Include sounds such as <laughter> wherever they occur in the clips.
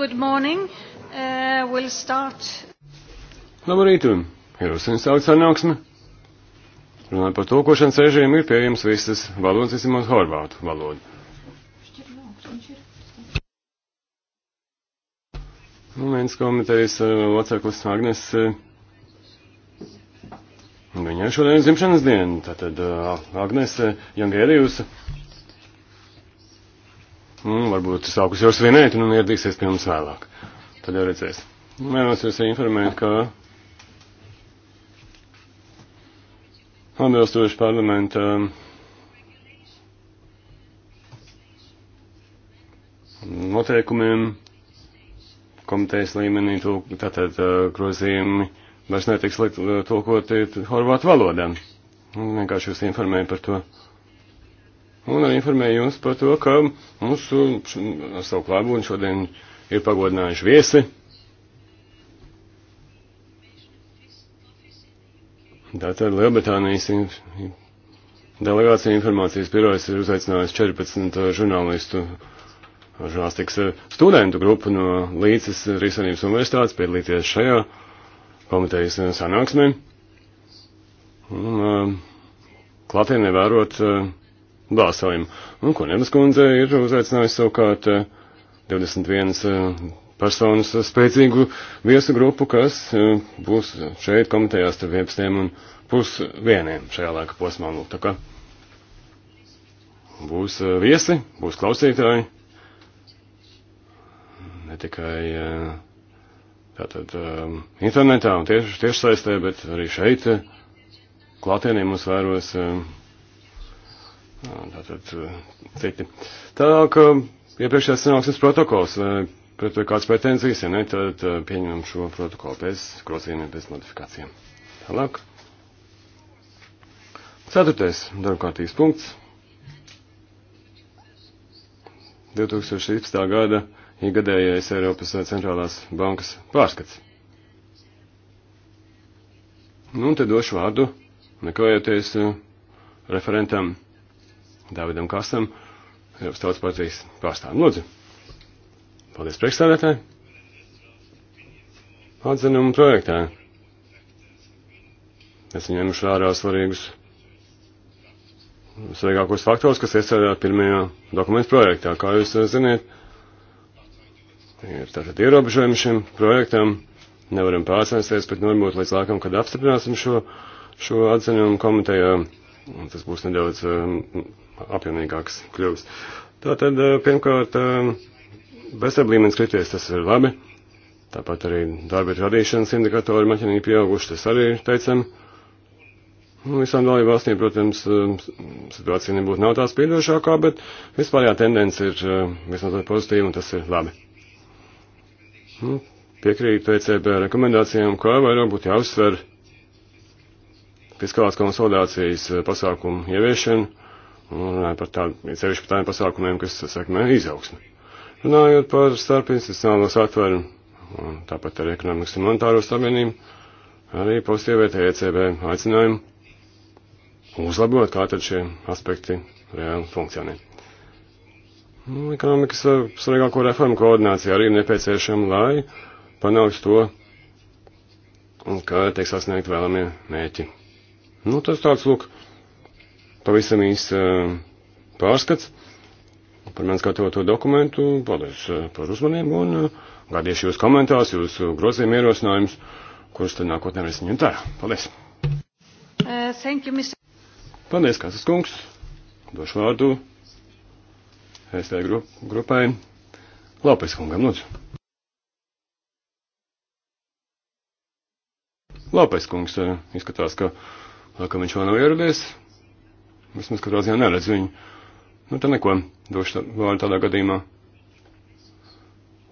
Good morning. Uh, we'll start. Labu rītu. Ierosinu sākt sanāksmi. Runājot par tulkošanas režīmu, ir pieejams visas valodas, izņemot horvātu valodu. Nu, viens komitejas uh, loceklis uh, Agnes. Uh, viņai šodien ir dzimšanas diena, tātad uh, Agnes uh, Jangērijusa. Nu, varbūt sākus jau svinēt un ieradīsies pie mums vēlāk. Tad jau redzēs. Nu, Vēlos jūs informēt, ka atbilstoši parlamenta um, noteikumiem komitejas līmenī tātad uh, grozījumi vairs netiks likt uh, tulkoti horvātu valodā. Nu, vienkārši jūs informēju par to un informēju jums par to, ka mūsu savu klābūnu šodien ir pagodinājuši viesi. Tātad Lielbritānijas delegācija informācijas birojas ir uzaicinājusi 14 uh, žurnālistu uh, žurnālistikas uh, studentu grupu no Līdzes Rīsanības universitātes piedalīties šajā komitejas sanāksmē. Un, klātienē vērot uh, balsojumu. Un Kunemas kundze ir uzaicinājusi savukārt 21 eh, eh, personas eh, spēcīgu viesu grupu, kas būs šeit komitejās starp 11 un pusvieniem šajā laika posmā. Lūk, nu, tā kā būs viesi, būs klausītāji, ne tikai tātad internetā un tieši, tieši saistē, bet arī šeit klātienī mūs vēros. Uh, Tātad eh, citi. Tālāk, eh, iepriekšējās sanāksmes protokols, eh, vai pret to kāds pretenzijas, ja ne, tad pieņemam šo protokolu bez grozījumiem, bez modifikācijām. Tālāk. Ceturtais darbkārtības punkts. 2016. gada iegadējais Eiropas centrālās bankas pārskats. Nu, un te došu vārdu, nekavējoties referentam. Davidam Kasam, Eiropas Tautas partijas pārstāvam. Lūdzu. Paldies priekšstādātāji. Atzinumu projektā. Es ņēmuši vērā svarīgus svarīgākos faktors, kas iestrādāt pirmajā dokumentu projektā. Kā jūs ziniet, ir tātad ierobežojumi šim projektam, nevaram pārsēsties, bet normot nu, līdz lākam, kad apstiprināsim šo, šo atzinumu komitejā, un tas būs nedaudz um, apjomīgāks kļūst. Tātad, eh, pirmkārt, eh, bezdarba līmenis krities, tas ir labi. Tāpat arī darba radīšanas indikatori maķinīgi pieauguši, tas arī ir teicami. Nu, visām dalību valstīm, protams, eh, situācija nebūtu nav tā spīdošākā, bet vispārējā tendence ir visnotaļ pozitīva, un tas ir labi. Nu, piekrītu ECB rekomendācijām, kā vairāk būtu jāuzsver fiskālās konsolidācijas pasākumu ieviešanu Nu, runājot par tādiem, sevišķi par tādiem pasākumiem, kas sakmē izaugsmi. Runājot par starpinstitucionālo satveru, un tāpat arī ekonomikas un monetāro savienību, arī pozitīvēt ECB aicinājumu uzlabot, kā tad šie aspekti reāli funkcionē. Nu, ekonomikas svarīgāko reformu koordinācija arī ir nepieciešama, lai panāks to, un kā tiek sasniegt vēlamie mēķi. Nu, tas tāds, lūk, Pavisam īsts pārskats par mans gatavoto dokumentu. Paldies par uzmanību un gādiešu jūs komentārus, jūsu grozījumu ierosinājumus, kurus tad nākotnē varēsim ņemt vērā. Paldies! Uh, thank you, Mr. Paldies, Kāsas kungs. Došu vārdu ST grup, grupai. Lopes kungam, lūdzu. Lopes kungs izskatās, ka laikam viņš vēl nav ieradies. Vismaz katrā ziņā neredz viņu. Nu, tad neko došu vārdu tādā gadījumā.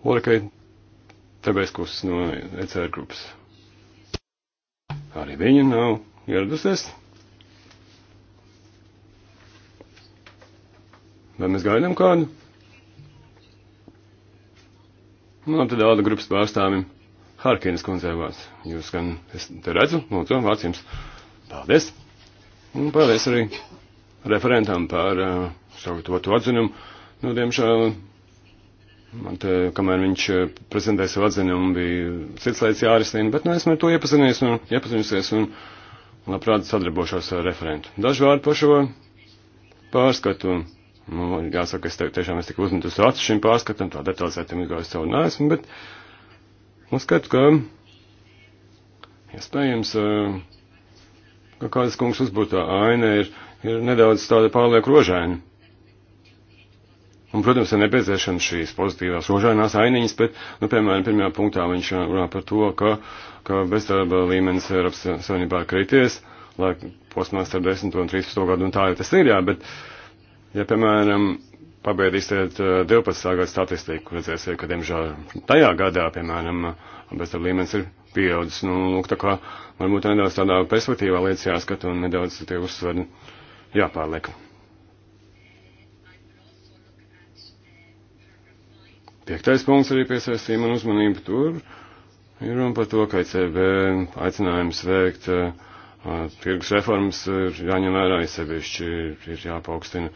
Olikai Tebeskus no ECR grupas. Arī viņa nav ieradusies. Vai mēs gaidām kādu? Nu, tad Alda grupas pārstāvim Harkinas kundzei vārds. Jūs gan, es te redzu, lūdzu, vārds jums. Paldies! Un paldies arī referentam par eh, sagatavotu atzinumu. Nu, diemžēl man te, kamēr viņš eh, prezentēja savu atzinumu, bija cits lietas jārisina, bet nu, esmu ar to iepazinies un iepazinusies un labprāt sadarbošos ar referentu. Daži vārdi par šo pārskatu. Nu, jāsaka, es te, tiešām es tik uzmetus acu šim pārskatam, tā detalizētam ilgā es savu neesmu, bet uzskatu, ka iespējams, ja eh, ka kādas kungs uzbūtā aina ir ir nedaudz tāda pārlieku rožaina. Un, protams, ir nepieciešams šīs pozitīvās rožainās ainiņas, bet, nu, piemēram, pirmajā punktā viņš runā par to, ka, ka bezdarba līmenis Eiropas Savienībā krities, lai posmā starp 10 un 13 gadu, un tā jau tas ir, jā, bet, ja, piemēram, pabeidīsiet 12. Eh, gadu statistiku, redzēsiet, ka, diemžēl, tajā gadā, piemēram, bezdarba līmenis ir pieaudzis, nu, lūk, tā kā, varbūt nedaudz tādā perspektīvā lietas jāskat un nedaudz tiek uzsverni jāpārliek. Piektais punkts arī piesaistīja man uzmanību tur. Ir runa par to, ka ICB aicinājums veikt uh, tirgus reformas ir jāņem vērā sevišķi, ir, ir jāpaukstina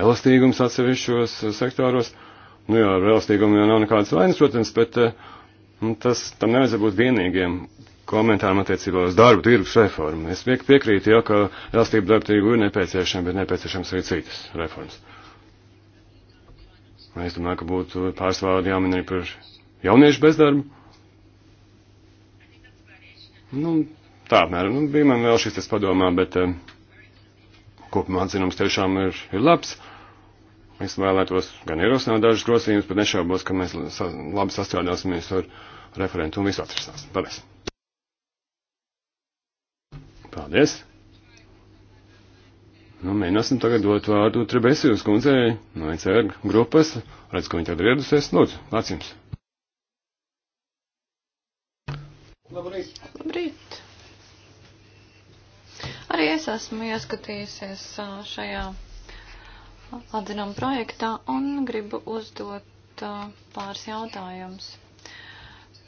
elastīgums atsevišķos sektoros. Nu jā, ar elastīgumu jau nav nekādas vainas, protams, bet uh, tas tam nevajadzētu būt vienīgiem komentāram attiecībā uz darbu tirgus reformu. Es piekrītu, jā, ka elastība darba tirgu ir nepieciešama, bet nepieciešams arī citas reformas. Es domāju, ka būtu pārsvārdi jāmin arī par jauniešu bezdarbu. Nu, tā apmēram, nu, bija man vēl šis tas padomā, bet eh, kopumā atzinums tiešām ir, ir labs. Es vēlētos gan ierosināt dažas grozījumus, bet nešaubos, ka mēs labi sastrādāsimies ar referentu un visu atrisinās. Paldies! Paldies! Nu, mēģināsim tagad dot vārdu Trebesijas kundzei no ECR grupas. Redz, ka viņa tagad ieradusies. Lūdzu, vārds jums. Labrīt. Labrīt. Arī es esmu ieskatījusies šajā atzinām projektā un gribu uzdot pāris jautājumus.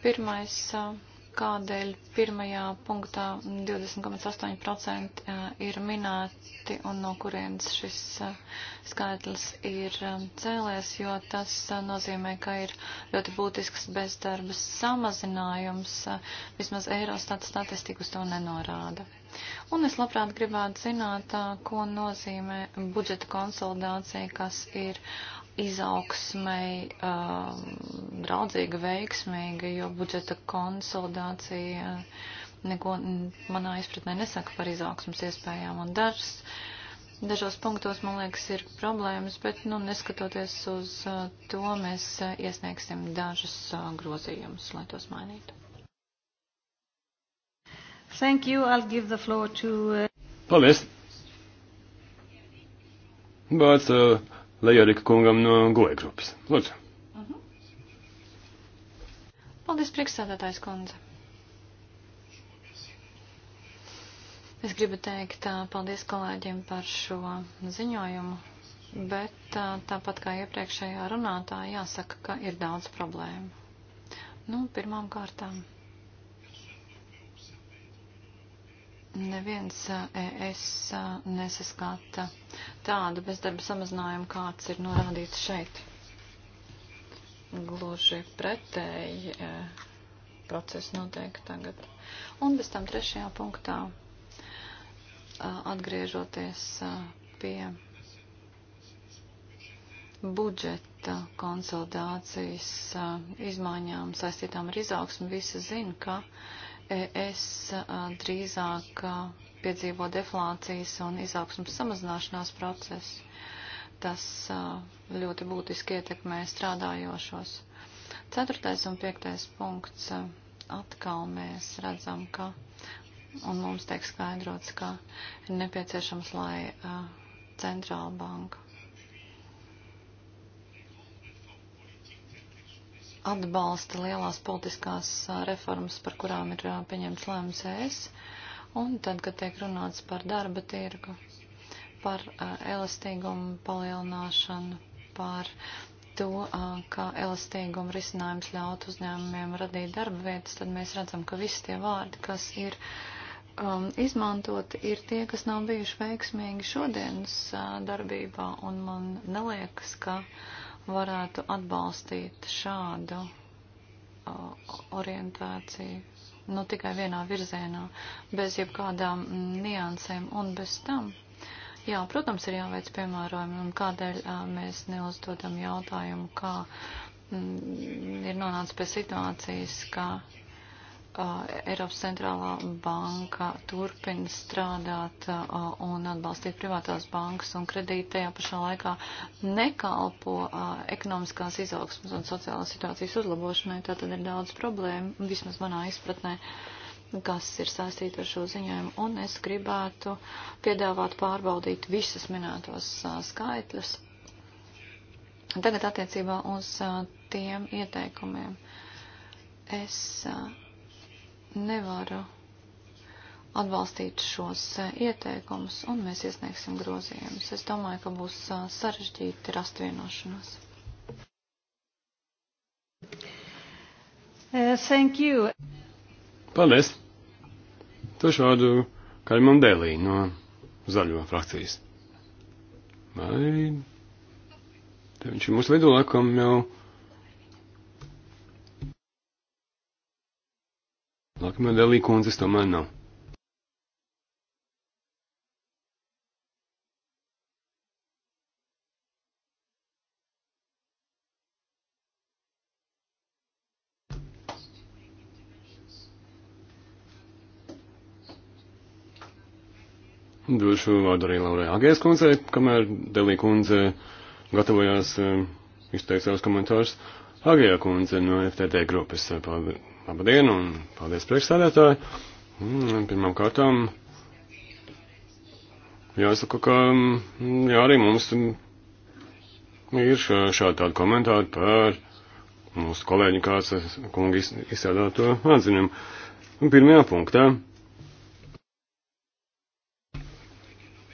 Pirmais. Uh, kādēļ pirmajā punktā 20,8% ir minēti un no kurienes šis skaitlis ir cēlies, jo tas nozīmē, ka ir ļoti būtisks bezdarbas samazinājums, vismaz Eirostat statistikas to nenorāda. Un es labprāt gribētu zināt, ko nozīmē budžeta konsolidācija, kas ir izaugsmai um, draudzīga, veiksmīga, jo budžeta konsolidācija neko manā izpratnē nesaka par izaugsmas iespējām un darbs. Dažos punktos, man liekas, ir problēmas, bet, nu, neskatoties uz uh, to, mēs uh, iesniegsim dažus uh, grozījumus, lai tos mainītu. Thank you. I'll give the floor to... Paldies. Vārds uh, Lejorika kungam no goja grupas. Lūdzu. Uh mhm. -huh. Paldies, priekšsēdētājs kundze. Es gribu teikt paldies kolēģiem par šo ziņojumu, bet tāpat kā iepriekšējā runātā jāsaka, ka ir daudz problēmu. Nu, pirmām kārtām Neviens es nesaskata tādu bezdarba samazinājumu, kāds ir norādīts šeit. Gluži pretēji process notiek tagad. Un bez tam trešajā punktā atgriežoties pie budžeta konsolidācijas izmaiņām saistītām ar izaugsmu, visi zina, ka uh, es drīzāk piedzīvo deflācijas un izaugsmas samazināšanās procesu. Tas ļoti būtiski ietekmē strādājošos. Ceturtais un piektais punkts atkal mēs redzam, ka, un mums tiek skaidrots, ka ir nepieciešams, lai centrāla banka atbalsta lielās politiskās reformas, par kurām ir pieņemts lēmums ES, un tad, kad tiek runāts par darba tirgu, par elastīgumu palielināšanu, par to, ka elastīguma risinājums ļaut uzņēmumiem radīt darba vietas, tad mēs redzam, ka visi tie vārdi, kas ir um, izmantoti, ir tie, kas nav bijuši veiksmīgi šodienas uh, darbībā, un man neliekas, ka uh, varētu atbalstīt šādu orientāciju, nu tikai vienā virzienā, bez jebkādām niansēm un bez tam. Jā, protams, ir jāveic piemērojumi, un kādēļ mēs neuzdodam jautājumu, kā mm, ir nonācis pie situācijas, ka Eiropas centrālā banka turpina strādāt un atbalstīt privātās bankas un kredīti tajā pašā laikā nekalpo ekonomiskās izaugsmas un sociālās situācijas uzlabošanai. Tā tad ir daudz problēmu, vismaz manā izpratnē kas ir saistīta ar šo ziņojumu, un es gribētu piedāvāt pārbaudīt visus minētos skaitļus. Tagad attiecībā uz tiem ieteikumiem. Es uh, nevaru atbalstīt šos eh, ieteikumus, un mēs iesniegsim grozījumus. Es domāju, ka būs eh, sarežģīti rast vienošanos. Eh, thank you. Paldies. To šādu Kaimam Delī no zaļo frakcijas. Vai te viņš ir mūsu vidū, laikam jau Nākamā Delī kundzes tomēr nav. Došu vārdu arī Laurai Agēs kundzei, kamēr Delī kundze gatavojās eh, izteikt savus komentārus. Agējā kundze no FTT grupas. Eh, paldies. Labdien un paldies priekšstādētāji. Mm, Pirmām kārtām jāsaka, ka mm, jā, arī mums ir šā, šādi tādi komentāri par mūsu kolēģi kāds kungi izstrādāto atzinumu. Pirmajā punktā.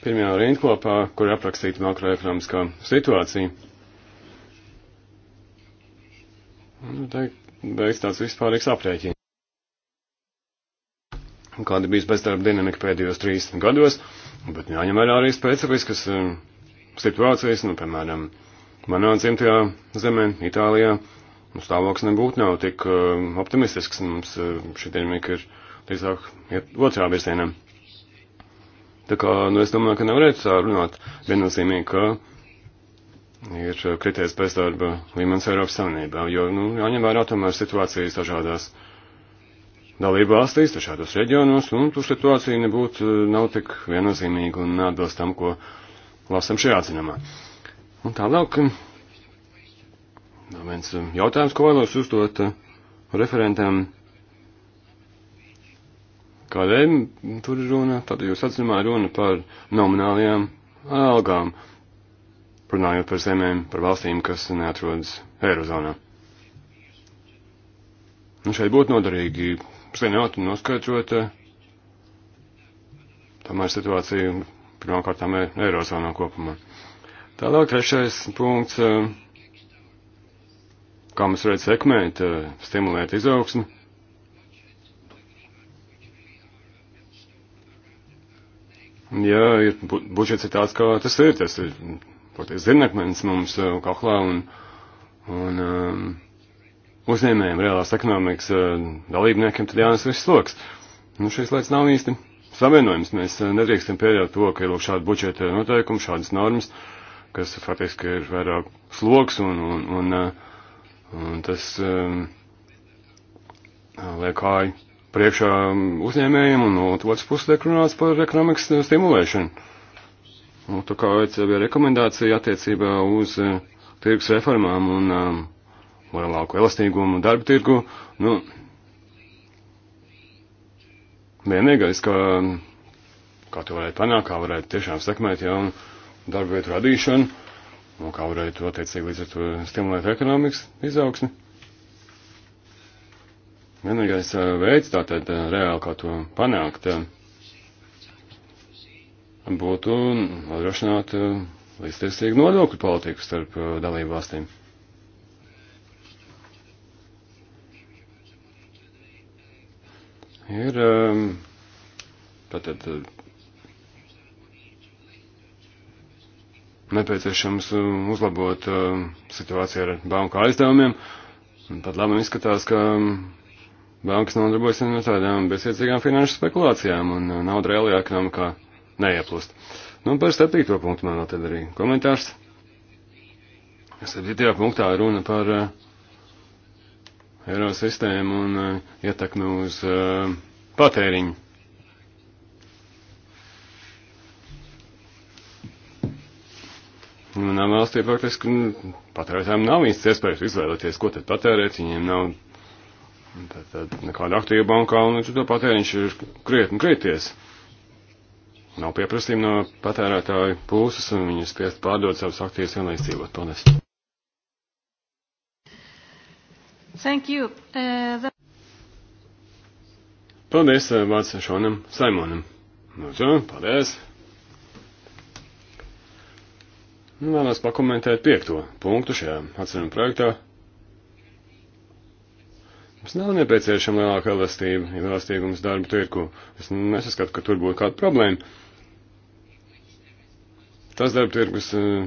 Pirmajā rindkopā, kur aprakstīta makroekonomiskā situācija. Nu, teikt, veiks tāds vispārīgs aprēķins. Kāda bijis bezdarba dinamika pēdējos trīs gados, bet jāņem vērā arī specifiskas um, situācijas, nu, piemēram, manā dzimtajā zemē, Itālijā, nu, stāvoklis nebūtu nav tik uh, optimistisks, mums uh, šī dinamika ir drīzāk iet otrā virzienā. Tā kā, nu, es domāju, ka nevarētu tā runāt viennozīmīgi, ka ir krities bezdarba līmenis Eiropas Savienībā, jo, nu, jāņem vērā tomēr situācijas dažādās dalību valstīs, dažādos reģionos, un tu situācija nebūtu, eh, nav tik viennozīmīga un neatbilst tam, ko lasam šajā atzinumā. Un tālāk, vēl viens eh, jautājums, ko vēlos uzdot eh, referentam. Kādēļ tur ir runa? Tad jūs atzinumā runa par nominālajām algām. Uh, runājot par zemēm, par valstīm, kas neatrodas Eirozonā. Nu, šeit būtu noderīgi slienot un noskaidrot eh, tomēr situāciju pirmkārt e- Eirozonā kopumā. Tālāk trešais punkts, eh, kā mēs varētu sekmēt, eh, stimulēt izaugsmu. Jā, ir budžets ir tāds, kā tas ir, tas ir toties zirnekmenis mums eh, kaklā un, un um, uzņēmējiem, reālās ekonomikas uh, dalībniekiem tad jānes viss sloks. Nu, šīs lietas nav īsti savienojums. Mēs eh, nedrīkstam pieļaut to, ka ir lūk šādi budžeta noteikumi, šādas normas, kas faktiski ir vairāk sloks un, un, un, un tas um, liekāji priekšā um, uzņēmējiem, un no otras puses tiek runāts par ekonomikas stimulēšanu. Nu, tā kā OECD bija rekomendācija attiecībā uz uh, tirgus reformām un um, ehm, lielāku elastīgumu darba tirgu, nu, vienīgais, kā, kā to varētu panākt, kā varētu tiešām sekmēt jaunu darba vietu radīšanu, un kā varētu attiecīgi līdz ar to stimulēt ekonomikas izaugsmi. Vienīgais uh, veids tātad uh, reāli, kā to panākt. Uh, būtu nodrošināt eh, līdztiesīgu nodokļu politiku starp eh, dalību valstīm. Ir ehm, tātad eh, nepieciešams uzlabot situāciju ar banku aizdevumiem. Pat labi izskatās, ka ehm, bankas nodarbojas ar tādām bezjēdzīgām finanšu spekulācijām un nauda reālajā ekonomikā. Kā neieplūst. Nu, par septīto punktu man tad arī komentārs. Septītajā punktā runa par uh, eh, eiro sistēmu un uh, ietekmi uz uh, patēriņu. Manā nu, valstī praktiski nu, patērētājiem nav īsti iespējas izvēlēties, ko tad patērēt. Viņiem nav tad, tad nekāda aktīva bankā, un līdz ar to patēriņš ir krietni krieties. Kriet nav pieprasījuma no patērētāju puses, un viņi spiest pārdot savus aktīvus un aizdzīvot. Paldies! Thank you. Uh, the... Paldies uh, vārds Šonam Saimonam. Lūdzu, nu, paldies! Nu, vēlos pakomentēt piekto punktu šajā atceruma projektā. Mums nav nepieciešama lielāka elastība, ja elastīgums darba tirku. Es nesaskatu, ka tur būtu kāda problēma. Tas darba tirgus eh,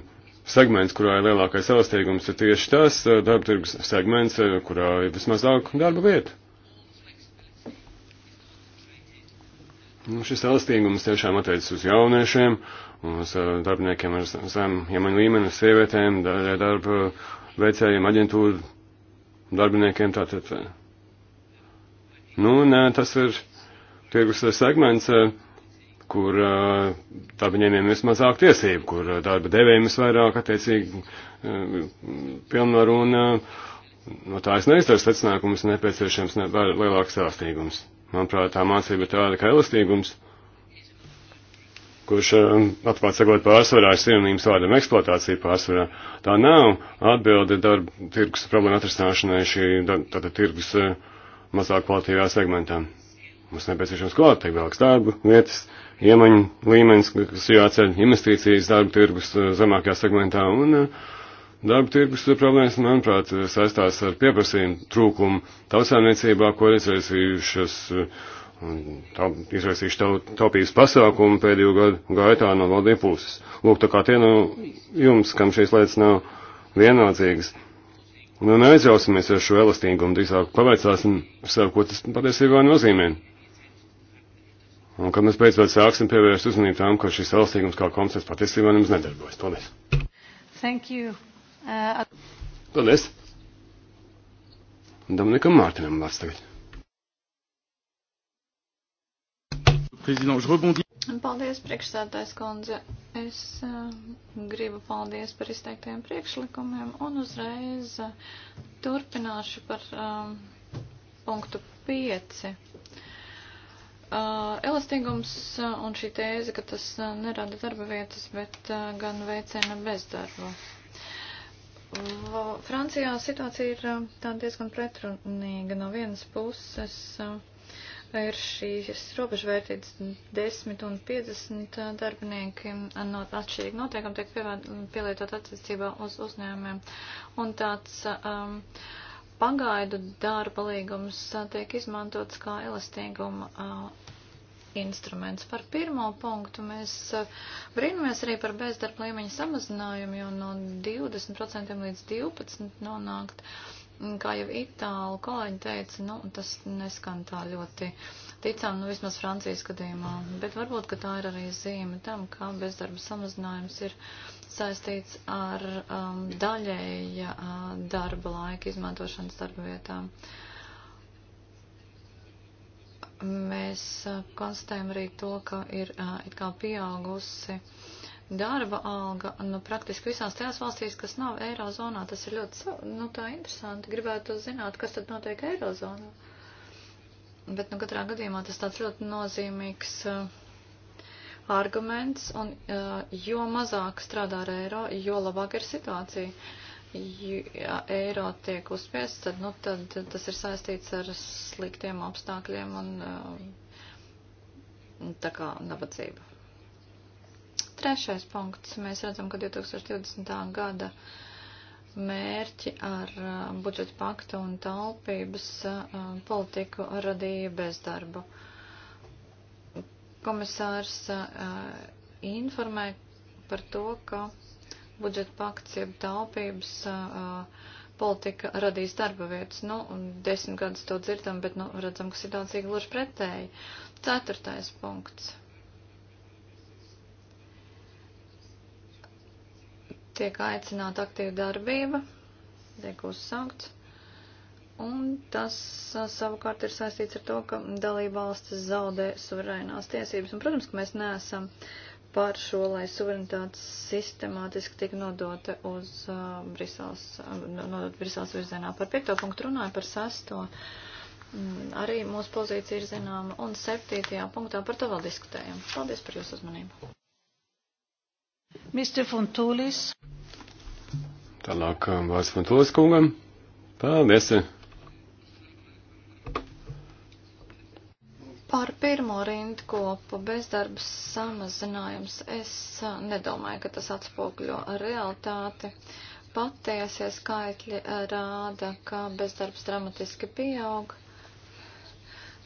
segments, kurā ir lielākais elastīgums, ir tieši tas eh, darba tirgus segments, eh, kurā ir vismazāk darba vietu. Nu, šis elastīgums tiešām attiecas uz jauniešiem, uz darbiniekiem ar zem iemaņu līmeni, sievietēm, darba veicējiem, aģentūru darbiniekiem. Tātad Nu, un tas ir tirgus segments, eh, kur tā eh, viņiem ir vismazāk tiesību, kur eh, darba devējiem visvairāk attiecīgi pilnvaru un no tā es neizdaru secinājumus nepieciešams ne, lielāks elastīgums. Manuprāt, tā mācība ir tāda kā elastīgums, kurš atklāt sakot pārsvarā ir sinonīms vārdam eksploatācija pārsvarā. Tā nav atbilde darba tirgus problēma atrastāšanai šī tāda tirgus. Uh, mazāk kvalitīvā segmentā. Mums nepieciešams kvalitīvāks darba vietas, iemaņu līmenis, kas jāceļ investīcijas darba tirgus eh, zemākajā segmentā, un eh, darba tirgus problēmas, manuprāt, saistās ar pieprasījumu trūkumu tautsāniecībā, ko izraisījušas eh, tā, izraisījuši tau, taupības pasākumu pēdējo gadu gaitā no valdību puses. Lūk, tā kā tie no jums, kam šīs lietas nav vienaldzīgas, Nu, neaizjausimies ar šo elastīgumu, drīzāk pavaicāsim sev, ko tas patiesībā nozīmē. Un kad mēs beidzot sāksim pievērst uzmanību tam, ka šis elastīgums kā koncepts patiesībā nemaz nedarbojas. Paldies. Thank you. Uh, Paldies. Dominikam Mārtiņam vārds tagad. Prezidents, je rebondis. Paldies, priekšsētājs kundze. Es uh, gribu paldies par izteiktajiem priekšlikumiem un uzreiz uh, turpināšu par uh, punktu 5. Uh, elastīgums uh, un šī tēze, ka tas uh, nerada darba vietas, bet uh, gan veicina bezdarbu. Francijā situācija ir uh, tā diezgan pretrunīga. No vienas puses. Uh, ir šīs robežvērtības 10 un 50 darbinieki no atšķirīgi noteikumi tiek pielietot attiecībā uz uzņēmumiem. Un tāds um, pagaidu darba līgums tiek izmantots kā elastīguma uh, instruments. Par pirmo punktu mēs brīnamies arī par bezdarba līmeņa samazinājumu, jo no 20% līdz 12% nonākt kā jau itālu kolēģi teica, nu, tas neskan tā ļoti ticām, nu, vismaz Francijas gadījumā, bet varbūt, ka tā ir arī zīme tam, kā bezdarba samazinājums ir saistīts ar um, daļēja uh, darba laika izmantošanas darba vietām. Mēs uh, konstatējam arī to, ka ir uh, it kā pieaugusi uh, darba alga, nu, praktiski visās tajās valstīs, kas nav Eirozonā, tas ir ļoti, nu, tā interesanti. Gribētu zināt, kas tad notiek Eirozonā. Bet, nu, katrā gadījumā tas tāds ļoti nozīmīgs uh, arguments, un uh, jo mazāk strādā ar eiro, jo labāk ir situācija. Ja eiro tiek uzspiests, tad, nu, tad tas ir saistīts ar sliktiem apstākļiem un uh, tā kā nabadzību. Trešais punkts. Mēs redzam, ka 2020. gada mērķi ar uh, budžeta paktu un taupības uh, politiku radīja bezdarbu. Komisārs uh, informē par to, ka budžeta pakts jeb taupības politika radīs darba vietas. Nu, desmit gadus to dzirdam, bet nu, redzam, ka situācija gluži pretēji. Ceturtais punkts tiek aicināta aktīva darbība, tiek uzsākts. Un tas savukārt ir saistīts ar to, ka dalībvalstis zaudē suverēnās tiesības. Un, protams, ka mēs neesam par šo, lai suverenitātes sistemātiski tik nodota uz uh, Brisels, nodot Brisels virzienā. Par piekto punktu runāju par sesto. Mm, arī mūsu pozīcija ir zināma. Un septītajā punktā par to vēl diskutējam. Paldies par jūsu uzmanību. Mr. Funtulis. Tālāk um, vārds Funtulis kungam. Paldies. Par pirmo rindkopu bezdarbas samazinājums es uh, nedomāju, ka tas atspogļo realitāti. Patiesie skaitļi uh, rāda, ka bezdarbs dramatiski pieaug.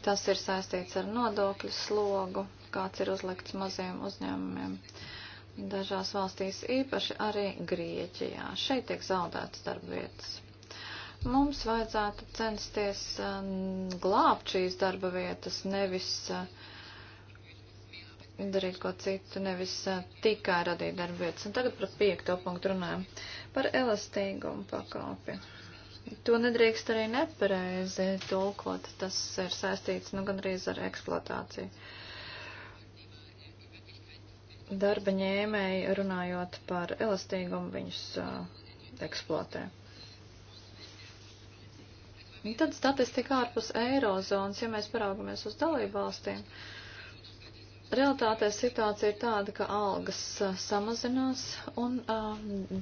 Tas ir saistīts ar nodokļu slogu, kāds ir uzlikts maziem uzņēmumiem. Uh, dažās valstīs, īpaši arī Grieķijā. Šeit tiek zaudētas darbvietas. Mums vajadzētu censties uh, glābt šīs darba vietas, nevis uh, darīt ko citu, nevis uh, tikai radīt darba vietas. Un tagad par piekto punktu runājam. Par elastīgumu pakāpi. To nedrīkst arī nepareizi tulkot. Tas ir saistīts nu gandrīz ar eksploatāciju. Uh, darba ņēmēji, runājot par elastīgumu, viņus uh, eksploatē. Un tad statistika ārpus eirozonas, ja mēs paraugamies uz dalību valstīm, realitātē situācija ir tāda, ka algas uh, samazinās un uh,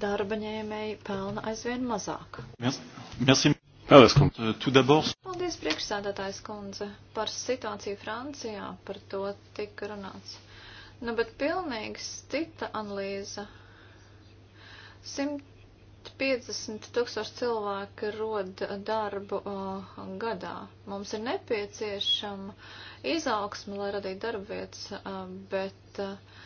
darba ņēmēji pelna aizvien mazāk. Merci. Paldies, kundze. Euh, Paldies, priekšsēdētājs kundze, par situāciju Francijā, par to tika runāts. Nu, bet pilnīgs cita analīze. 150 tūkstoši cilvēki rod darbu uh, gadā. Mums ir nepieciešama izaugsme, lai radītu darba vietas, uh, bet uh,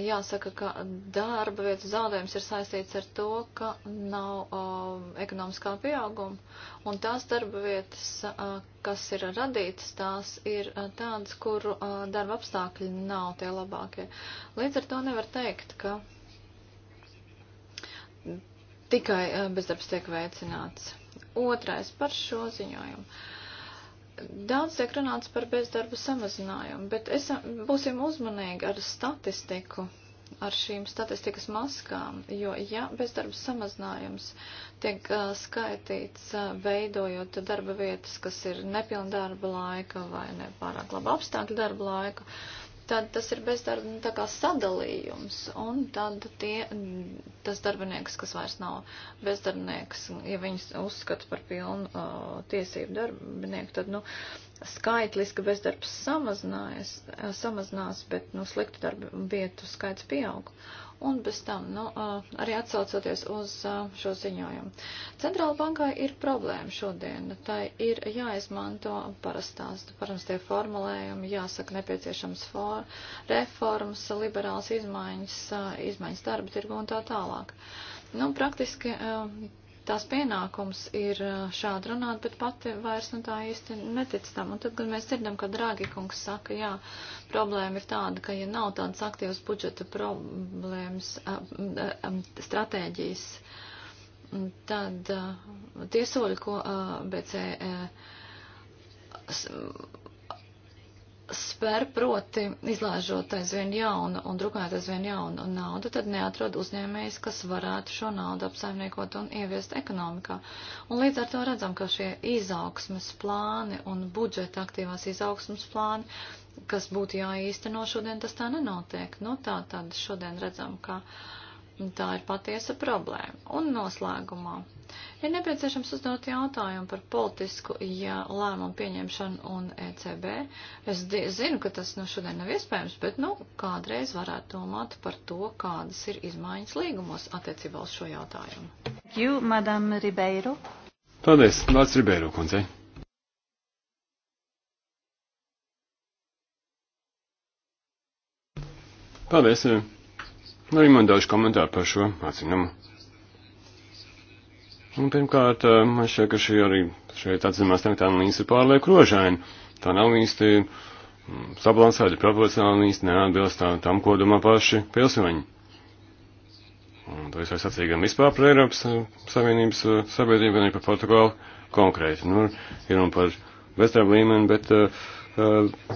jāsaka, ka darba vietas zaudējums ir saistīts ar to, ka nav um, ekonomiskā pieauguma, un tās darba vietas, uh, kas ir radītas, tās ir uh, tādas, kuru uh, darba apstākļi nav tie labākie. Līdz ar to nevar teikt, ka tikai uh, bezdarbs tiek veicināts. Otrais par šo ziņojumu. Uh, Daudz tiek runāts par bezdarbu samazinājumu, bet esam, būsim uzmanīgi ar statistiku, ar šīm statistikas maskām, jo ja bezdarba samazinājums tiek uh, skaitīts uh, veidojot darba vietas, kas ir nepilna darba laika vai nepārāk laba apstākļa darba laika, uh, tad tas ir bezdarba nu, tā kā sadalījums, un tad tie, tas darbinieks, kas vairs nav bezdarbnieks, ja viņas uzskata par pilnu uh, tiesību darbinieku, tad, nu, skaitliski bezdarbs samazinās, bet, nu, sliktu darba vietu skaits pieaug. Uh, un bez tam, nu, arī atsaucoties uz šo ziņojumu. Centrāla bankai ir problēma šodien. Nu, tai ir jāizmanto parastās, parastie formulējumi, jāsaka nepieciešams for, reformas, liberāls izmaiņas, izmaiņas darba tirgu un tā tālāk. Nu, praktiski tās pienākums ir šādi runāt, bet pati vairs no nu, tā īsti netic tam. Un tad, kad mēs dzirdam, ka Dragi kungs saka, jā, problēma ir tāda, ka ja nav tādas aktīvas budžeta problēmas, stratēģijas, tad tie soļi, ko BC spēr proti izlaižot aizvien jaunu un drukājot aizvien jaunu naudu, tad neatrod uzņēmējs, kas varētu šo naudu apsaimniekot un ieviest ekonomikā. Un līdz ar to redzam, ka šie izaugsmes plāni un budžeta aktīvās izaugsmes plāni, kas būtu jāīsteno šodien, tas tā nenotiek. Nu tā tad šodien redzam, ka tā ir patiesa problēma. Un noslēgumā Ir nepieciešams uzdot jautājumu par politisku ja, lēmumu pieņemšanu un ECB. Es zinu, ka tas nu, šodien nav iespējams, bet nu, kādreiz varētu domāt par to, kādas ir izmaiņas līgumos attiecībā uz šo jautājumu. You, Madam Ribeiro. Paldies, Lācis Ribeiro kundzei. Paldies. Nu, arī man daži komentāri par šo atzinumu. Un nu, pirmkārt, eh, man šķiet, ka šī arī šeit atzīmēs tā analīze ir pārlieku rožaina. Tā nav īsti mm, sabalansēta, proporcionāli īsti neatbilst tā, tam, ko domā paši pilsoņi. Un to es varu sacīt gan vispār par Eiropas eh, Savienības eh, sabiedrību, gan arī par Portugālu konkrēti. Nu, ir un par bezdarba līmeni, bet uh,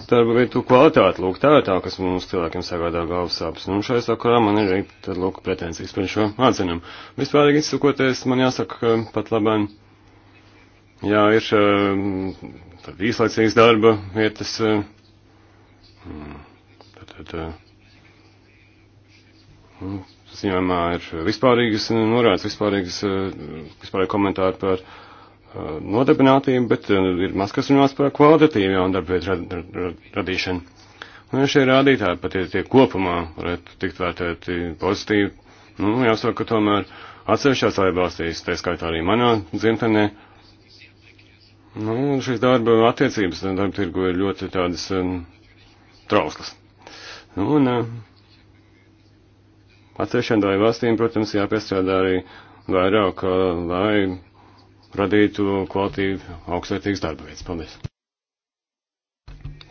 darba vietu kvalitāti. Lūk, tā ir tā, kas mums cilvēkiem sagādā galvas sāpes. Nu, šajā sakarā man ir arī, tad, lūk, pretensijas par šo atzinumu. Vispārīgi izsakoties, man jāsaka, pat labāk, jā, ir mm, tad īslaicīgs darba vietas. Mm, tad, tad, mm, ziņojumā ir vispārīgas norādes, vispārīgas, vispārīgi komentāri par nodarbinātību, bet uh, ir maz kas runāts par kvalitatīvām darbvietu rad, rad, rad, radīšanu. Un ja šie rādītāji pat ir tie kopumā, varētu tikt vērtēti pozitīvi, nu, jāsaka, ka tomēr atsevišķās valstīs, tā skaitā arī manā dzimtenē, nu, šīs darba attiecības darba tirgu ir ļoti tādas um, trauslas. Nu, un uh, atsevišķām valstīm, protams, jāpiestrādā arī vairāk, uh, lai radītu kvalitīvu augstvērtīgas darba vietas. Paldies!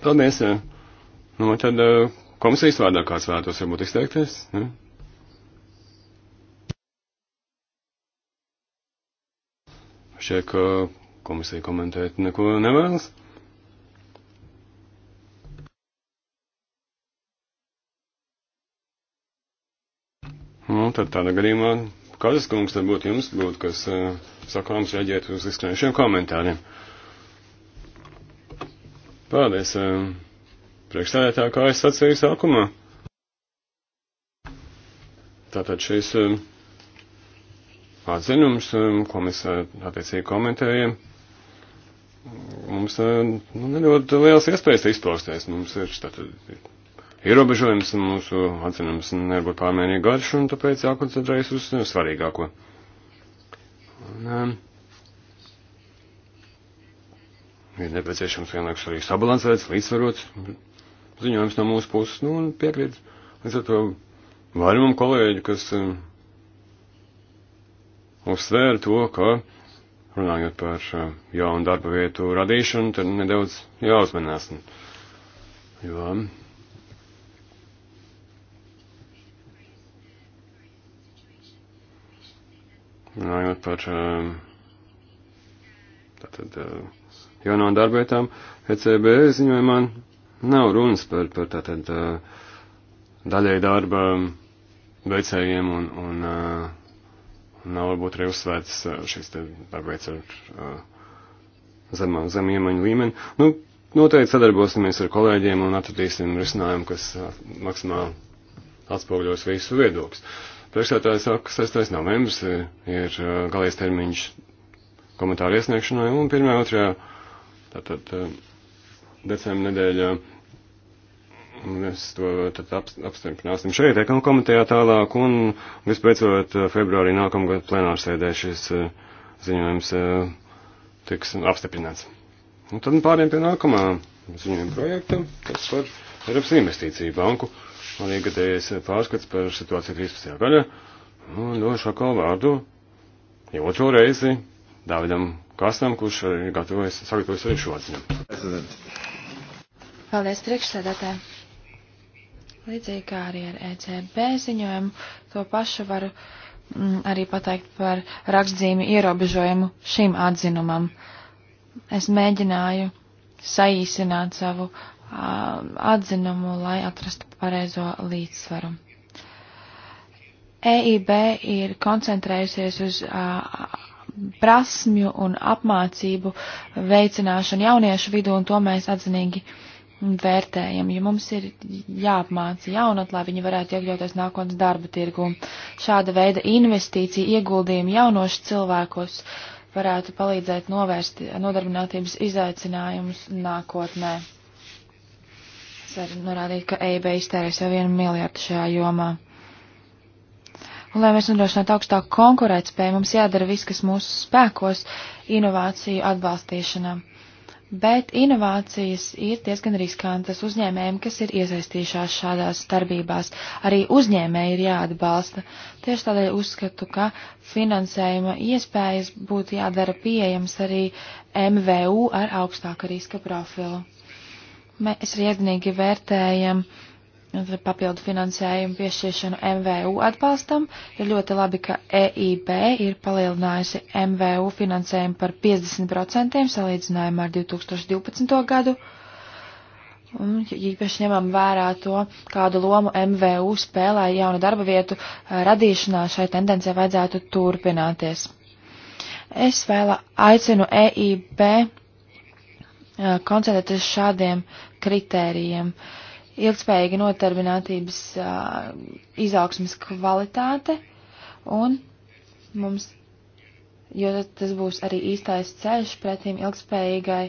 Paldies! Jā. Nu, tad eh, komisijas vārdā kāds vēlētos varbūt izteikties? Ja? Šķiet, ka komisija komentēt neko nevēlas. Nu, tad tādā gadījumā, kādas kungs, tad būtu jums, būtu kas. Uh, sakāms reaģēt uz izskanējušiem komentāriem. Paldies, um, priekšstādētā, kā es sacīju sākumā. Tātad šīs um, atzinums, um, ko mēs uh, attiecīgi komentējam, mums uh, nu, nedod liels iespējas izpausties. Mums ir tātad ierobežojums, mūsu atzinums nevar būt pārmērīgi garš, un tāpēc jākoncentrējas uz svarīgāko. Un, um, ir nepieciešams vienlaikus arī sabalansēts, līdzsvarots ziņojums no mūsu puses, nu, un piekrīt. Līdz ar to vairumam kolēģi, kas um, uzsvēra to, ka runājot par uh, jaunu darba vietu radīšanu, tad nedaudz jāuzmanās. Jo um, runājot par ehm, tātad eh, jaunām darbietām, ECB ziņojumā nav runas par, par tātad eh, daļai darba ehm, veicējiem un, un, eh, un nav varbūt arī uzsvērts šis te darbveids ar zemā, zem iemaņu līmeni. Nu, noteikti sadarbosimies ar kolēģiem un atradīsim risinājumu, kas maksimāli atspoguļos visu viedokļus. Uh, Priekšsētājs saka, 6. novembris eh, ir eh, galīgs termiņš komentāru iesniegšanai, un 1. 2. tātad eh, decembra nedēļā mēs to tad apstiprināsim šeit, ekam komitejā tālāk, un vispēcot februārī nākamgad plenārsēdē šis ziņojums tiks apstiprināts. Un tad pāriem pie nākamā ziņojuma projekta, kas par Eiropas investīciju banku man iegadējies pārskats par situāciju 13. gadā. Nu, došu atkal vārdu jau otro reizi Davidam Kastam, kurš ir gatavojas, sagatavojas arī šo atziņu. Paldies priekšsēdētājiem. Līdzīgi kā arī ar ECB ziņojumu, to pašu varu mm, arī pateikt par rakstzīmi ierobežojumu šim atzinumam. Es mēģināju saīsināt savu Um, atzinumu, lai atrastu pareizo līdzsvaru. EIB ir koncentrējusies uz uh, prasmju un apmācību veicināšanu jauniešu vidū, un to mēs atzinīgi vērtējam, jo mums ir jāapmāca jaunat, lai viņi varētu iekļauties nākotnes darba tirgu. Šāda veida investīcija ieguldījumi jaunošu cilvēkos varētu palīdzēt novērst nodarbinātības izaicinājumus nākotnē arī norādīt, ka EIB iztērēs jau vienu miljardu šajā jomā. Un, lai mēs nodrošinātu augstāku konkurētspēju, mums jādara viss, kas mūsu spēkos inovāciju atbalstīšanā. Bet inovācijas ir diezgan riskantas uzņēmējiem, kas ir iesaistījušās šādās darbībās. Arī uzņēmēji ir jāatbalsta. Tieši tādēļ uzskatu, ka finansējuma iespējas būtu jādara pieejams arī MVU ar augstāka riska profilu. Mēs arī atzinīgi vērtējam papildu finansējumu piešķiršanu MVU atbalstam. Ir ļoti labi, ka EIB ir palielinājusi MVU finansējumu par 50% salīdzinājumā ar 2012. gadu. Un, īpaši ņemam vērā to, kādu lomu MVU spēlē jauna darba vietu eh, radīšanā, šai tendencijai vajadzētu turpināties. Es vēl aicinu EIB eh, koncentrēties šādiem kritērijiem. Ilgspējīga notarbinātības uh, izaugsmas kvalitāte un mums, jo tas būs arī īstais ceļš pretīm ilgspējīgai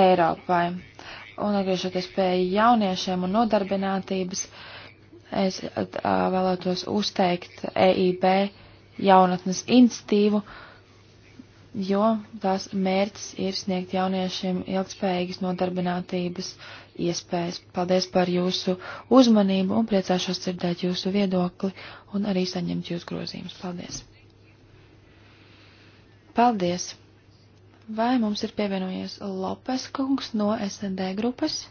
Eiropai. Un atgriežoties pie jauniešiem un nodarbinātības, es uh, vēlētos uzteikt EIB jaunatnes institīvu, uh, jo tās mērķis ir sniegt jauniešiem ilgspējīgas nodarbinātības iespējas. Paldies par jūsu uzmanību un priecāšos dzirdēt jūsu viedokli un arī saņemt jūsu grozījumus. Paldies! Paldies! Vai mums ir pievienojies Lopes kungs no SND grupas?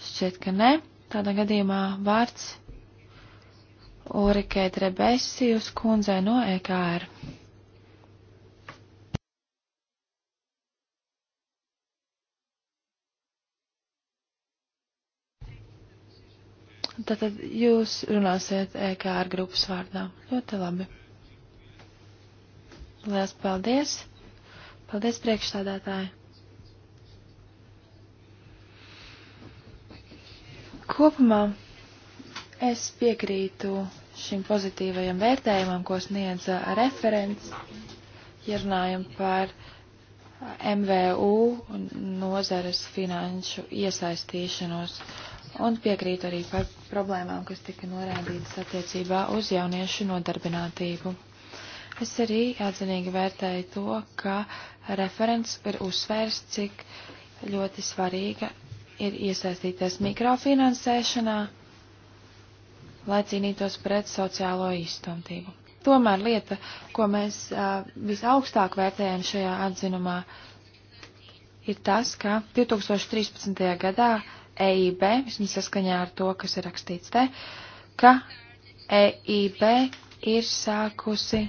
Šķiet, ka nē. Tādā gadījumā vārds Ulrikē Trebesijus kundzei no EKR. Tātad jūs runāsiet EKR grupas vārdā. Ļoti labi. Lielas paldies. Paldies priekšstādātāji. Kopumā es piekrītu šim pozitīvajam vērtējumam, ko sniedz uh, referents, ja runājam par uh, MVU un nozares finanšu iesaistīšanos. Un piekrītu arī par problēmām, kas tika norādītas attiecībā uz jauniešu nodarbinātību. Es arī atzinīgi vērtēju to, ka referents ir uzsvērs, cik ļoti svarīga ir iesaistīties mikrofinansēšanā lai cīnītos pret sociālo īstumtību. Tomēr lieta, ko mēs uh, visaugstāk vērtējam šajā atzinumā, ir tas, ka 2013. gadā EIB, vismaz saskaņā ar to, kas ir rakstīts te, ka EIB ir sākusi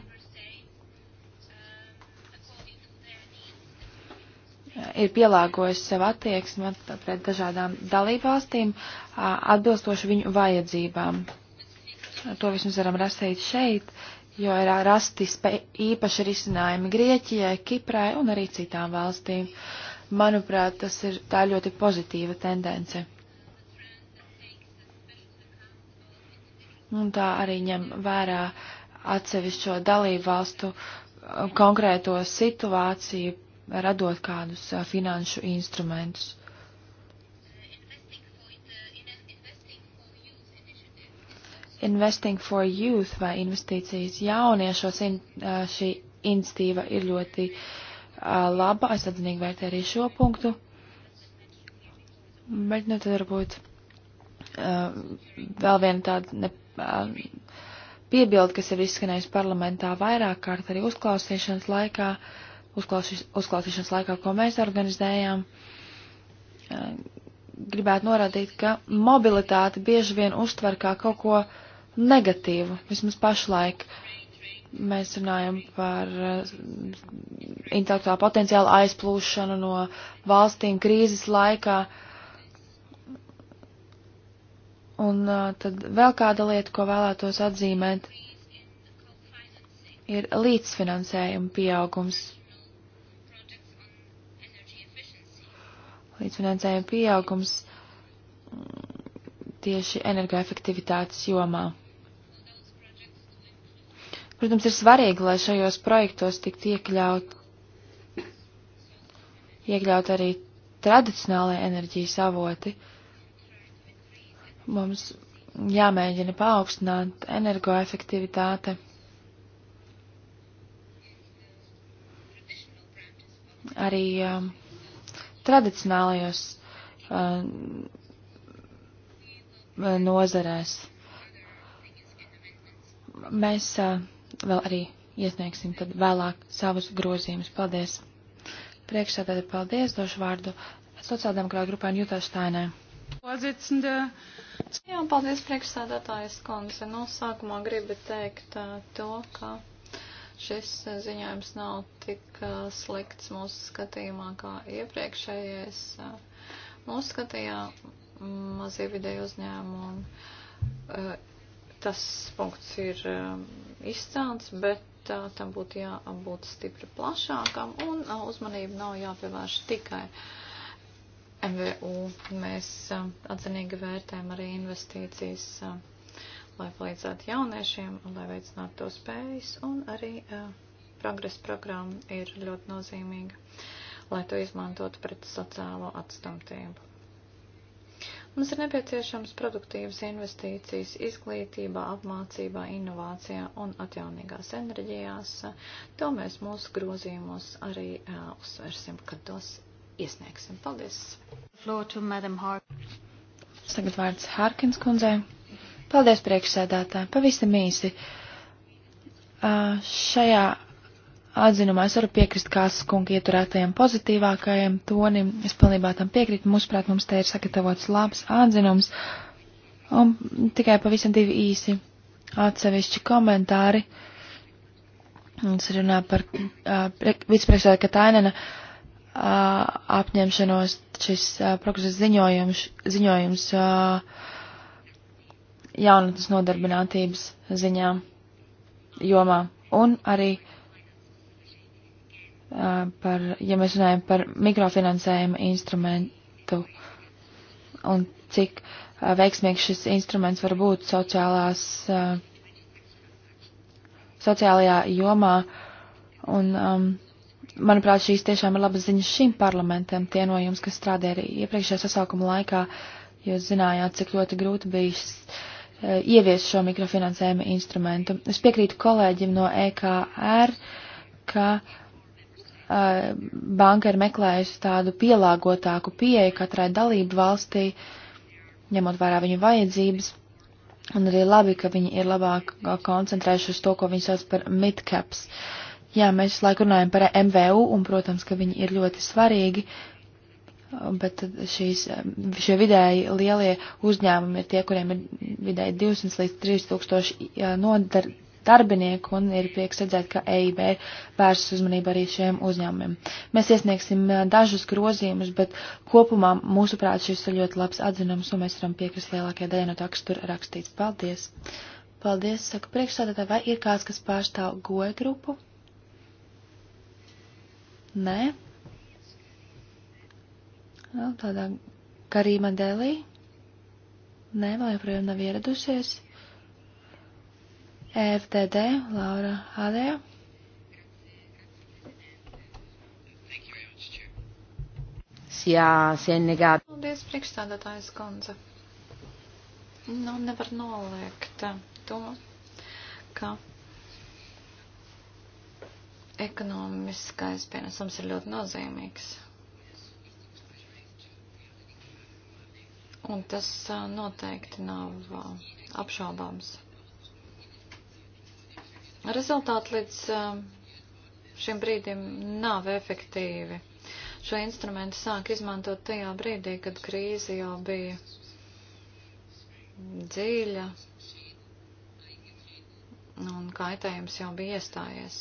ir pielāgojusi sev attieksmi pret dažādām dalībvalstīm atbilstoši viņu vajadzībām to vismaz varam rastīt šeit, jo ir rasti īpaši risinājumi Grieķijai, Kiprai un arī citām valstīm. Manuprāt, tas ir tā ļoti pozitīva tendence. Un tā arī ņem vērā atsevišķo dalību valstu uh, konkrēto situāciju, radot kādus uh, finanšu instrumentus. Investing for Youth vai investīcijas jauniešos in, šī institīva ir ļoti uh, laba. Es atzinīgi vērtēju arī šo punktu. Bet, nu, tad varbūt uh, vēl viena tāda ne, uh, piebilda, kas ir izskanējusi parlamentā vairāk kārt arī uzklausīšanas laikā, uzklausīš, uzklausīšanas laikā, ko mēs organizējām. Uh, gribētu norādīt, ka mobilitāti bieži vien uztver kā kaut ko uh, negatīvu, vismaz pašlaik. Mēs runājam par uh, intelektuālu potenciālu aizplūšanu no valstīm krīzes laikā. Un uh, tad vēl kāda lieta, ko vēlētos atzīmēt, ir līdzfinansējuma pieaugums. Līdzfinansējuma pieaugums mm, tieši energoefektivitātes jomā. Protams, ir svarīgi, lai šajos projektos tiktu iekļaut, iekļaut arī tradicionālai enerģijas avoti. Mums jāmēģina paaugstināt energoefektivitāte. Arī um, tradicionālajos um, nozarēs. Mēs uh, vēl arī iesniegsim tad vēlāk savus grozījumus. Paldies! Priekšsēdētāji, paldies! Došu vārdu sociāldemokrāta grupā Jūtā Štainē. Jā, paldies priekšsēdētājas konze. No nu, sākumā gribu teikt to, ka šis ziņojums nav tik slikts mūsu skatījumā kā iepriekšējais. Mūsu skatījā mazie vidēji uzņēmumi Tas punkts ir um, izcēlts, bet uh, tam būtu jābūt stipri plašākam un uh, uzmanību nav jāpievērš tikai MVU. Mēs um, atzinīgi vērtējam arī investīcijas, um, lai palīdzētu jauniešiem, lai veicinātu to spējas un arī uh, progresa programma ir ļoti nozīmīga, lai to izmantotu pret sociālo atstumtību. Mums ir nepieciešams produktīvas investīcijas izglītībā, apmācībā, inovācijā un atjaunīgās enerģijās. To mēs mūsu grozījumos arī uh, uzsversim, kad tos iesniegsim. Paldies! Tagad vārds Hārkins kundzei. Paldies priekšsēdētāji. Pavisam īsi. Uh, šajā atzinumā es varu piekrist kāds kungi ieturētajiem pozitīvākajiem tonim. Es pilnībā tam piekrītu. Mūsuprāt, mums te ir sagatavots labs atzinums. Un tikai pavisam divi īsi atsevišķi komentāri. Es runāju par uh, vicepriekšsēdētāja Katainena uh, apņemšanos šis uh, progresa ziņojums, ziņojums uh, jaunatnes nodarbinātības ziņā jomā. Un arī uh, par, ja mēs runājam par mikrofinansējuma instrumentu un cik veiksmīgs šis instruments var būt sociālās, sociālajā jomā. Un, um, manuprāt, šīs tiešām ir labas ziņas šim parlamentam, tie no jums, kas strādāja arī iepriekšējā sasaukuma laikā, jūs zinājāt, cik ļoti grūti bija šis, ievies šo mikrofinansējuma instrumentu. Es piekrītu kolēģim no EKR, ka uh, Uh, banka ir meklējusi tādu pielāgotāku pieeju katrai dalību valstī, ņemot vērā viņu vajadzības. Un arī labi, ka viņi ir labāk koncentrējuši uz to, ko viņi sauc par midcaps. Jā, mēs visu laiku runājam par MVU, un, protams, ka viņi ir ļoti svarīgi, bet šīs, šie vidēji lielie uzņēmumi ir tie, kuriem ir vidēji 200 līdz 3000 nodar, darbinieku, un ir prieks redzēt, ka EIB vērs uzmanību arī šiem uzņēmumiem. Mēs iesniegsim eh, dažus grozījumus, bet kopumā, mūsuprāt, šis ir ļoti labs atzinums, un mēs varam piekrist lielākajai daļai no tā, kas tur rakstīts. Paldies! Paldies, saka priekšsādātāji, vai ir kāds, kas pārstāv goja grupu? Nē? Nu, tādā Karīma Delī? Nē, vēl joprojām nav ieradusies. FDD, Laura Adēja. Jā, sienegāt. Paldies, priekšstādātājs Gonza. Nu, nevar noliegt to, ka ekonomiskais pienesums ir ļoti nozīmīgs. Un tas uh, noteikti nav uh, apšaubāms. Rezultāti līdz um, šim brīdim nav efektīvi. Šo instrumentu sāk izmantot tajā brīdī, kad krīze jau bija dziļa un kaitējums jau bija iestājies.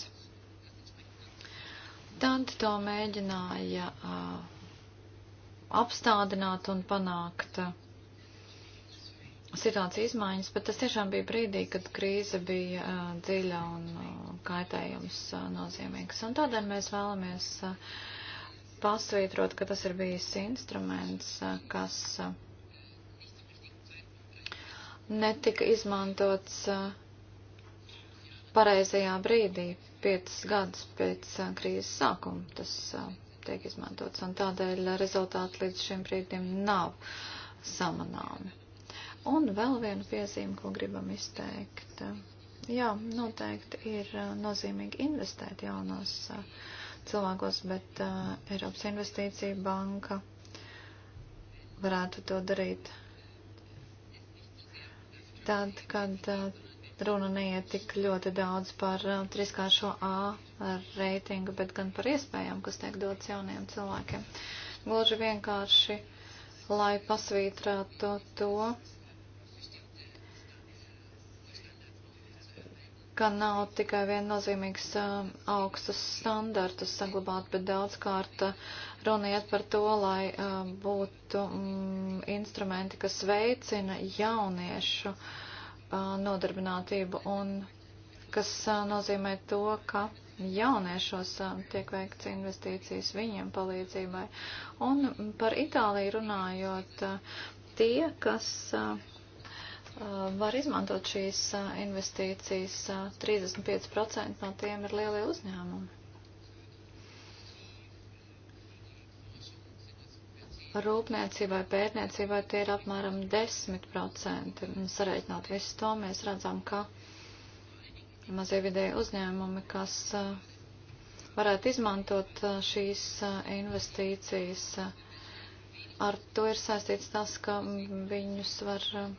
Tad to mēģināja uh, apstādināt un panākt. Uh, situācija izmaiņas, bet tas tiešām bija brīdī, kad krīze bija uh, dziļa un uh, kaitējums uh, nozīmīgs. Un tādēļ mēs vēlamies uh, pasvītrot, ka tas ir bijis instruments, uh, kas uh, netika izmantots uh, pareizajā brīdī, piecas gadus pēc uh, krīzes sākuma tas uh, tiek izmantots. Un tādēļ rezultāti līdz šim brīdim nav samanāmi. Un vēl viena piezīme, ko gribam izteikt. Jā, noteikti ir uh, nozīmīgi investēt jaunos uh, cilvēkos, bet uh, Eiropas investīcija banka varētu to darīt tad, kad runa neiet tik ļoti daudz par triskāršo A reitingu, bet gan par iespējām, kas tiek dots jauniem cilvēkiem. Gluži vienkārši, lai pasvītrātu to, to ka nav tikai viennozīmīgs um, augstus standartus saglabāt, bet daudzkārt uh, runiet par to, lai um, būtu mm, instrumenti, kas veicina jauniešu uh, nodarbinātību un kas uh, nozīmē to, ka jauniešos tiek veikts investīcijas viņiem palīdzībai. Un par Itāliju runājot, tie, kas var izmantot šīs investīcijas. 35% no tiem ir lielie uzņēmumi. Rūpniecībai, pētniecībai tie ir apmēram 10%. Sareiķinot visu to, mēs redzam, ka mazie vidēji uzņēmumi, kas varētu izmantot šīs investīcijas, ar to ir saistīts tas, ka viņus var um,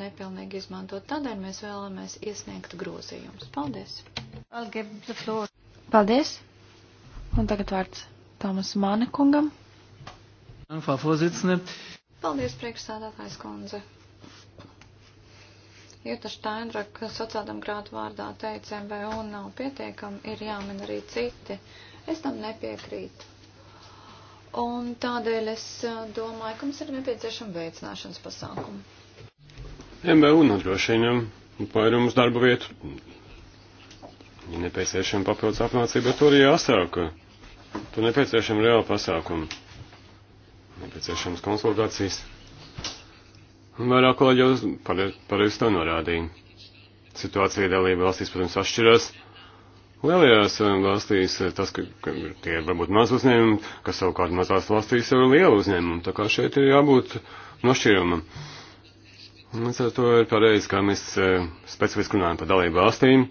nepilnīgi izmantot. Tādēļ mēs vēlamies iesniegt grozījumus. Paldies! Paldies! Un tagad vārds Tomas Mānekungam. Paldies, priekšsādātājs kundze! Juta Štainraka sociāldemokrāta vārdā teica, MVU nav pietiekami, ir jāmin arī citi. Es tam nepiekrītu Un tādēļ es domāju, ka mums ir nepieciešama veicināšanas pasākuma. MBU nodrošina pārumus darba vietu. Ir nepieciešama papildus apmācība, bet tur ir jāsāk. Tur nepieciešama reāla pasākuma. Nepieciešamas konsultācijas. Un vairāk kolēģi jau pareizi to norādīja. Situācija dalība valstīs, protams, atšķirās. Lielajās eh, valstīs eh, tas, ka, ka tie ir varbūt maz uzņēmumi, kas savukārt mazās valstīs jau ir liela uzņēmuma, tā kā šeit ir jābūt nošķirumam. Līdz ar to ir pareizi, kā mēs eh, specifiski runājam par dalību valstīm,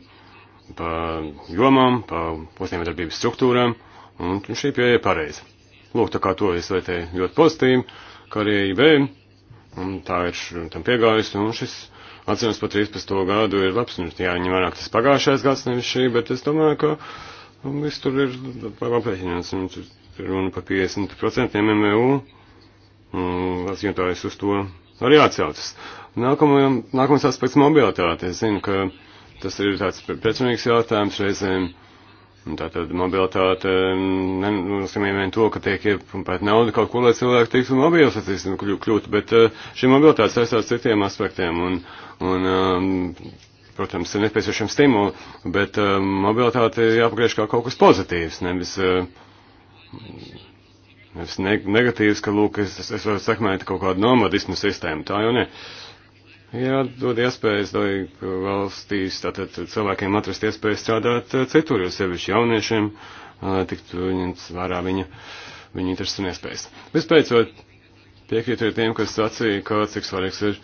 par jomām, par uzņēmējdarbības struktūrām, un šī pieeja ir pareiza. Lūk, tā kā to es vērtēju ļoti pozitīvi, kā arī IB, un tā ir tam piegājusi, un šis atceros par 13. gadu ir labs, un jāņem vērā tas pagājušais gads, nevis šī, bet es domāju, ka viss tur ir aprēķināts, un tur ir runa par 50% MMU, un atzīmētājs uz to arī atcaucas. Nākamajam, nākamais aspekts mobilitāte. Es zinu, ka tas ir tāds pretrunīgs jautājums reizēm. Tātad mobilitāte mm, nenosimē vien to, ka tiek iepumpat nauda kaut ko, lai cilvēki, teiksim, mobili sacīsim nu kļūtu, bet eh, šī mobilitāte saistās citiem aspektiem. Un, un, um, protams, ir nepieciešams stimuli, bet eh, mobilitāte ir jāpagriež kā kaut kas pozitīvs, nevis, eh, nevis negatīvs, ka, lūk, es, es varu sekmēt kaut kādu nomadismu sistēmu. Tā jau ne. Uh, jādod iespējas, lai valstīs tātad cilvēkiem atrast iespēju strādāt eh, citur, jo sevišķi jauniešiem eh, tiktu ņemts vērā viņa, viņa intereses un iespējas. Vispēcot, piekrītu tiem, kas sacīja, ka cik svarīgs ir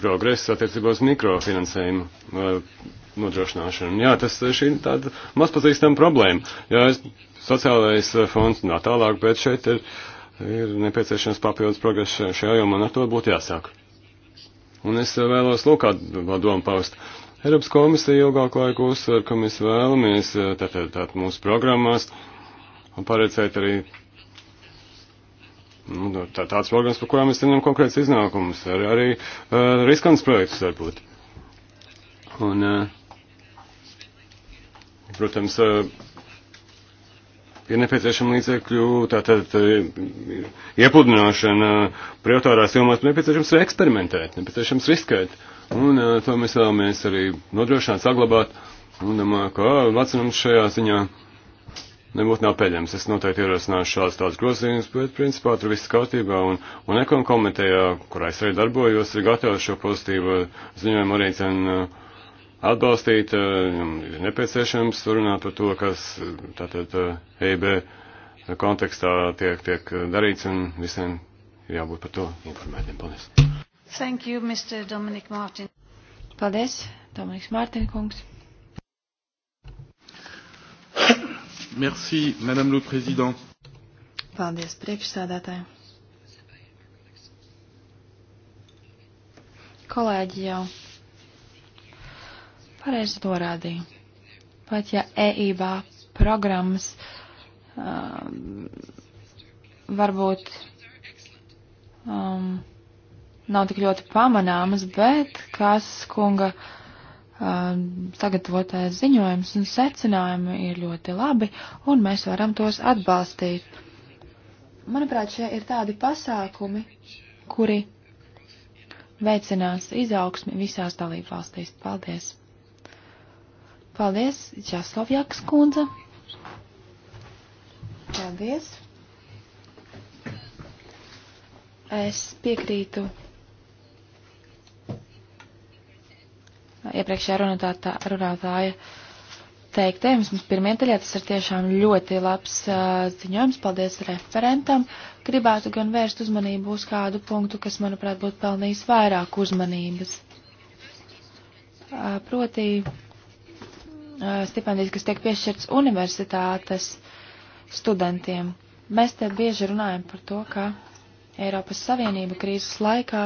progress attiecībā uz mikrofinansējumu eh, nodrošināšanu. Jā, tas šī tāda mazpazīstama problēma. Jā, sociālais fonds nā tālāk, bet šeit ir, ir nepieciešams papildus progress šajā jomā un ar to būtu jāsāk. Un es vēlos lūk kādu domu paust. Eiropas komisija ilgāku laiku uzsver, ka mēs vēlamies eh, tātad tā, tā, mūsu programmās paredzēt arī nu, tā, tāds programmas, par kurām mēs zinām konkrēts iznākums, ar, arī uh, riskants projekts varbūt. Un, uh, protams, uh, ir nepieciešama līdzekļu, tātad eh, iepludināšana prioritārās jomās, nepieciešams ir eksperimentēt, nepieciešams riskēt. Un eh, to mēs vēlamies arī nodrošināt, saglabāt. Un domāju, eh, ka vecinums šajā ziņā nebūtu nav peļams. Es noteikti ierosināšu šādas tādas grozījumus, bet principā tur viss kārtībā. Un, un ekonomikomitejā, kurā es arī darbojos, ir gatavs šo pozitīvu ziņojumu arī cenu atbalstīt, eh, ir nepieciešams runāt par to, kas eh, tātad EIB eh, e kontekstā tiek, tiek darīts, un visiem ir jābūt par to informētiem. Paldies. Thank you, Mr. Dominic Martin. Paldies, Dominiks Mārtiņa kungs. Merci, Madame le Président. Paldies, priekšsēdētāji. Kolēģi jau pareizi to rādīja. Pat ja EIBA programmas um, varbūt um, nav tik ļoti pamanāmas, bet kas kunga um, sagatavotais ziņojums un secinājumi ir ļoti labi, un mēs varam tos atbalstīt. Manuprāt, šie ir tādi pasākumi, kuri veicinās izaugsmi visās dalībvalstīs. Paldies! Paldies, Časlovjaks kundze. Paldies. Es piekrītu iepriekšējā runātā, runātāja teiktējiem. Mums pirmie daļā tas ir tiešām ļoti labs uh, ziņojums. Paldies referentam. Gribētu gan vērst uzmanību uz kādu punktu, kas, manuprāt, būtu pelnījis vairāk uzmanības. Uh, proti, stipendijas, kas tiek piešķirts universitātes studentiem. Mēs te bieži runājam par to, ka Eiropas Savienība krīzes laikā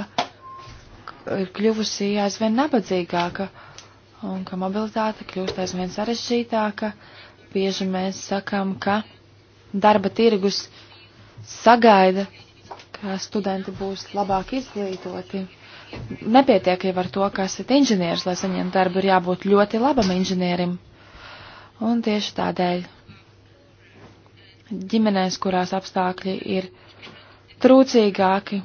ir kļuvusi aizvien nabadzīgāka un ka mobilitāte kļūst aizvien sarežģītāka. Bieži mēs sakam, ka darba tirgus sagaida, ka studenti būs labāk izglītoti nepietiek jau ar to, ka esat inženieris, lai saņemtu darbu, ir jābūt ļoti labam inženierim. Un tieši tādēļ ģimenēs, kurās apstākļi ir trūcīgāki,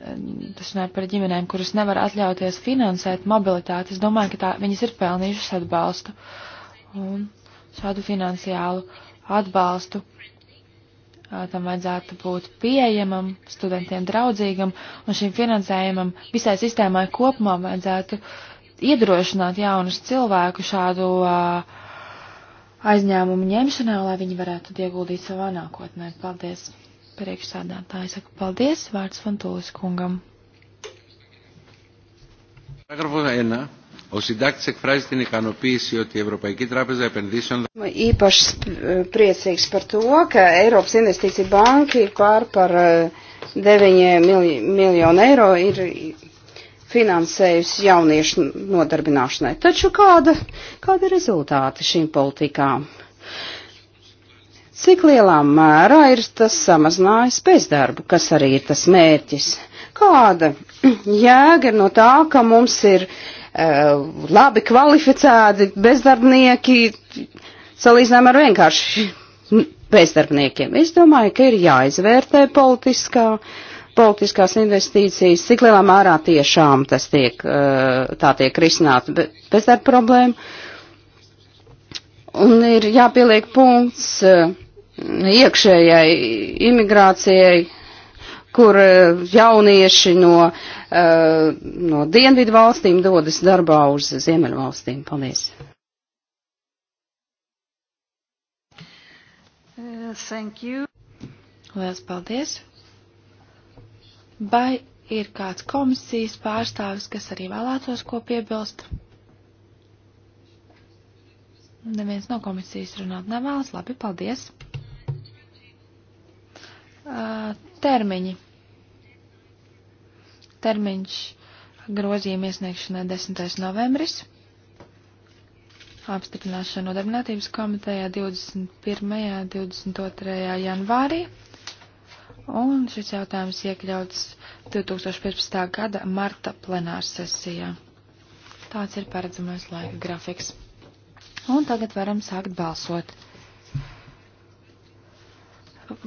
tas runāja par ģimenēm, kuras nevar atļauties finansēt mobilitāti, es domāju, ka tā, viņas ir pelnījušas atbalstu. Un šādu finansiālu atbalstu tam vajadzētu būt pieejamam, studentiem draudzīgam, un šim finansējumam visai sistēmai kopumā vajadzētu iedrošināt jaunus cilvēku šādu uh, aizņēmumu ņemšanā, lai viņi varētu ieguldīt savā nākotnē. Paldies! Priekšsādātāji saka paldies, vārds Fantūlis kungam. Paragrafos 1 Ο συντάκτης εκφράζει την ικανοποίηση ότι η Ευρωπαϊκή Τράπεζα Επενδύσεων... Īpaši priecīgs par to, ka Eiropas Investīcija Banka ir pār par 9 miljonu eiro ir finansējusi jauniešu nodarbināšanai. Taču kāda, kāda ir rezultāti šīm politikām? Cik lielā mērā ir tas samazinājis bezdarbu, kas arī ir tas mērķis? Kāda <clears throat> jēga ir no tā, ka mums ir uh, Eh, labi kvalificēti bezdarbnieki salīdzinām ar vienkārši bezdarbniekiem. Es domāju, ka ir jāizvērtē politiskā, politiskās investīcijas, cik lielā mērā tiešām tas tiek, eh, tā tiek risināta bezdarba problēma. Un ir jāpieliek punkts eh, iekšējai imigrācijai, kur jaunieši no uh, no dienvidu valstīm dodas darbā uz ziemeļu valstīm. Paldies! Uh, thank you. Lielas paldies. Vai ir kāds komisijas pārstāvis, kas arī vēlētos ko piebilst? Neviens no komisijas runāt nevēlas. Labi, paldies. Uh, termiņi. Termiņš grozījuma iesniegšanai 10. novembris. Apstiprināšana nodarbinātības komitejā 21. 22. janvārī. Un šis jautājums iekļauts 2015. gada marta plenārs sesijā. Tāds ir paredzamais laika grafiks. Un tagad varam sākt balsot.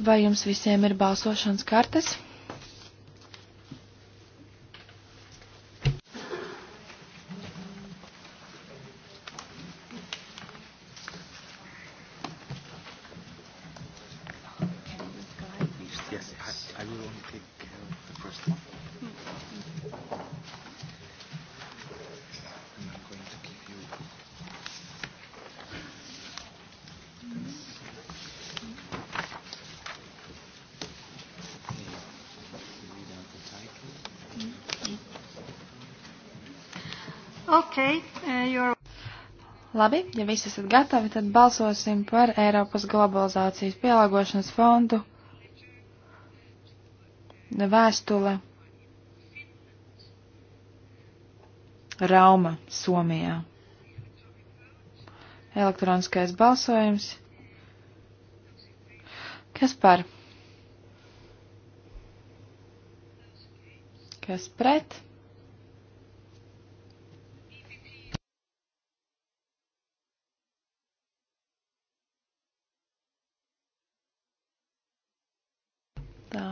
Vai jums visiem ir balsošanas kartes? Okay, uh, Labi, ja visi esat gatavi, tad balsosim par Eiropas globalizācijas pielāgošanas fondu. Vēstule. Rauma, Somijā. Elektroniskais balsojums. Kas par? Kas pret? tā.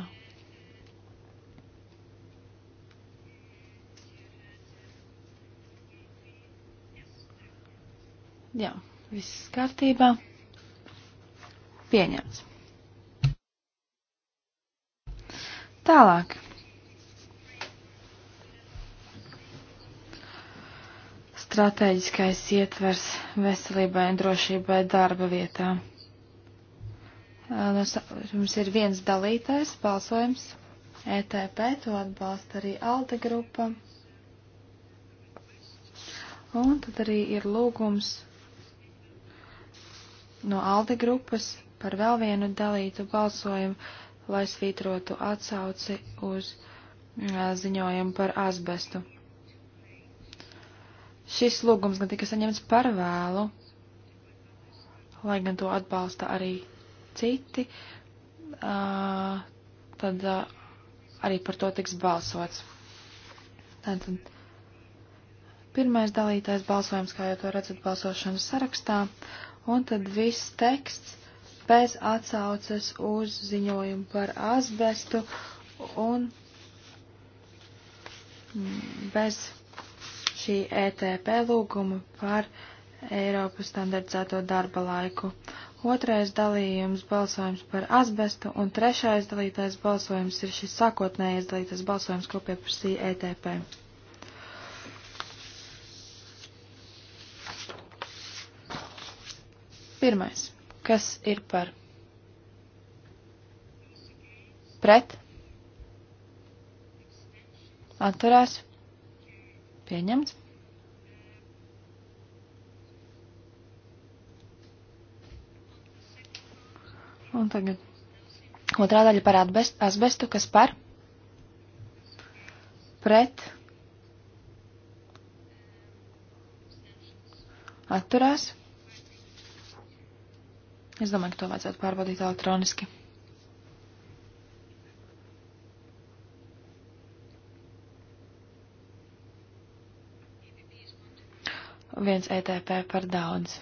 Jā, viss kārtībā. Pieņemts. Tālāk. Stratēģiskais ietvers veselībai un drošībai darba vietā. Mums ir viens dalītais balsojums. ETP to atbalsta arī Alde grupa. Un tad arī ir lūgums no Alde grupas par vēl vienu dalītu balsojumu, lai svītrotu atsauci uz ziņojumu par asbestu. Šis lūgums gan tika saņemts par vēlu, lai gan to atbalsta arī citi, uh, tad uh, arī par to tiks balsots. Tātad pirmais dalītais balsojums, kā jau to redzat balsošanas sarakstā, un tad viss teksts bez atsauces uz ziņojumu par asbestu un mm, bez šī ETP lūguma par Eiropas standardizēto darba laiku. Otrais dalījums balsojums par asbestu, un trešais dalītais balsojums ir šis sākotnējais dalītais balsojums, ko pieprasīja ETP. Pirmais. Kas ir par? Pret? Atturās? Pieņemts? Un tagad otrā daļa par asbestu, kas par pret atturās. Es domāju, ka to vajadzētu pārbaudīt elektroniski. Viens ETP par daudz.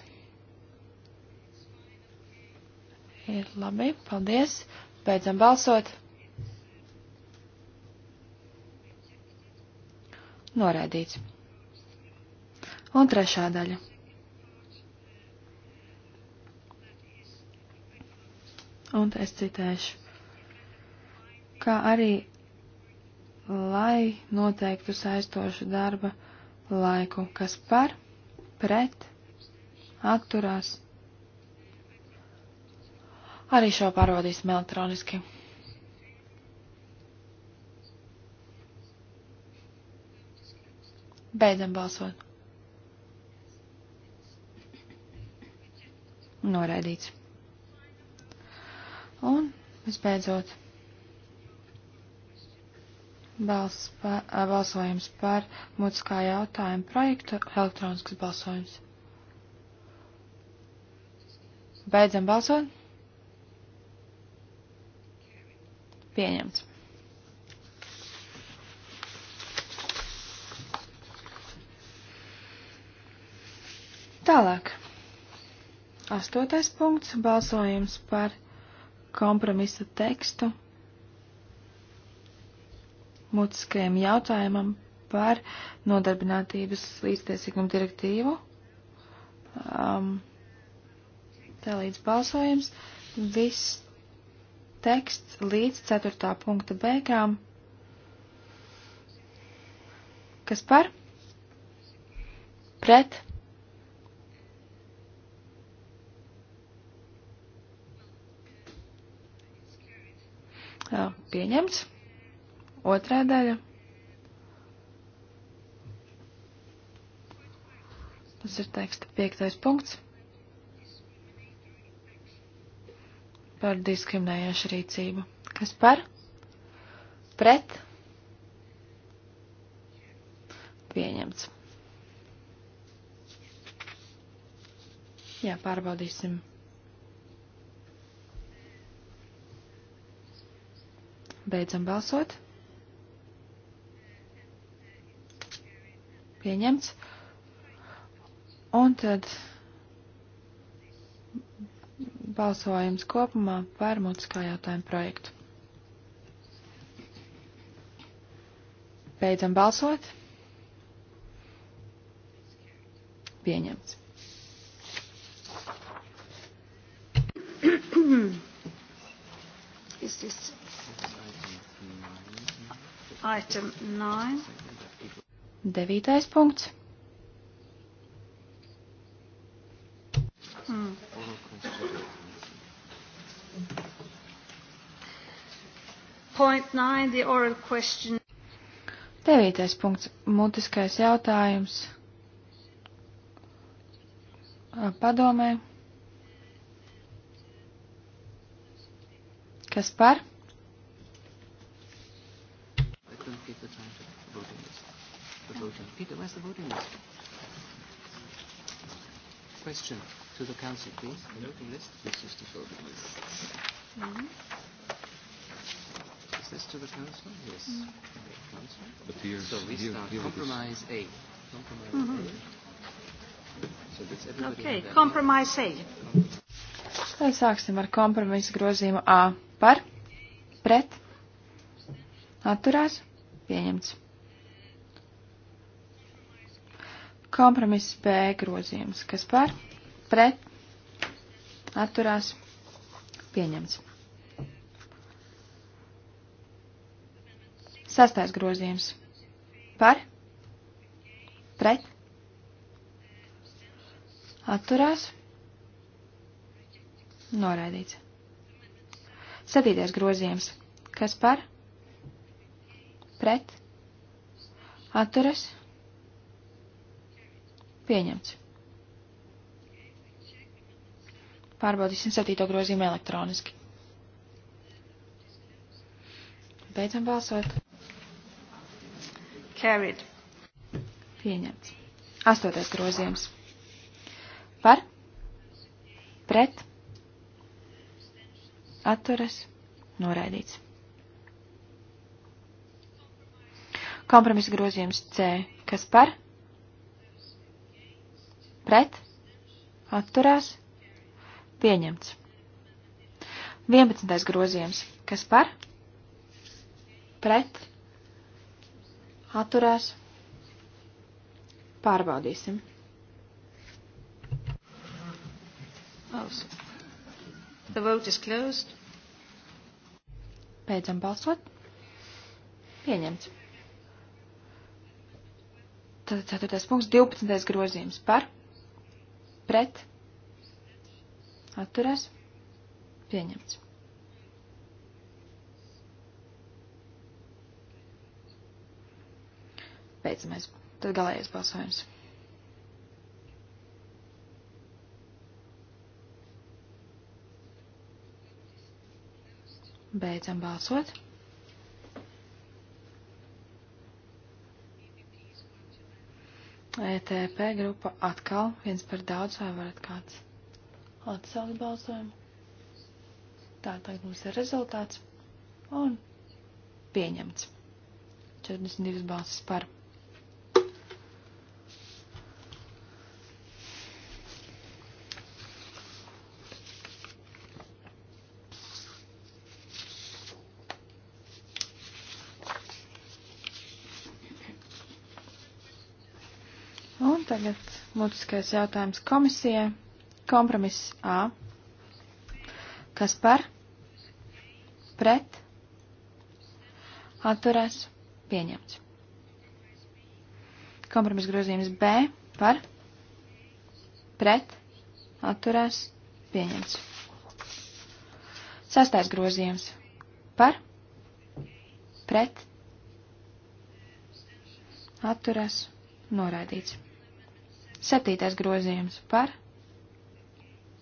Ir eh, labi, paldies. Beidzam balsot. Noraidīts. Un trešā daļa. Un es citēšu. Kā arī, lai noteiktu saistošu darba laiku, kas par, pret, atturās, Arī šo pārbaudīsim elektroniski. Beidzam balsot. Noraidīts. Un, visbeidzot, balss pa, balsojums par mutiskā jautājuma projektu elektronisks balsojums. Beidzam balsot. Pieņemts. Tālāk. Astotais punkts - balsojums par kompromisa tekstu mutiskajam jautājumam par nodarbinātības līdztiesīgumu direktīvu. Um, tā līdz balsojums. Viss teksts līdz 4. punkta beigām. Kas par? Pret? Jā, pieņemts. Otrā daļa. Tas ir teksta piektais punkts. par diskriminējošu rīcību. Kas par? Pret? Pieņemts. Jā, pārbaudīsim. Beidzam balsot. Pieņemts. Un tad balsojums kopumā par mutiskā jautājuma projektu. Beidzam balsot. Pieņemts. Is this item 9? Devītais punkts. Mm. Point nine, the oral question. Devītais punkts - mutiskais jautājums padomē. Kas par? Peter, where's the voting list? Question to the council, please. The voting list? This is the voting list. Mm-hmm pass this to the Council? Yes. Mm. Okay, Council. But here, so we here, start here compromise A. Compromise mm-hmm. A. So that's okay, compromise A. Tad sāksim ar kompromisu grozījumu A. Par, pret, atturās, pieņemts. Kompromiss B grozījums. Kas par, pret, atturās, pieņemts. Sastais grozījums. Par? Pret? Atturās? Noraidīts. Sadīties grozījums. Kas par? Pret? Atturas? Pieņemts. Pārbaudīsim 7. grozījumu elektroniski. Beidzam balsot. Carried. Pieņemts. Astotais grozījums. Par? Pret? Atturas? Noraidīts. Kompromisa grozījums C. Kas par? Pret? Atturās? Pieņemts. 11. grozījums. Kas par? Pret? atturās. Pārbaudīsim. The vote is closed. Beidzam balsot. Pieņemts. Tad ceturtais punkts, 12. grozījums par, pret, atturās, pieņemts. Beidzamais. Tad galējais balsojums. Beidzam balsot. ETP grupa atkal viens par daudz, vai varat kāds atsaukt balsojumu? Tā tagad mums ir rezultāts un pieņemts. 42 balsis par. Tagad mutiskais jautājums komisijai. Kompromiss A. Kas par? Pret? Atturēs? Pieņemts. Kompromiss grozījums B. Par? Pret? Atturēs? Pieņemts. Sastais grozījums. Par? Pret? Atturēs? Noraidīts. Septītais grozījums par,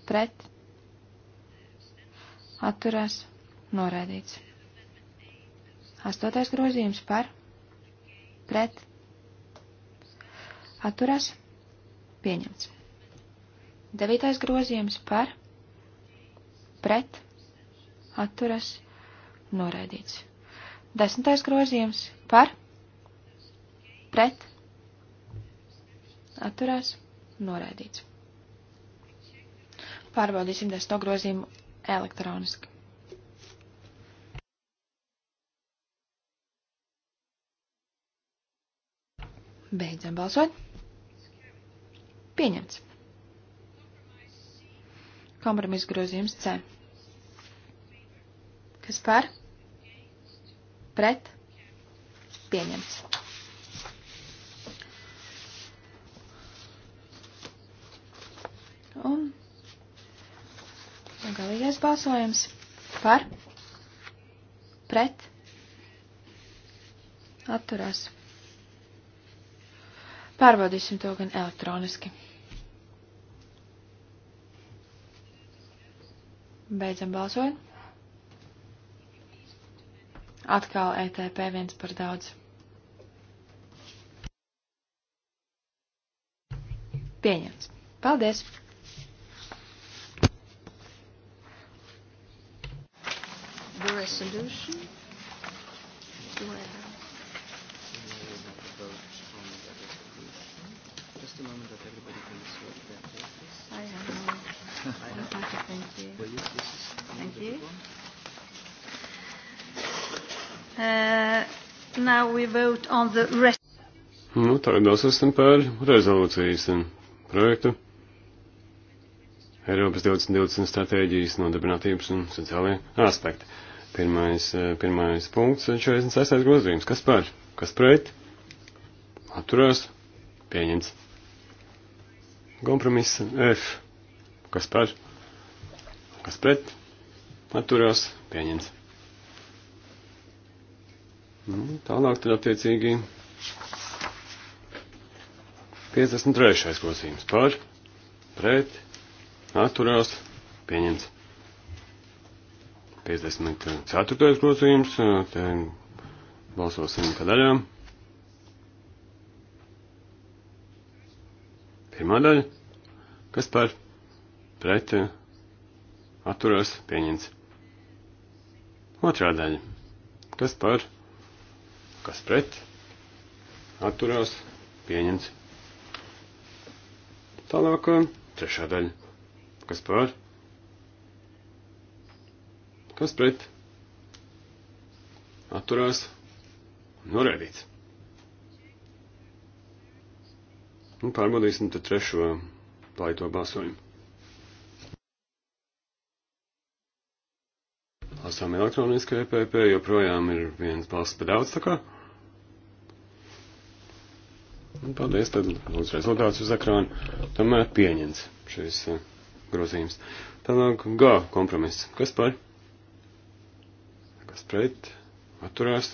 pret, atturās, noraidīts. Astotais grozījums par, pret, atturās, pieņemts. Devītais grozījums par, pret, atturas, noraidīts. Desmitais grozījums par, pret, atturās, noraidīts. Pārbaudīsim desto grozījumu elektroniski. Beidzam balsot. Pieņemts. Kompromiss grozījums C. Kas par? Pret? Pieņemts. Un galīgais balsojums par, pret, atturās. Pārbaudīsim to gan elektroniski. Beidzam balsot. Atkal ETP viens par daudz. Pieņemts. Paldies! the resolution? Do I have? Just a moment that everybody can switch their places. I have no. I have no. Thank you. Will you this is Thank you. Uh, now we vote on the rest. Nu, tagad balsosim par rezolūcijas projektu Eiropas 2020 stratēģijas nodarbinātības un sociālajie aspekti. Pirmais, eh, pirmais punkts, 46. grozījums. Kas par? Kas pret? Atturās. Pieņemts. Kompromiss F. Kas par? Kas pret? Atturās. Pieņemts. Nu, tālāk tad attiecīgi 53. grozījums. Par? Pret? Atturās. Pieņemts. 54. grozījums, te balsosim pa daļām. Pirmā daļa, kas par pret atturās pieņems. Otrā daļa, kas par, kas pret atturās pieņems. Tālāk, trešā daļa, kas par Kas pret? Atturās. Norēdīts. Un nu, pārbaudīsim te trešo plaito balsojumu. Balsām elektroniskā EPP, joprojām ir viens balss par daudz, tā kā. Un paldies, tad lūdzu rezultāts uz ekrāna. Tomēr pieņems šis uh, grozījums. Tālāk, gā kompromiss. Kas par? kas pret, atturās,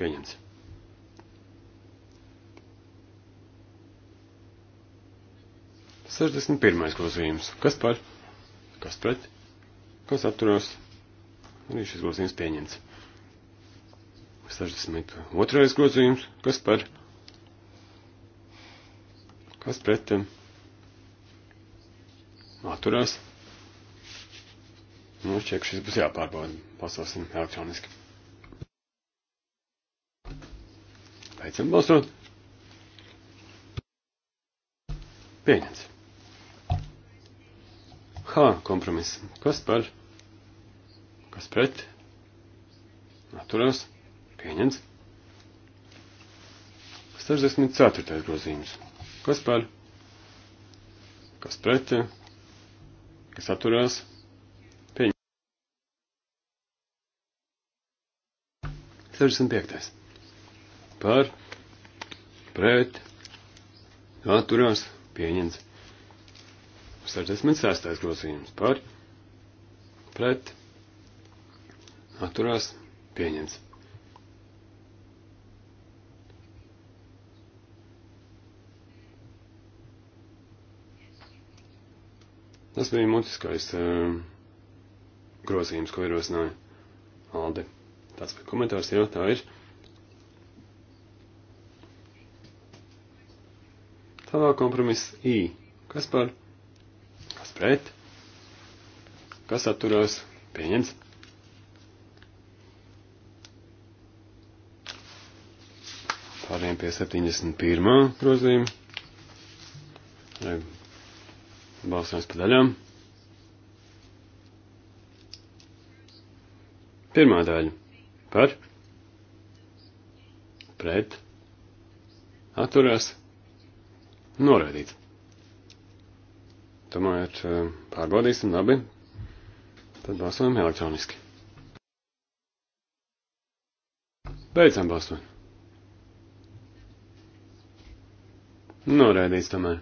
pieņemts. Sešdesmit pirmais grozījums. Kas par? Kas pret? Kas atturās? Arī šis grozījums pieņemts. 62. grozījums. Kas par? Kas pret? Atturās? Nu, šķiet, ka šis būs jāpārbauda. Balsosim elektroniski. Beidzam balsot. Pieņemts. H kompromiss. Kas par? Kas pret? Atturās. Pieņemts. 64. grozījums. Kas par? Kas pret? Kas atturās? Pieņemts 65. Par, pret, atturās, pieņems. 66. grozījums par, pret, atturās, pieņems. Tas bija mutiskais uh, grozījums, ko ierosināja Alde. Tāds kā komentārs, jā, tā ir. Tālāk kompromiss I. Kas par? Kas pret? Kas atturās? Pieņems. Pārējiem pie 71. grozījuma. Balsojums pa daļām. Pirmā daļa par pret atturās noraidīt. Tomēr eh, pārbaudīsim labi, tad balsojam elektroniski. Beidzam balsot. Noraidīts tomēr.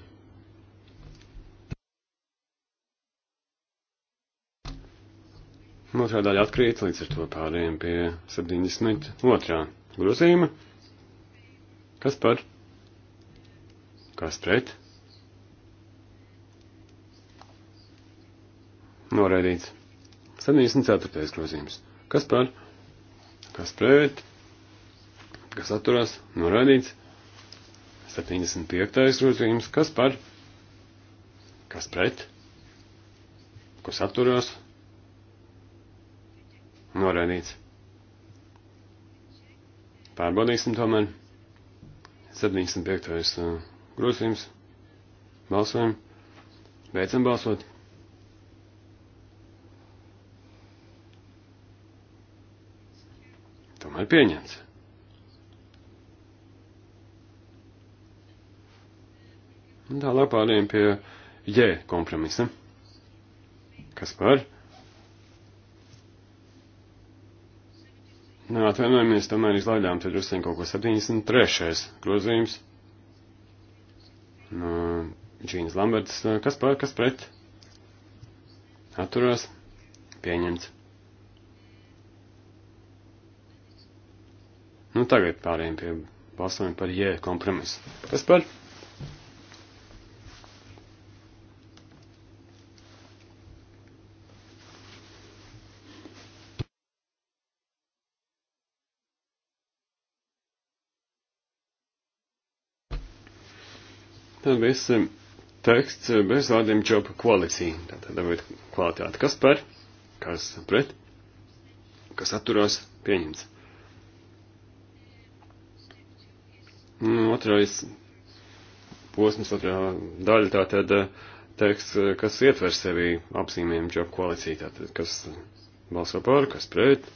Otrā daļa atkrīt, līdz ar to pārējiem pie 72. grozījuma. Kas par? Kas pret? Noraidīts. 74. grozījums. Kas par? Kas pret? Kas atturās? Noraidīts. 75. grozījums. Kas par? Kas pret? Kas atturās? Noraidīts. Pārbaudīsim tomēr. 75. Uh, grozījums. Balsojam. Beidzam balsot. Tomēr pieņemts. Un tālāk pārējiem pie J kompromisa. Kas par? Nē, atvainojamies, tomēr izlaidām tad druskuļi kaut ko 73. grozījums. No Džīnas Lamberts, kas par, kas pret? Atturās. Pieņemts. Nu, tagad pārējiem pie balsojuma par J kompromisu. Kas par? Tad viss teksts bez vārdiem čopa koalīcija. Tātad dabūt kvalitāti. Kas par, kas pret, kas atturās, pieņemts. Nu, otrais posms, otrā daļa, tātad eh, teksts, eh, kas ietver sevi apzīmējumu čopa koalīcija. Tātad, kas balso par, kas pret,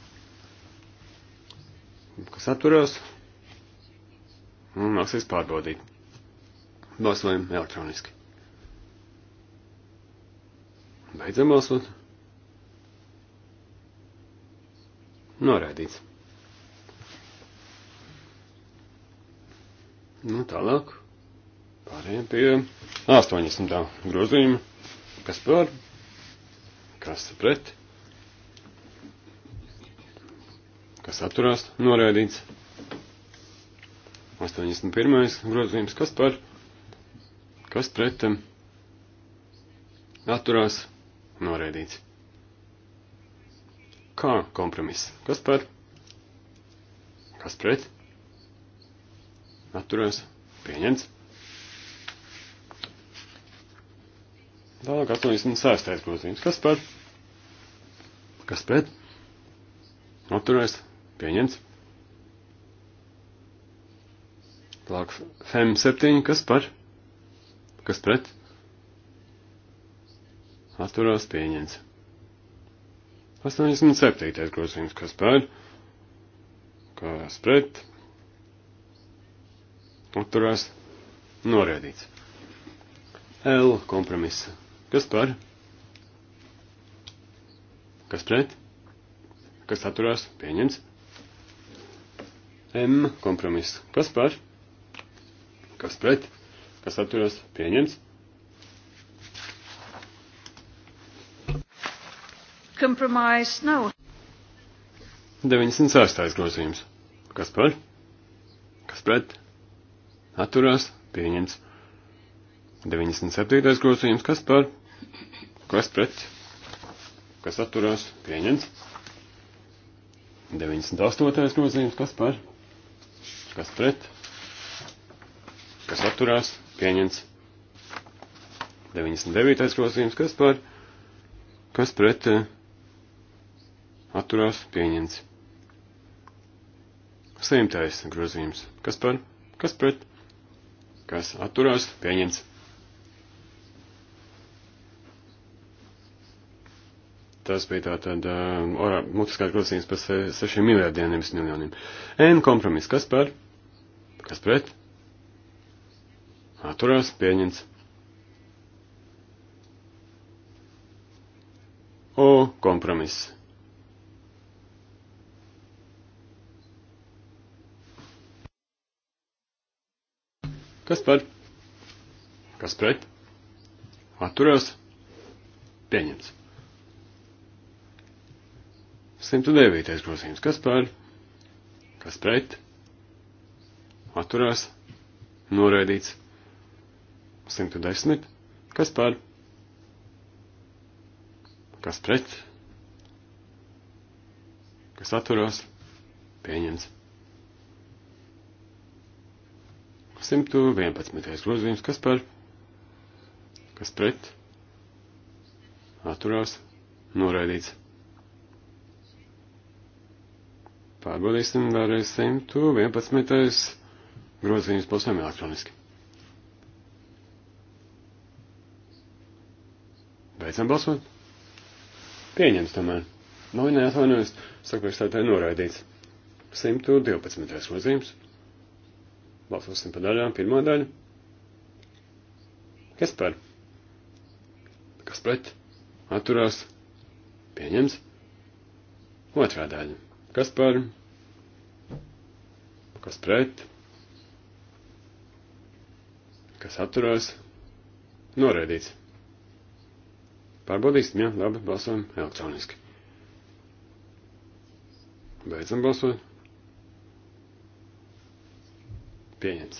kas atturās. Un nāksies pārbaudīt. Balsojam elektroniski. Beidzam balsot. Noraidīts. Nu, tālāk. Pārējiem pie 80. grozījuma. Kas par? Kas pret? Kas atturās? Noraidīts. 81. grozījums. Kas par? Kas pret atturās noraidīts? Kā kompromiss? Kas par? Kas pret? Atturās pieņemts. Tālāk 86. grozījums. Kas par? Kas pret? Atturēs. Pieņemts. Tālāk FM7. Kas par? Kas pret? Atturās pieņemts. 87. grozījums, kas pēr, kas pret, atturās, norēdīts. L kompromisa, kas pēr, kas pret, kas atturās, pieņems. M kompromisa, kas pēr, kas pret, kas atturas pieņemts. Compromise nav. 96. grozījums. Kas par? Kas pret? Atturās pieņemts. 97. grozījums. Kas par? Kas pret? Kas atturās pieņemts. 98. grozījums. Kas par? Kas pret? Kas atturās pieņemts. 99. grozījums, kas par, kas pret eh, atturās pieņemts. 100. grozījums, kas par, kas pret, kas atturās pieņemts. Tas bija tātad uh, eh, mutiskā grozījums par 6 miljārdiem, nevis miljoniem. N kompromiss, kas par, kas pret, atturās pieņemts. O kompromiss. Kas par? Kas pret? Atturās. Pieņemts. 109. grozījums. Kas par? Kas pret? Atturās. Noraidīts. 110. Kas par? Kas pret? Kas atturos? Pieņems. 111. grozījums. Kas par? Kas pret? Atturās. Noraidīts. Pārbaudīsim vēlreiz 111. grozījums posmiem elektroniski. Beidzam balsot. Pieņems tomēr. Nav nu, viņa atvainojas, saka, priekšstādātāji noraidīts. 112. grozījums. Balsosim pa daļām. Pirmā daļa. Kas par? Kas pret? Atturās. Pieņems. Otrā daļa. Kas par? Kas pret? Kas atturās? Noraidīts. Pārbaudīsim, jā, labi, balsojam elektroniski. Beidzam balsot. Pieņems.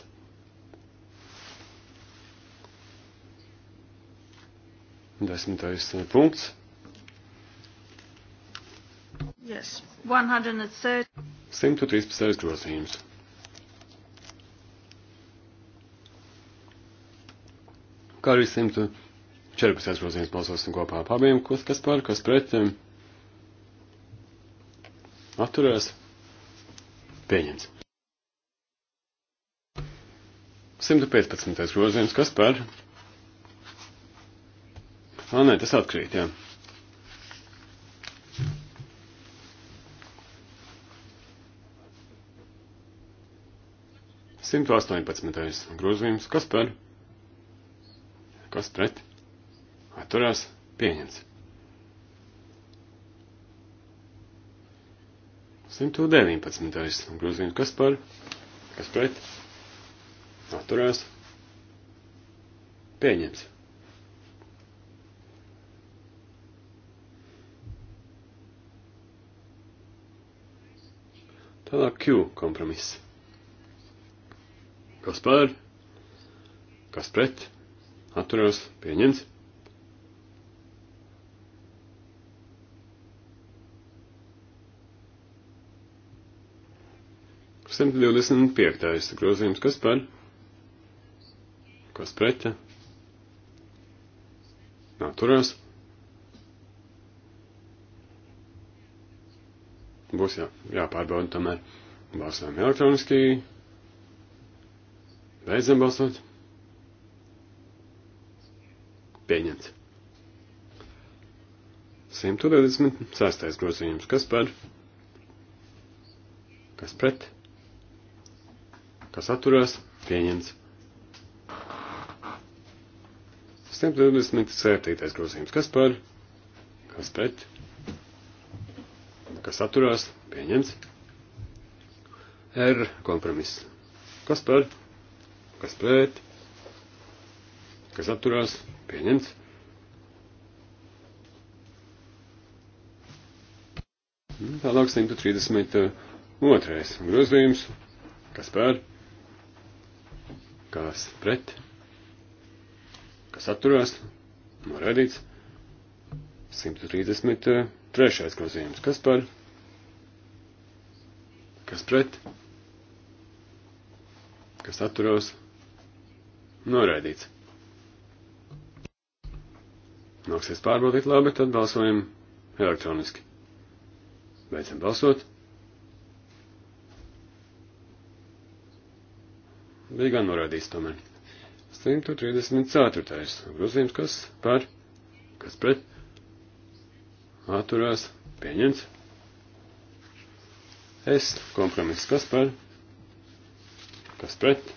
Desmitais eh, punkts. Yes. 113. 113. grozījums. Kā arī 113. 14. grozījums balsosim kopā ar abiem, kas, kas par, kas pret atturēs. Pieņems. 115. grozījums, kas par? Ā, nē, tas atkrīt, jā. Simt astoņpadsmitais grozījums, kas par? Kas pret? atturās pieņemts. 119. grozījums, kas par, kas pret, atturās, pieņems. Tālāk Q kompromiss. Kas par, kas pret, atturās, pieņems. 125. grozījums, kas par? Kas pret? Nā, turās. Būs jā, jāpārbauda tomēr. Balsojam elektroniski. Beidzam balsot. Pieņemts. 126. grozījums, kas par? Kas pret? kas atturās, pieņemts. 127. grozījums, kas par, kas pret, kas atturās, pieņemts. R kompromiss, kas par, kas pret, kas atturās, pieņemts. Tālāk 132. grozījums, kas par, kas pret, kas atturās, norādīts. 133. grozījums, kas par, kas pret, kas atturās, norādīts. Nāksies pārbaudīt labi, tad balsojam elektroniski. Beidzam balsot. bija gan norādīts tomēr. 134. grozījums, kas par, kas pret, atturās, pieņemts. Es kompromiss, kas par, kas pret,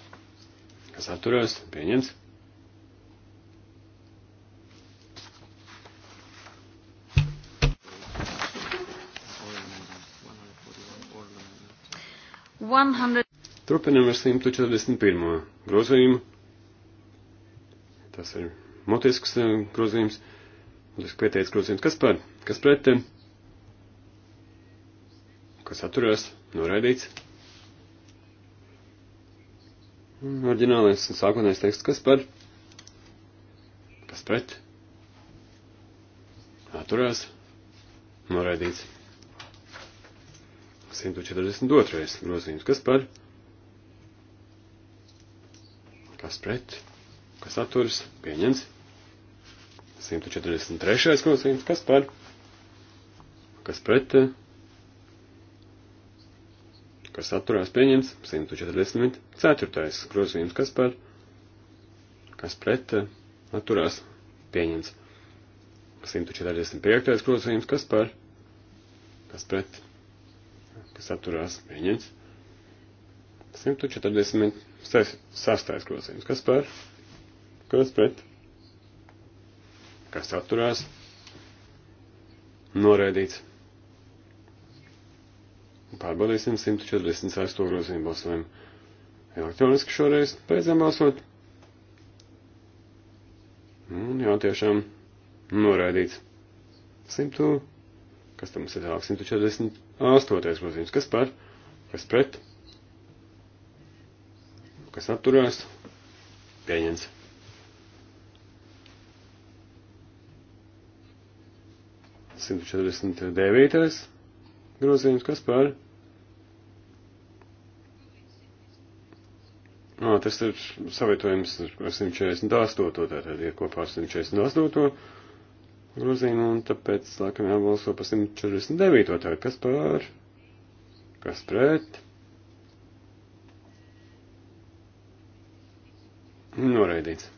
kas atturās, pieņemts. One hundred. Turpinam ar 141. grozījumu. Tas ir mutisks eh, grozījums, mutiski pieteicis grozījums. Kas par? Kas pret? Kas atturās? Noraidīts. Orģinālais un sākotnējais teksts. Kas par? Kas pret? Atturās. Noraidīts. 142. grozījums. Kas par? kas pret, kas atturas, pieņems. 143. grozījums, kas par, kas pret, kas atturās, pieņems. 144. grozījums, kas par, kas pret, atturās, pieņems. 145. grozījums, kas par, kas pret, kas atturās, pieņems. 146. Sastais grozījums. Kas par? Kas pret? Kas atturās? Noraidīts. Pārbaudīsim 146. grozījumu balsojumu. Elektroniski šoreiz beidzam balsot. Un jā, tiešām noraidīts. 100. Kas tam ir tālāk? 148. grozījums. Kas par? Kas pret? kas atturās, pieņems. Simt četrdesmit devītais grozījums, kas par? Nā, tas ir savietojums ar 148. Tātad ir kopā ar 148. grozījumu, un tāpēc, laikam, jābalso par 149. Tātad kas par? Kas pret? Noraidīts.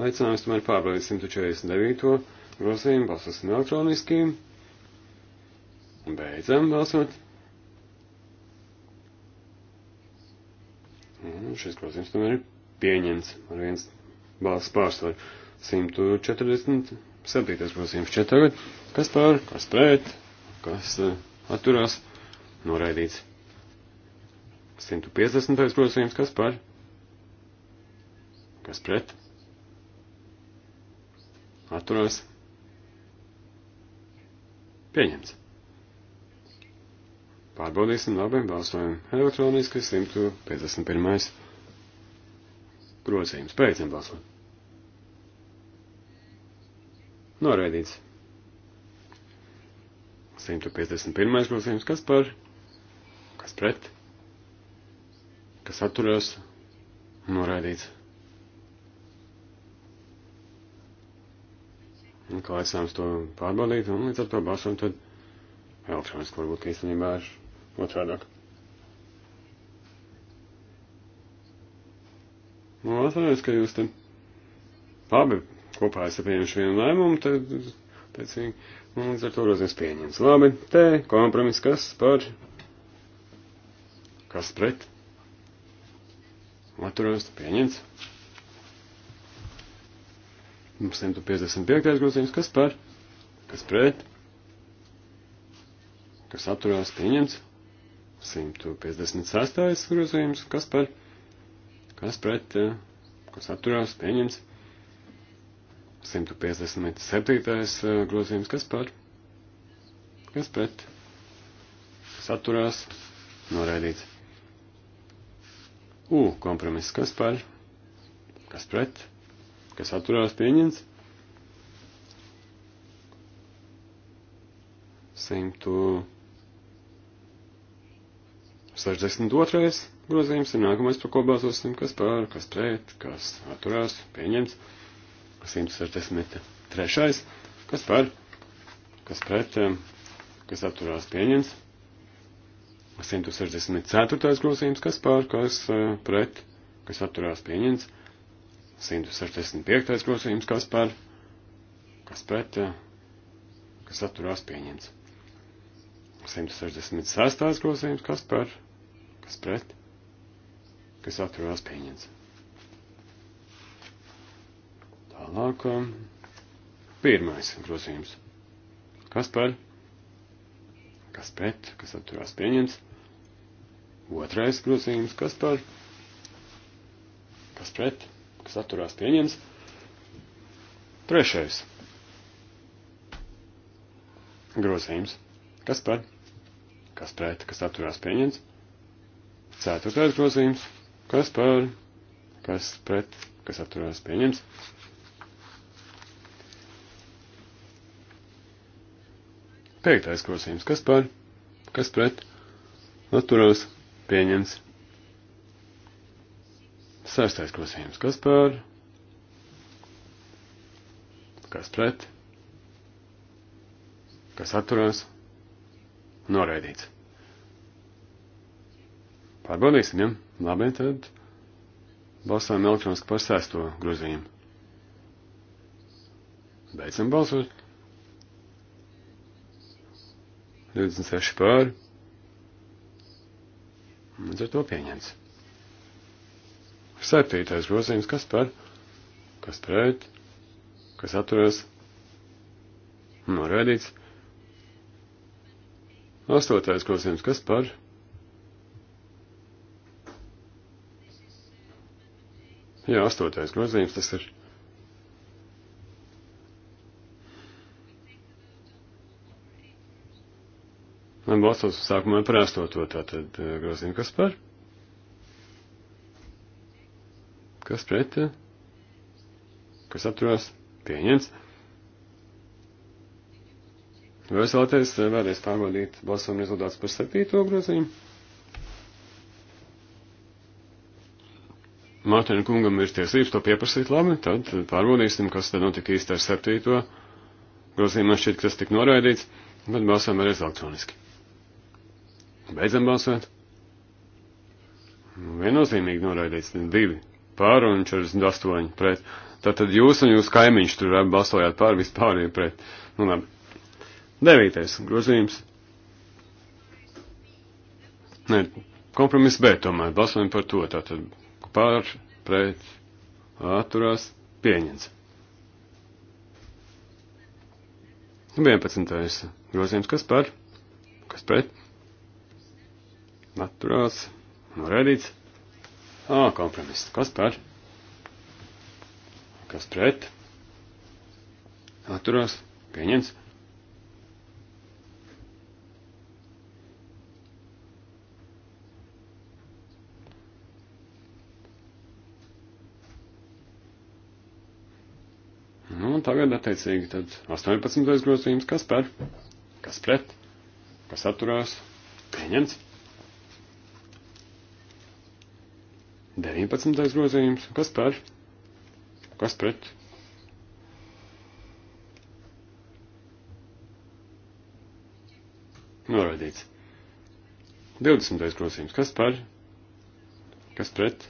Aicinājums tomēr pārbaudīt 149. grozījumu, balsosim elektroniski. Beidzam balsot. Un šis grozījums tomēr ir pieņemts ar viens balss pārsvaru. 147. grozījums šķiet tagad. Kas pār, kas pret, kas uh, atturās, noraidīts. 150. grozījums, kas par? Kas pret? Atturās. Pieņemts. Pārbaudīsim labi, balsojam elektroniski 151. grozījums. Beidzam balsot. Noraidīts. 151. grozījums, kas par? Kas pret? kas atturās, noraidīts. Un kā aicinājums to pārbaudīt, un līdz ar to balsam, tad elektroniski varbūt īstenībā ir otrādāk. Nu, atceros, ka jūs te abi kopā esat pieņemši vienu lēmumu, tad pēc viņa, un līdz ar to grozījums pieņems. Labi, te kompromiss kas par, kas pret, Atturos pieņemts. 155. grozījums. Kas par? Kas pret? Kas atturās pieņemts? 156. grozījums. Kas par? Kas pret? Kas atturās pieņemts? 157. grozījums. Kas par? Kas pret? Kas atturās? Noraidīts. U kompromiss, kas par, kas pret, kas atturās pieņems. 162. grozījums ir nākamais, par ko balsosim, kas par, kas pret, kas atturās pieņems. 163. kas par, kas pret, kas atturās pieņems. 164. grozījums, kas pār, kas e, pret, kas atturās pieņemts. 165. grozījums, kas pār, kas pret, e, kas atturās pieņemts. 166. grozījums, kas pār, kas pret, kas atturās pieņemts. Tālāk, e, pirmais grozījums, kas pār, kas pret, kas atturās pieņemts. Otrais grozījums, kas par, kas pret, kas atturās pieņems. Trešais grozījums, kas par, kas pret, kas atturās pieņems. Ceturtais grozījums, kas par, kas pret, kas atturās pieņems. Piektais grozījums, kas par, kas pret, atturās pieņems. Pieņems. Sestais grozījums. Kas par? Kas pret? Kas atturās? Noraidīts. Pārbaudīsim, ja? Labi, tad balsojam elektroniski par sesto grozījumu. Beidzam balsot. 26 pār. Līdz ar to pieņemts. Septītais grozījums, kas par, kas pret, kas atturas, norēdīts. Astotais grozījums, kas par, jā, astotais grozījums, tas ir Man balsos sākumā par astoto, tātad eh, grozījumi kas par? Kas pret? Kas atturās? Pieņems. Vai es vēlaties eh, vēlreiz pārbaudīt balsojumu rezultātus par septīto grozījumu? Mārtiņa kungam ir tiesības to pieprasīt labi, tad pārbaudīsim, kas tad notika īsti ar septīto grozījumu. Man šķiet, ka tas tika noraidīts, bet balsojam arī elektroniski. Beidzam balsot. Nu, viennozīmīgi noraidīts. Divi pār un 48 pret. Tātad jūs un jūs kaimiņš tur balsojāt pār vispār ir pret. Nu, labi. Devītais grozījums. Nē, kompromiss B tomēr. Balsojam par to. Tātad pār, pret, atturās, pieņems. 11. grozījums. Kas par? Kas pret? Atturās. Redīts. Ā, kompromiss. Kas par? Kas pret? Atturās. Pieņems. Nu, un tagad, attiecīgi, tad 18. grozījums, kas par, kas pret, kas atturās, pieņemts. 19. grozījums. Kas par? Kas pret? Noraidīts. 20. grozījums. Kas par? Kas pret?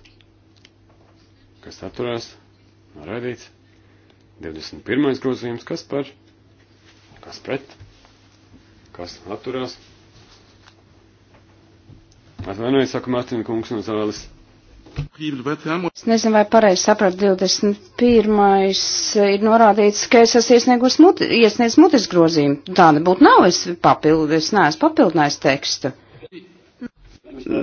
Kas atturās? Noraidīts. 21. grozījums. Kas par? Kas pret? Kas atturās? Atvainojiet, saka Mārtiņa kungs no zāles. Es nezinu, vai pareizi sapratu, 21. ir norādīts, ka es esmu iesniegus muti, iesniedz mutis grozījumu. Tā nebūtu nav, es papildu, es neesmu papildinājis tekstu.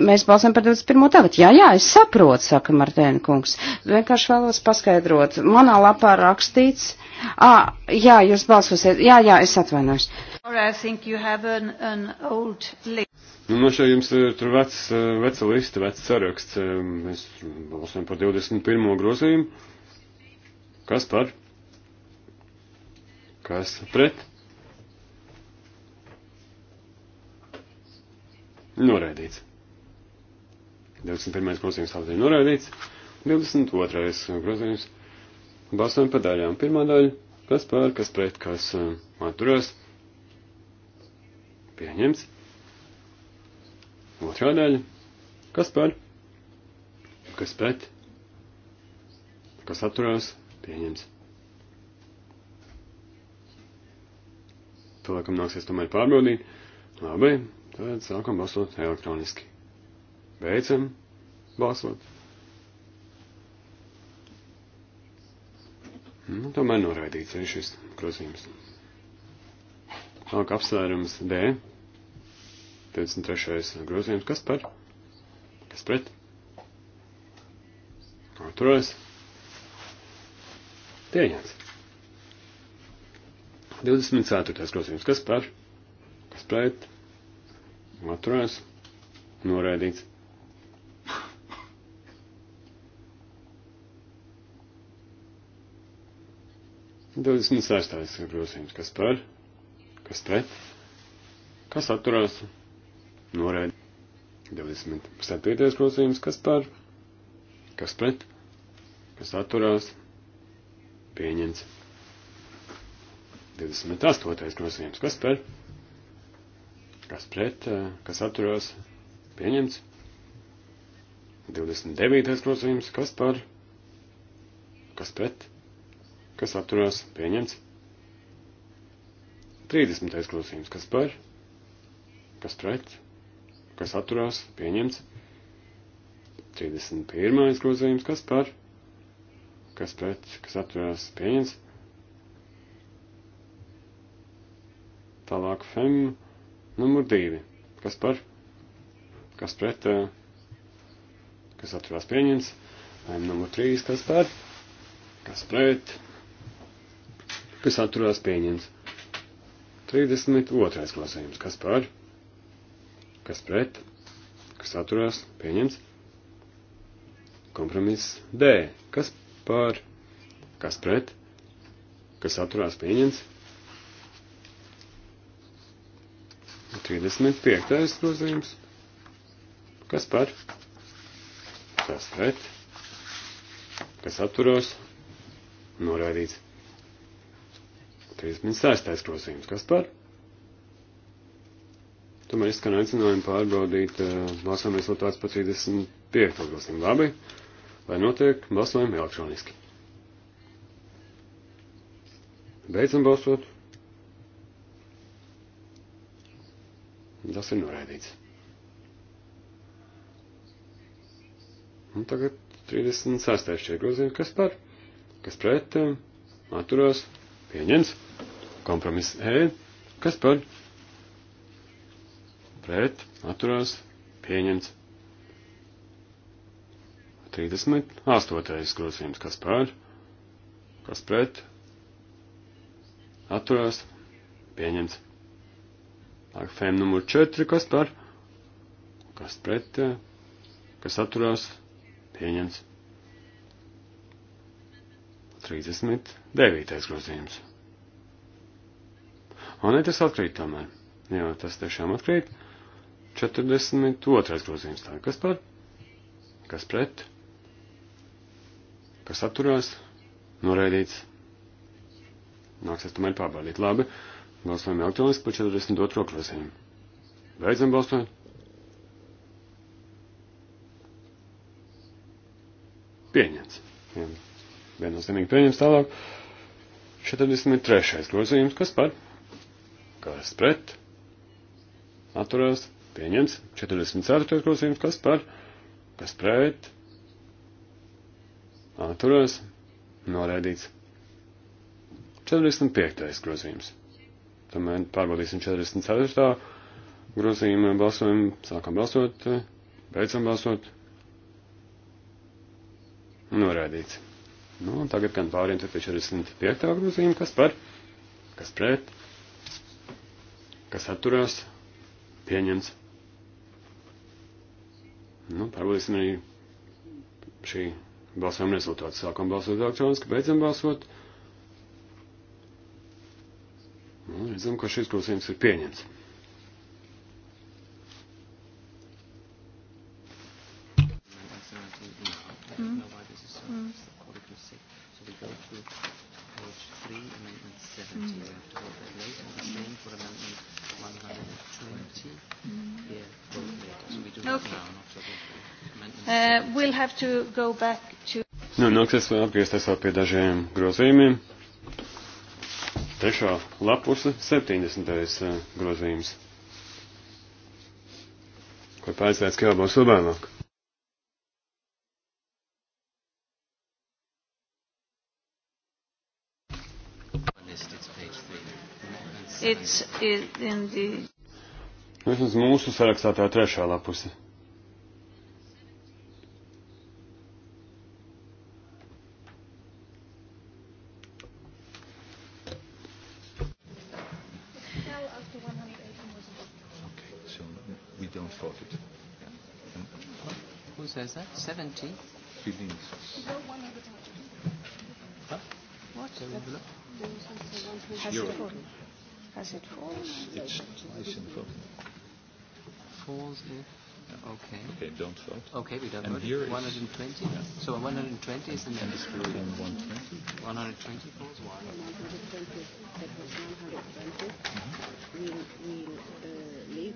Mēs balsam par 21. tagad. Jā, jā, es saprotu, saka Martēna kungs. Vienkārši vēlos paskaidrot. Manā lapā rakstīts, ā, jā, jūs balsosiet, jā, jā, es atvainojos. Or I think you have an, an old list. Nu, no šeit jums ir tur vecs, eh, veca lista, vecs saraksts. Eh, mēs balsojam par 21. grozījumu. Kas par? Kas pret? Noraidīts. 21. grozījums tātad ir noraidīts. 22. grozījums. Balsojam par daļām. Pirmā daļa. Kas par, kas pret, kas eh, atturās. Pieņemts. Otrā daļa. Kas par? Kas pret? Kas atturās? Pieņems. Cilvēkam nāksies tomēr pārbaudīt. Labi, tad sākam balsot elektroniski. Beidzam balsot. Nu, tomēr noraidīts arī šis grozījums. Tālāk apsvērums D 53. grozījums, kas par? Kas pret? Atturēs. Pieņemts. 24. grozījums, kas par? Kas pret? Atturēs. Noraidīts. Divdesmit sestais grozījums, kas par, kas pret, kas atturās, noraida. 27. grozījums, kas par, kas pret, kas atturās, pieņemts. 28. grozījums, kas par, kas pret, kas atturās, pieņemts. 29. grozījums, kas par, kas pret, kas atturās, pieņemts. 30. grozījums, kas par, kas pret, kas atturās, pieņemts. 31. grozījums, kas par, kas pret, kas atturās, pieņemts. Tālāk fem numur 2, kas par, kas pret, kas atturās, pieņemts. Fem numur 3, kas par, kas pret, kas atturās, pieņemts. 32. grozījums, kas par, kas pret, kas pret, kas atturās, pieņemts. Kompromiss D, kas par, kas pret, kas atturās, pieņemts. 35. grozījums. Kas par? Kas pret? Kas atturos? Noraidīts. 36. grozījums. Kas par? Tomēr izskan aicinājumi pārbaudīt eh, balsojuma rezultātus pa 35. grozījumu. Labi, lai notiek balsojumi elektroniski. Beidzam balsot. Tas ir noraidīts. Un tagad 36. šie grozījumi. Kas par? Kas pret? Atturās. Pieņems. Kompromiss E. Kas par? pret, atturās, pieņemts. 38. grozījums, kas pār, kas pret, atturās, pieņemts. Fēm numur 4, kas pār, kas pret, kas atturās, pieņemts. 39. grozījums. Un ne tas atkrīt tomēr. Jā, tas tiešām atkrīt. 42. grozījums tā. Kas par? Kas pret? Kas atturās? Noraidīts. Nāksies tomēr pārbaudīt. Labi. Balsojam elektroniski par 42. grozījumu. Beidzam balsot. Pieņemts. Viennozīmīgi pieņemts tālāk. 43. grozījums. Kas par? Kas pret? Atturās? Pieņems 44. grozījums, kas par, kas pret, atturās, noraidīts. 45. grozījums. Tomēr pārbaudīsim 44. grozījumu balsojumu, sākam balsot, beidzam balsot, noraidīts. Nu, un tagad gan pāriem pie 45. grozījuma, kas par, kas pret, kas atturās, pieņems. Nu, pārbaudīsim arī šī balsojuma rezultātu. Sākam balsot elektroniski, beidzam balsot. Nu, redzam, ka šis grozījums ir pieņemts. will have to go back to. Nu, nāksies atgriezties vēl pie dažiem grozījumiem. Trešā lapuse, 70. Eh, grozījums. Ko pēcēc, ka jau būs vēl vēlāk. It's in the... Vismaz nu, mūsu sarakstā tā trešā lapuse. 180? She links. Huh? What? That, has, Euro. it fallen? has it fallen? It's twice in fall. Falls if... Okay. Okay, don't vote. Okay, we don't and vote. Here it. 120? Yeah. So 120 is the next. And it's and 120. 120 falls? 120. That was 120. Mm -hmm. We'll, we'll uh, leave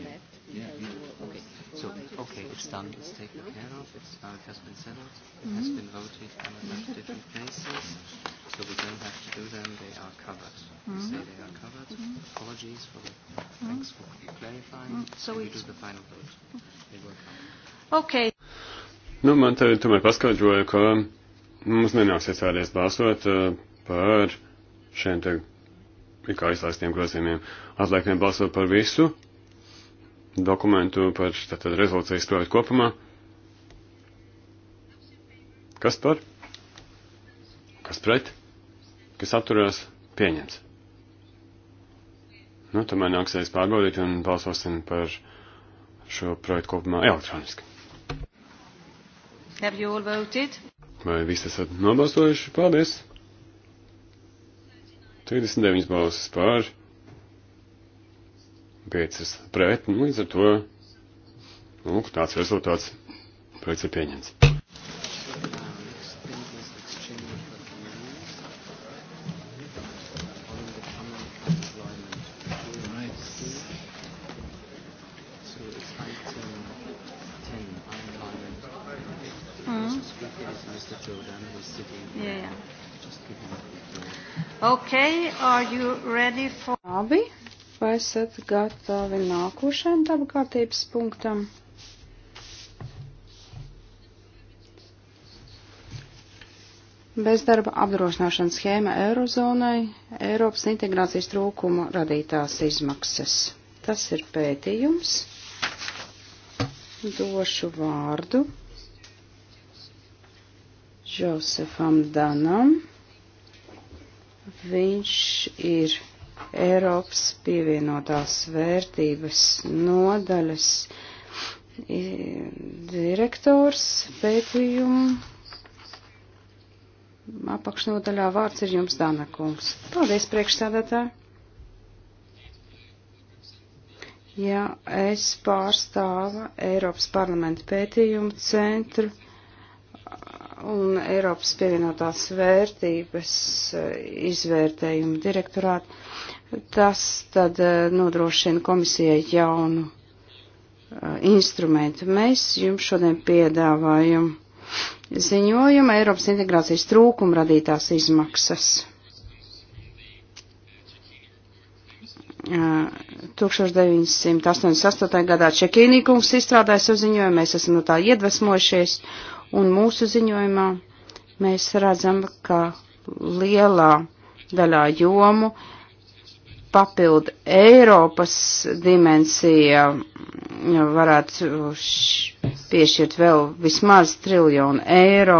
met yeah, yeah. Okay. So okay, it's done. It's taken no? care of. It's now uh, it has been settled. It mm-hmm. has been voted on a bunch of different places, so we don't have to do them. They are covered. Mm-hmm. We say mm-hmm. they are covered. Mm-hmm. Apologies for the. Mm-hmm. Thanks for clarifying. Mm-hmm. So we do the final vote. They will come. Okay. Nu, man te tomēr paskaidroja, ka mums nenāksies vēlreiz balsot uh, par šiem te ir kā izlaistiem grozījumiem. Atliek nebalsot par visu, dokumentu par tātad rezolūcijas projektu kopumā. Kas par? Kas pret? Kas atturās? Pieņems. Nu, tomēr nāksies pārbaudīt un balsosim par šo projektu kopumā elektroniski. Have you all voted? Vai visi esat nobalsojuši? Paldies! 39 balsis pār piecas pret, un līdz ar to nu, tāds rezultāts projekts ir pieņemts. Mm. Okay, are you ready for... Labi, vai esat gatavi nākošajam darba kārtības punktam? Bezdarba apdrošināšanas schēma Eirozonai - Eiropas integrācijas trūkuma radītās izmaksas. Tas ir pētījums. Došu vārdu Josefam Danam. Viņš ir Eiropas pievienotās vērtības nodaļas direktors pētījumu apakšnodaļā vārds ir jums, Dāna kungs. Paldies, priekšsādātāji! Jā, es pārstāvu Eiropas parlamenta pētījumu centru un Eiropas pievienotās vērtības eh, izvērtējumu direktorātu. Tas tad eh, nodrošina komisijai jaunu eh, instrumentu. Mēs jums šodien piedāvājam ziņojumu Eiropas integrācijas trūkuma radītās izmaksas. 1988. gadā Čekīnī kungs izstrādāja saziņojumu, mēs esam no tā iedvesmojušies. Uh, un mūsu ziņojumā mēs redzam, ka lielā daļā jomu papildu Eiropas dimensija varētu piešķirt vēl vismaz triljonu eiro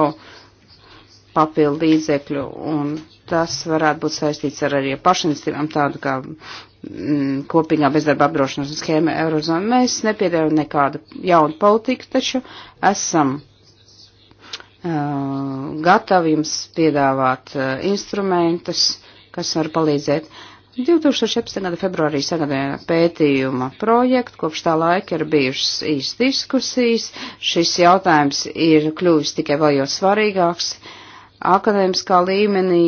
papildu līdzekļu, un tas varētu būt saistīts ar arī pašinstīvām tādu kā mm, kopīgā bezdarba apdrošināšanas schēma Eurozona. Mēs nepiedēvam nekādu jaunu politiku, taču esam Eh, gatavi jums piedāvāt eh, instrumentus, kas var palīdzēt. 2017. gada februārī sagatavoja pētījuma projektu, kopš tā laika ir bijušas īstas diskusijas, šis jautājums ir kļuvis tikai vēl jau svarīgāks. Akadēmiskā līmenī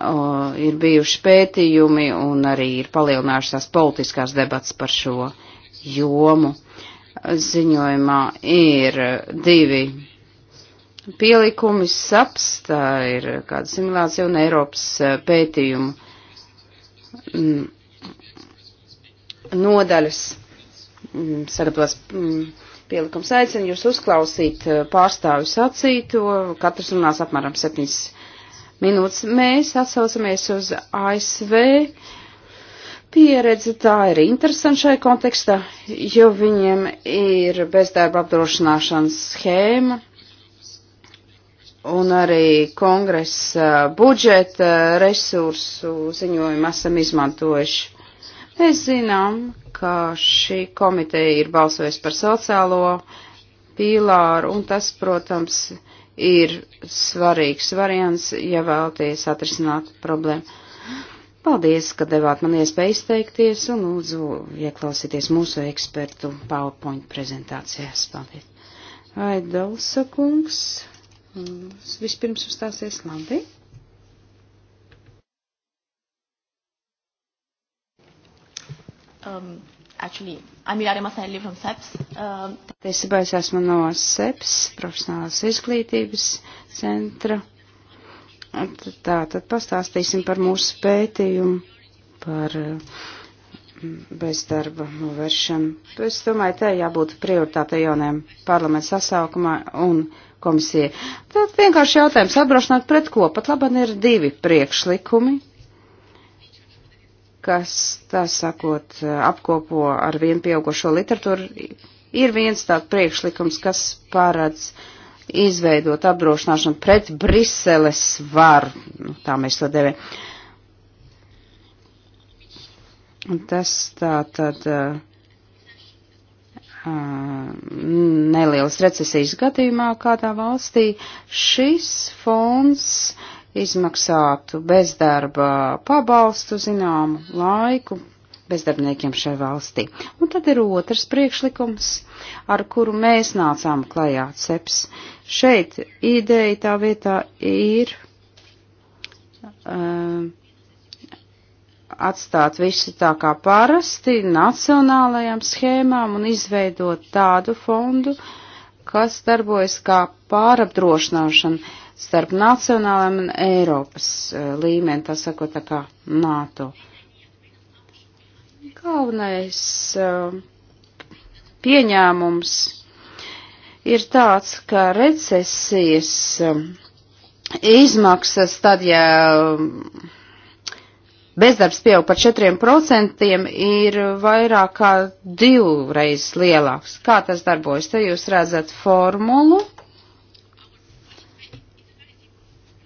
o, ir bijuši pētījumi un arī ir palielinājušās politiskās debats par šo jomu. Ziņojumā ir divi pielikumi SAPS, tā ir kāda simulācija un Eiropas eh, pētījuma mm, nodaļas mm, sagatavās mm, pielikums aicina jūs uzklausīt eh, pārstāvju sacīto, katrs runās apmēram 7 minūtes. Mēs atsaucamies uz ASV pieredzi, tā ir interesanta šai kontekstā, jo viņiem ir bezdarba apdrošināšanas schēma, un arī kongresa budžeta resursu ziņojumu esam izmantojuši. Mēs zinām, ka šī komiteja ir balsojusi par sociālo pīlāru, un tas, protams, ir svarīgs variants, ja vēlaties atrisināt problēmu. Paldies, ka devāt man iespēju izteikties, un lūdzu ieklausieties mūsu ekspertu PowerPoint prezentācijās. Paldies! Vai Dalsa kungs? Mm, vispirms uzstāsies labi. Um, actually, I'm Ilaria Masanelli from SEPS. Um, Tiesībā es esmu no SEPS, profesionālās izglītības centra. Tā, tad pastāstīsim par mūsu pētījumu, par mm, bezdarba novēršanu. Es domāju, te jābūt prioritāte jaunajam parlamentu sasaukumā un komisijai. Tad vienkārši jautājums apdrošināt pret ko? Pat labam ir divi priekšlikumi, kas, tā sakot, apkopo ar vien pieaugušo literatūru. Ir viens tāds priekšlikums, kas paredz izveidot apdrošināšanu pret Briseles varu. Nu, tā mēs to devējam. Tas tā tad. Uh, nelielas recesijas gadījumā kādā valstī šis fonds izmaksātu bezdarba pabalstu zināmu laiku bezdarbniekiem šai valstī. Un tad ir otrs priekšlikums, ar kuru mēs nācām klajā ceps. Šeit ideja tā vietā ir. Uh, atstāt visu tā kā parasti nacionālajām schēmām un izveidot tādu fondu, kas darbojas kā pārapdrošināšana starp nacionālajiem un Eiropas eh, līmeni, tā sakot, tā kā NATO. Galvenais eh, pieņēmums ir tāds, ka recesijas eh, izmaksas tad, ja bezdarbs pieaug par 4%, ir vairāk kā divreiz lielāks. Kā tas darbojas? Te jūs redzat formulu.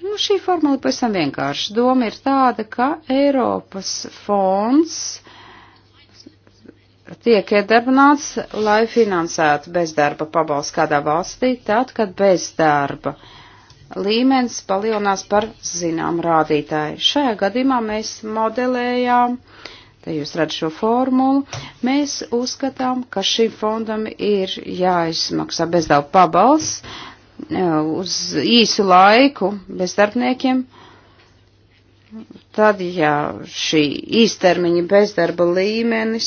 Nu, šī formula pavisam vienkārši. Doma ir tāda, ka Eiropas fonds tiek iedarbināts, lai finansētu bezdarba pabalstu kādā valstī, tad, kad bezdarba uh, līmenis palielinās par zinām rādītāju. Šajā gadījumā mēs modelējām, te jūs redzat šo formulu, mēs uzskatām, ka šim fondam ir jāizmaksā bezdarba pabals e, uz īsu laiku bezdarbniekiem. Tad, ja šī īstermiņa bezdarba līmenis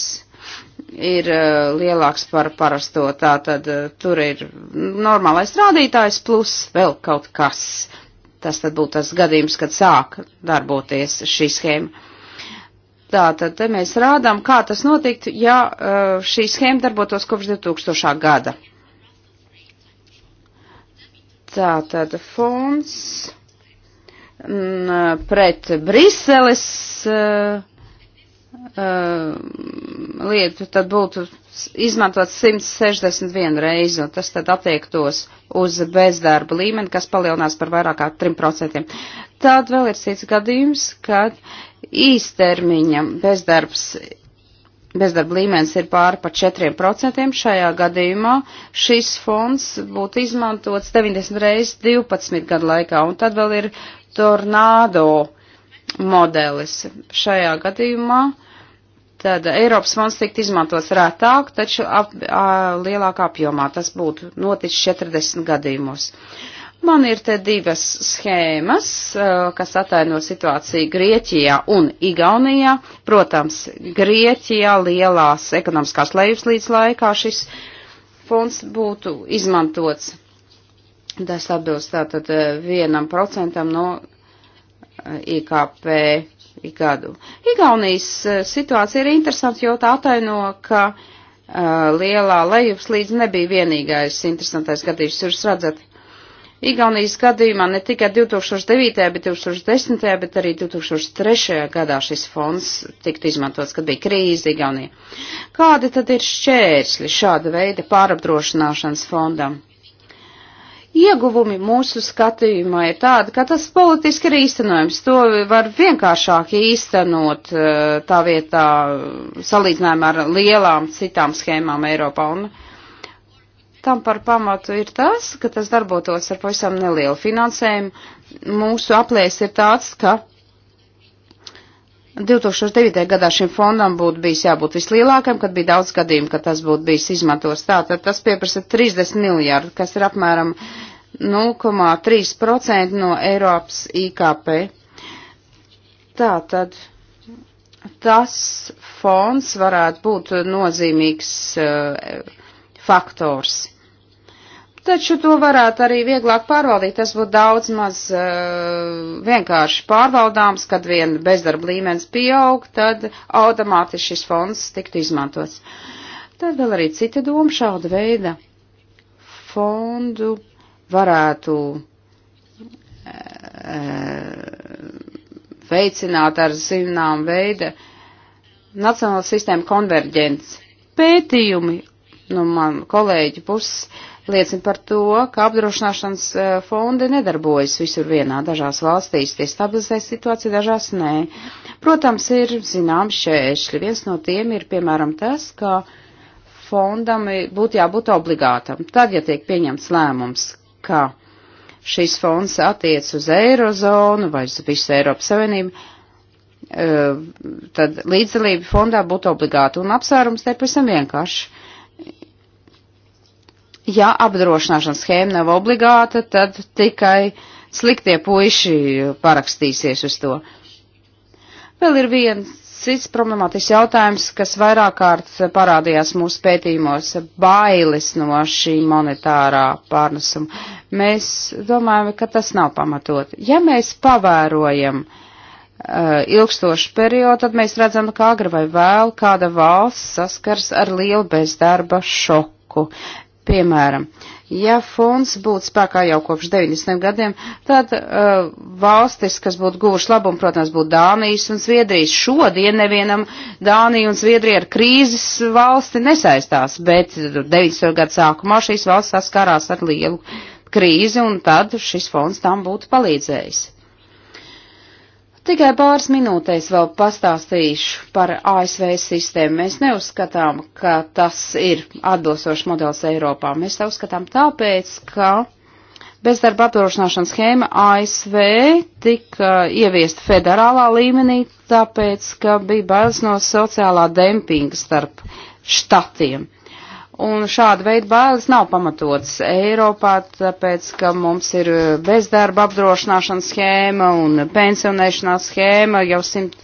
ir eh, lielāks par parasto, tā tad eh, tur ir normālais rādītājs plus vēl kaut kas. Tas tad būtu tas gadījums, kad sāk darboties šī schēma. Tātad te mēs rādām, kā tas notiktu, ja eh, šī schēma darbotos kopš 2000. gada. Tātad fonds mm, pret Briseles uh, Uh, lietu, tad būtu izmantot 161 reizi, un tas tad attiektos uz bezdarba līmeni, kas palielinās par vairāk kā 3%. Tad vēl ir cits gadījums, kad īstermiņa bezdarbs, bezdarba līmenis ir pāri par 4%. Šajā gadījumā šis fonds būtu izmantots 90 reizes 12 gadu laikā, un tad vēl ir tornādo uh, modelis. Šajā gadījumā tad Eiropas fonds tikt izmantots rētāk, taču ap, a, lielākā apjomā tas būtu noticis 40 gadījumos. Man ir te divas schēmas, a, kas ataino situāciju Grieķijā un Igaunijā. Protams, Grieķijā lielās ekonomiskās lejupslīdes laikā šis fonds būtu izmantots. Tas atbilst tātad vienam procentam no IKP gadu. Igaunijas e, situācija ir interesanta, jo tā ataino, ka e, lielā lejupslīdz nebija vienīgais interesantais gadījums. Jūs redzat, Igaunijas gadījumā ne tikai 2009. bet 2010. bet arī 2003. gadā šis fonds tiktu izmantots, kad bija krīze Igaunijā. Kādi tad ir šķērsli šāda veida pārapdrošināšanas fondam? Ieguvumi mūsu skatījumā ir tādi, ka tas politiski ir īstenojams. To var vienkāršāk īstenot eh, tā vietā salīdzinājumā ar lielām citām schēmām Eiropā. Un tam par pamatu ir tas, ka tas darbotos ar pavisam nelielu finansējumu. Mūsu aplēs ir tāds, ka 2009. gadā šim fondam būtu bijis jābūt vislielākam, kad bija daudz gadījumu, ka tas būtu bijis izmantos. Tātad tas pieprasa 30 miljārdu, kas ir apmēram 0,3% no Eiropas IKP. Tātad tas fonds varētu būt nozīmīgs uh, faktors Taču to varētu arī vieglāk pārvaldīt, tas būtu daudz maz uh, vienkārši pārvaldāms, kad vien bezdarba līmenis pieaug, tad automātiski šis fonds tiktu izmantots. Tad vēl arī cita doma šāda veida fondu varētu eh, veicināt ar zinām veida nacionāla sistēma konverģents. Pētījumi no nu, man kolēģi puses liecina par to, ka apdrošināšanas eh, fondi nedarbojas visur vienā. Dažās valstīs tie stabilizē situāciju, dažās nē. Protams, ir zinām šķēršļi. Viens no tiem ir, piemēram, tas, ka fondam būtu jābūt obligātam. Tad, ja tiek pieņemts lēmums, ka šīs fonds attiec uz Eirozonu vai uz visu Eiropas Savienību, eh, tad līdzdalība fondā būtu obligāta. Un apsvērums te pavisam vienkārši ja apdrošināšanas schēma nav obligāta, tad tikai sliktie puiši parakstīsies uz to. Vēl ir viens cits problemātisks jautājums, kas vairāk kārt parādījās mūsu pētījumos - bailes no šī monetārā pārnesuma. Mēs domājam, ka tas nav pamatot. Ja mēs pavērojam uh, ilgstošu periodu, tad mēs redzam, ka agri vai vēl kāda valsts saskars ar lielu bezdarba šoku. Piemēram, ja fonds būtu spēkā jau kopš 90 gadiem, tad uh, valstis, kas būtu guvuši labumu, protams, būtu Dānijas un Zviedrijas. Šodien nevienam Dānija un Zviedrija ar krīzes valsti nesaistās, bet 90 gadu sākumā šīs valsts saskārās ar lielu krīzi, un tad šis fonds tam būtu palīdzējis. Tikai pāris minūtēs vēl pastāstīšu par ASV sistēmu. Mēs neuzskatām, ka tas ir atbilstošs modelis Eiropā. Mēs tā uzskatām tāpēc, ka bezdarba apdrošināšanas schēma ASV tika ieviesta federālā līmenī, tāpēc, ka bija bailes no sociālā dempinga starp štatiem. Un šāda veida bailes nav pamatotas Eiropā, tāpēc, ka mums ir uh, bezdarba apdrošināšanas schēma un pensionēšanās schēma, jau simt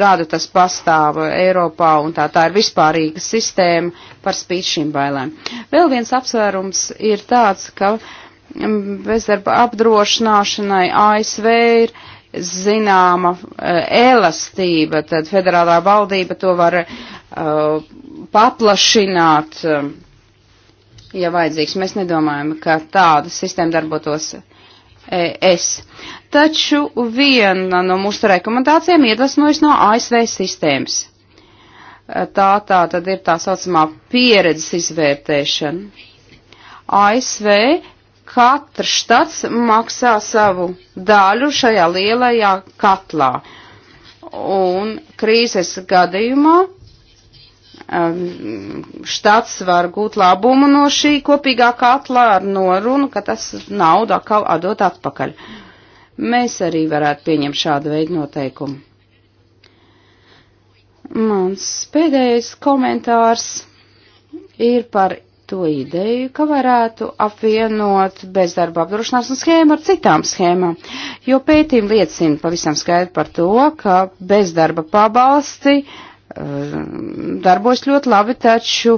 gadu tas pastāv Eiropā, un tā, tā ir vispārīga sistēma par spīt šīm bailēm. Vēl viens apsvērums ir tāds, ka mm, bezdarba apdrošināšanai ASV ir zināma uh, elastība, tad federālā valdība to var uh, paplašināt, um, ja vajadzīgs. Mēs nedomājam, ka tāda sistēma darbotos e, es. Taču viena no mūsu rekomendācijām iedvesmojas no ASV sistēmas. E, tā tā tad ir tā saucamā pieredzes izvērtēšana. ASV katrs štats maksā savu daļu šajā lielajā katlā. Un krīzes gadījumā štats var gūt labumu no šī kopīgā katlā ar norunu, ka tas naudu atkal atdot atpakaļ. Mēs arī varētu pieņemt šādu veidu noteikumu. Mans pēdējais komentārs ir par to ideju, ka varētu apvienot bezdarba apdrošināšanas schēmu ar citām schēmām, jo pētījumi liecina pavisam skaidri par to, ka bezdarba pabalsti uh, Ehm, darbojas ļoti labi, taču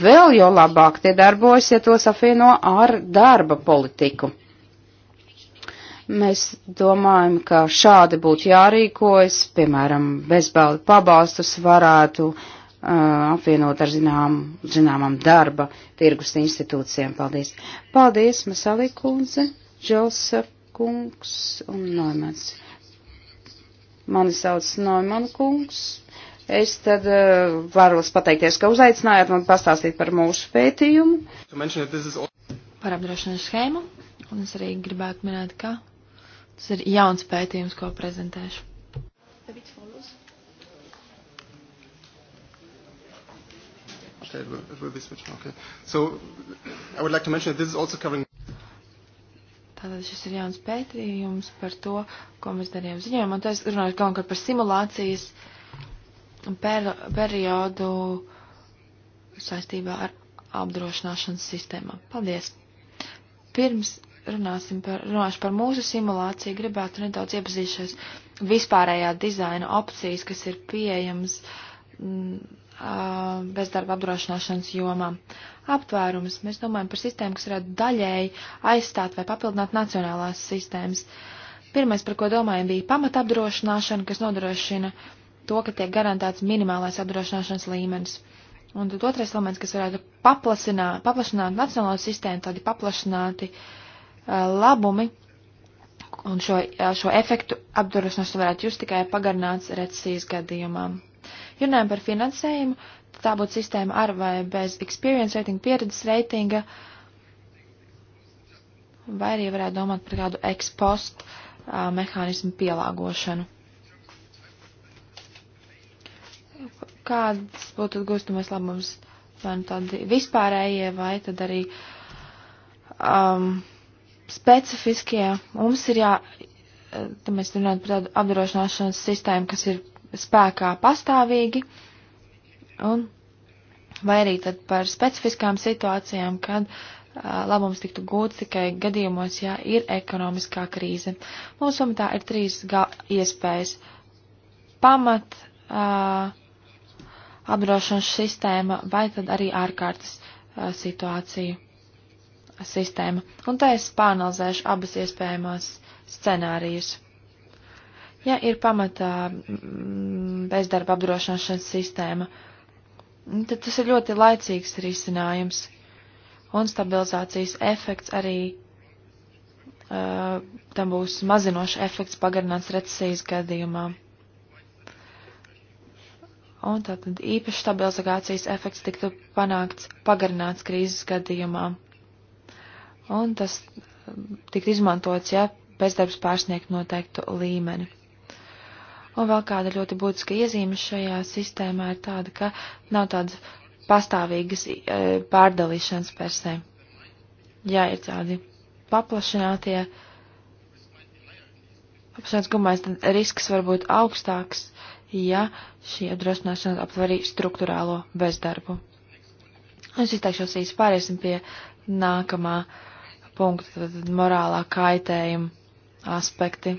vēl jau labāk tie darbojas, ja tos apvieno ar darba politiku. Mēs domājam, ka šādi būtu jārīkojas, piemēram, bezbaldu pabalstus varētu uh, apvienot ar zinām, zināmam darba tirgus institūcijām. Paldies. Paldies, Masalī kundze, Džosef kungs un Noimans. Mani sauc Noimana kungs Es tad uh, varu pateikties, ka uzaicinājāt man pastāstīt par mūsu pētījumu. Par apdrošināšanas schēmu. Un es arī gribētu minēt, ka tas ir jauns pētījums, ko prezentēšu. Okay, it will, it will be switched. Okay. So I would like to mention that this is also covering. Tātad šis ir jauns pētījums par to, ko mēs darījām ziņojumā. Un tas runāju galvenokārt par simulācijas uh, per, periodu saistībā ar apdrošināšanas sistēmām. Paldies! Pirms runāsim par, runāšu par mūsu simulāciju, gribētu nedaudz iepazīšies vispārējā dizaina opcijas, kas ir pieejams m, mm, a, bezdarba apdrošināšanas jomā. Aptvērums. Mēs domājam par sistēmu, kas varētu daļēji aizstāt vai papildināt nacionālās sistēmas. Pirmais, par ko domājam, bija pamata apdrošināšana, kas nodrošina uh, to, ka tiek garantēts minimālais apdrošināšanas līmenis. Un tad otrais elements, kas varētu paplašināt, paplašināt nacionālo sistēmu, tādi paplašināti uh, labumi un šo, uh, šo efektu apdrošināšanu varētu just tikai pagarināts recesijas gadījumā. Runājot par finansējumu, tā būtu sistēma ar vai bez experience rating, pieredzes reitinga, vai arī varētu domāt par kādu ex post uh, mehānismu pielāgošanu. kāds būtu gūstamais labums, vai nu tādi vispārējie, vai tad arī um, specifiskie. Mums ir jā, tad mēs runājam par tādu apdrošināšanas sistēmu, kas ir spēkā pastāvīgi, un vai arī tad par specifiskām situācijām, kad uh, labums tiktu gūts tikai gadījumos, ja ir ekonomiskā krīze. Mums pamatā ir trīs iespējas. Pamat, uh, apdrošināšanas sistēma vai tad arī ārkārtas uh, situācija sistēma. Un te es pāranalizēšu abas iespējamās scenārijus. Ja ir pamatā mm, bezdarba apdrošināšanas sistēma, tad tas ir ļoti laicīgs risinājums. Un stabilizācijas efekts arī uh, tam būs mazinošs efekts pagarināts recesijas gadījumā un tātad īpaši stabilizācijas efekts tiktu panākts pagarināts krīzes gadījumā. Un tas eh, tiktu izmantots, ja bezdarbs pārsniegt noteiktu līmeni. Un vēl kāda ļoti būtiska iezīme šajā sistēmā ir tāda, ka nav tādas pastāvīgas eh, pārdalīšanas persē. Jā, ir tādi paplašinātie, paplašināts gumais, tad risks var būt augstāks, ja šī apdrošināšana aptver arī struktūrālo bezdarbu. Es izteikšos īsi pāriesim pie nākamā punkta, tad morālā kaitējuma aspekti.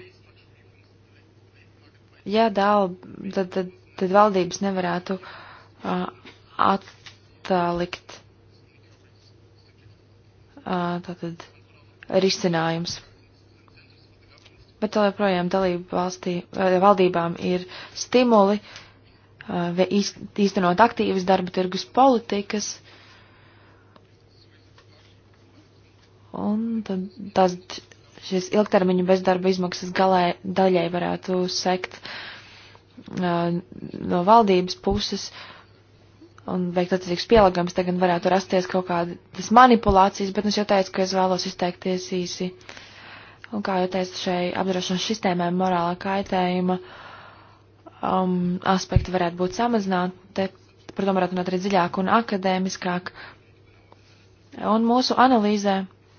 Ja dal, tad, tad, tad valdības nevarētu uh, atlikt uh, tātad risinājums bet vēl joprojām dalību valstī, eh, valdībām ir stimuli eh, īstenot aktīvas darba tirgus politikas. Un tad tās, šis ilgtermiņa bezdarba izmaksas galē, daļai varētu sekt uh, no valdības puses un veikt attiecīgs pielāgojums. Tagad varētu rasties kaut kādas manipulācijas, bet es jau teicu, ka es vēlos izteikties īsi. Uh, Un kā jau teicu, šai apdrošināšanas sistēmai morāla kaitējuma um, aspekti varētu būt samazināti. Te, par to varētu runāt arī dziļāk un akadēmiskāk. Un mūsu analīzē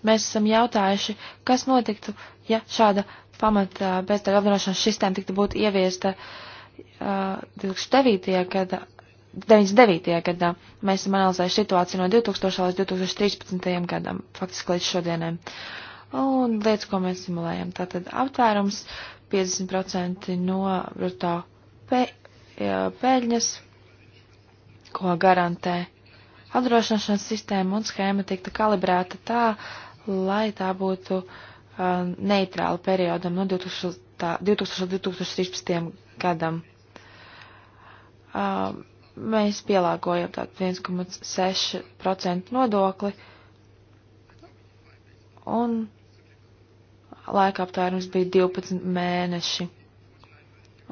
mēs esam jautājuši, kas notiktu, ja šāda pamata bezdarba apdrošināšanas sistēma tiktu būt ieviesta uh, 2009. gada. 99. gadā mēs esam analizējuši situāciju no 2000 līdz 2013. gadam, faktiski līdz šodienai. Uh, un lietas, ko mēs simulējam. Tātad aptvērums 50% no brutā pē, pēļņas, ko garantē apdrošināšanas sistēma un schēma tikta kalibrēta tā, lai tā būtu uh, neitrāla periodam no 2000, tā, 2000 līdz 2013. gadam. Uh, mēs pielāgojam tādu 1,6% nodokli un laika aptvērums bija 12 mēneši,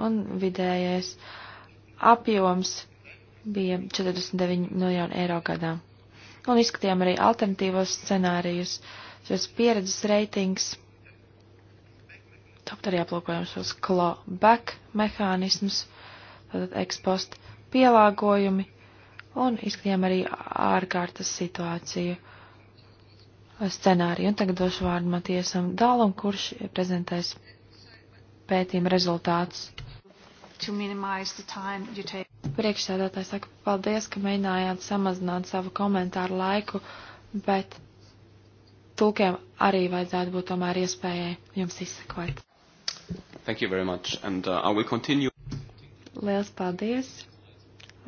un vidējais apjoms bija 49 miljoni eiro gadā. Un izskatījām arī alternatīvos scenārijus, šis pieredzes reitings, tāpat arī aplūkojām šos clawback mehānismus, tātad ekspost pielāgojumi, un izskatījām arī ārkārtas situāciju scenāriju. Un tagad došu vārdu Matiesam Dālam, kurš prezentēs pētījuma rezultātus. Priekšsēdētājs saka, paldies, ka mēģinājāt samazināt savu komentāru laiku, bet tulkiem arī vajadzētu būt tomēr iespējai jums izsekot. Thank you very much, and uh, I will continue. Liels paldies!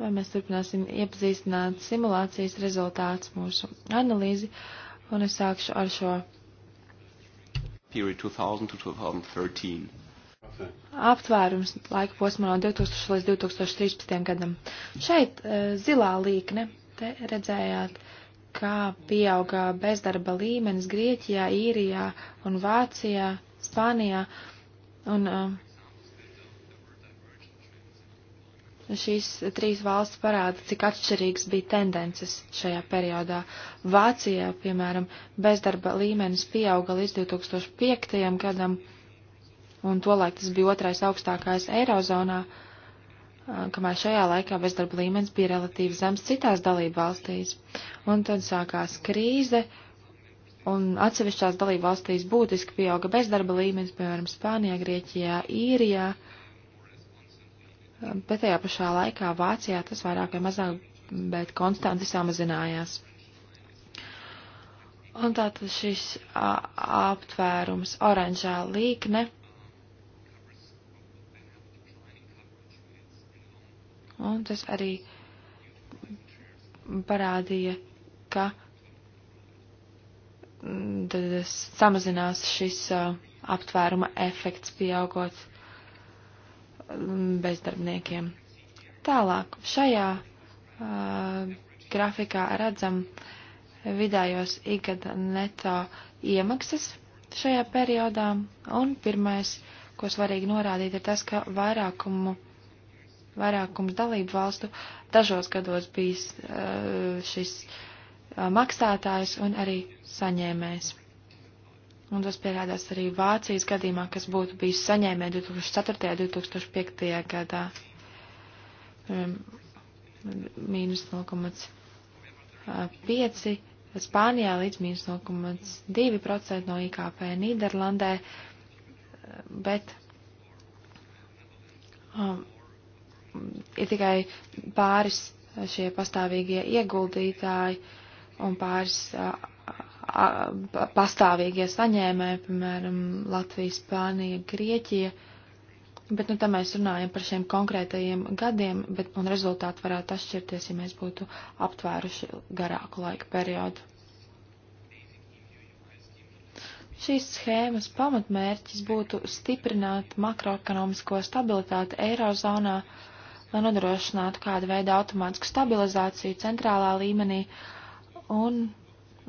Vai mēs turpināsim iepazīstināt simulācijas rezultātus mūsu analīzi? Uh, un es sākšu ar šo. Period 2000 to 2013. Aptvērums laika posmā no 2000 līdz 2013 gadam. Šeit eh, zilā līkne, te redzējāt, kā pieaugā bezdarba līmenis Grieķijā, Īrijā un Vācijā, Spānijā. Un, uh, Šīs trīs valsts parāda, cik atšķirīgas bija tendences šajā periodā. Vācijā, piemēram, bezdarba līmenis pieauga līdz 2005. gadam, un tolaik tas bija otrais augstākais Eirozonā, kamēr šajā laikā bezdarba līmenis bija relatīvi zems citās dalību valstīs. Un tad sākās krīze, un atsevišķās dalību valstīs būtiski pieauga bezdarba līmenis, piemēram, Spānijā, Grieķijā, Īrijā. Ja bet tajā pašā laikā Vācijā tas vairāk vai mazāk, bet konstanti samazinājās. Un tātad šis aptvērums oranžā līkne. Un tas arī parādīja, ka samazinās šis aptvēruma efekts pieaugot bezdarbniekiem. Tālāk šajā uh, grafikā redzam vidējos ikgada neto iemaksas šajā periodā, un pirmais, ko svarīgi norādīt, ir tas, ka vairākumu, vairākums dalību valstu dažos gados bijis uh, šis uh, maksātājs un arī saņēmējs. Un tas pierādās arī Vācijas gadījumā, kas būtu bijis saņēmē 2004. un 2005. gadā. Mīnus 0,5, Spānijā līdz mīnus 0,2% no IKP Nīderlandē, bet um, ir tikai pāris šie pastāvīgie ieguldītāji un pāris uh, pastāvīgie saņēmēji, piemēram, Latvija, Spānija, Grieķija. Bet nu, tā mēs runājam par šiem konkrētajiem gadiem, bet, un rezultāti varētu atšķirties, ja mēs būtu aptvēruši garāku laika periodu. Šīs schēmas pamatmērķis būtu stiprināt makroekonomisko stabilitāti Eirozonā, lai nodrošinātu kādu veidu automātisku stabilizāciju centrālā līmenī un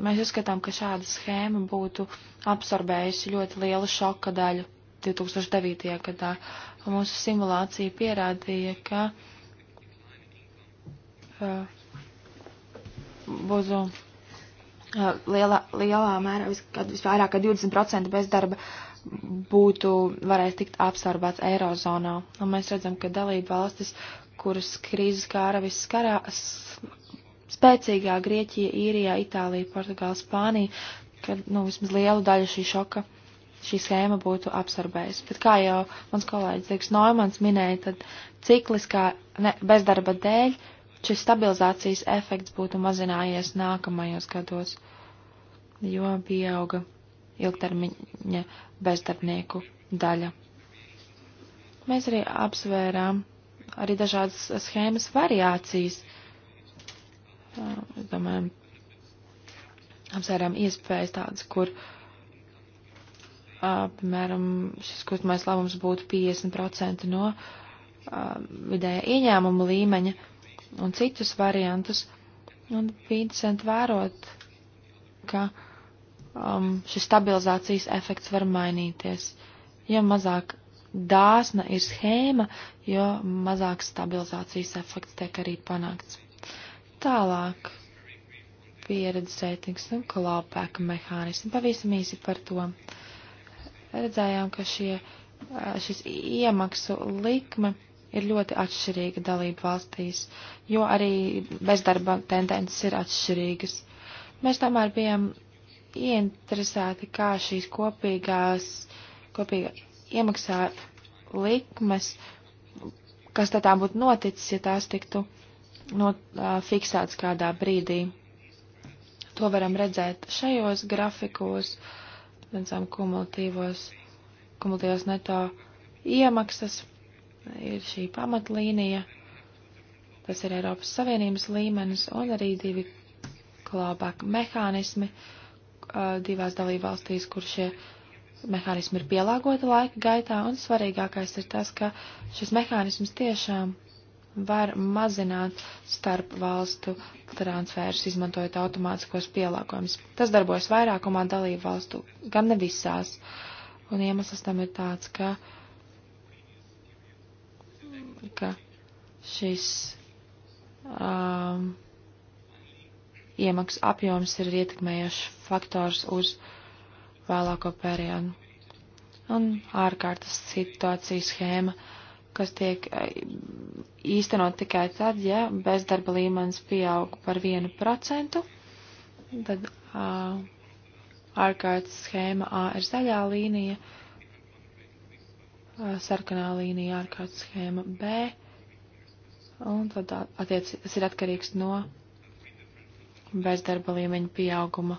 Mēs uzskatām, ka šāda schēma būtu absorbējusi ļoti lielu šoka daļu 2009. gadā. Mūsu simulācija pierādīja, ka uh, būtu uh, lielā, lielā mērā, visvairāk kā 20% bezdarba būtu varēs tikt absorbēts Eirozonā. Un mēs redzam, ka dalība valstis, kuras krīzes kā ara viskarā, spēcīgā Grieķija, Īrijā, Itālija, Portugāla, Spānija, kad, nu, vismaz lielu daļu šī šoka šī schēma būtu absorbējusi. Bet kā jau mans kolēģis Ziks Noimans minēja, tad cikliskā ne, bezdarba dēļ šis stabilizācijas efekts būtu mazinājies nākamajos gados, jo pieauga ilgtermiņa bezdarbnieku daļa. Mēs arī apsvērām arī dažādas schēmas variācijas, Es domāju, apsvērām iespējas tādas, kur, piemēram, šis kustamais labums būtu 50% no vidējā ieņēmuma līmeņa un citus variantus. Un bija interesanti vērot, ka um, šis stabilizācijas efekts var mainīties. Jo mazāk dāsna ir schēma, jo mazāk stabilizācijas efekts tiek arī panākts. Tālāk pieredzes reitings un nu, kolāpēka mehānismi. Pavisam īsi par to. Redzējām, ka šie, eh, šis iemaksu likme ir ļoti atšķirīga dalību valstīs, jo arī bezdarba tendences ir atšķirīgas. Mēs tomēr bijām ieinteresēti, kā šīs kopīgās, kopīga iemaksā likmes, kas tad tā būtu noticis, ja tās tiktu no, uh, fiksēts kādā brīdī. To varam redzēt šajos grafikos, redzam kumulatīvos, kumulatīvos neto iemaksas, ir šī pamatlīnija, tas ir Eiropas Savienības līmenis un arī divi klābāk mehānismi uh, divās dalībvalstīs, kur šie mehānismi ir pielāgoti laika gaitā, un svarīgākais ir tas, ka šis mehānisms tiešām var mazināt starp valstu transfērus, izmantojot automātiskos pielāgojumus. Tas darbojas vairākumā dalību valstu, gan ne visās. Un iemesls tam ir tāds, ka, ka šis um, iemaksu apjoms ir ietekmējošs faktors uz vēlāko periodu. Un ārkārtas situācijas schēma. Uh, kas tiek eh, īstenot tikai tad, ja bezdarba līmenis pieaug par vienu procentu, tad uh, ārkārtas schēma A ir zaļā līnija, uh, sarkanā līnija ārkārtas schēma B, un tad attiec, tas ir atkarīgs no bezdarba līmeņa pieauguma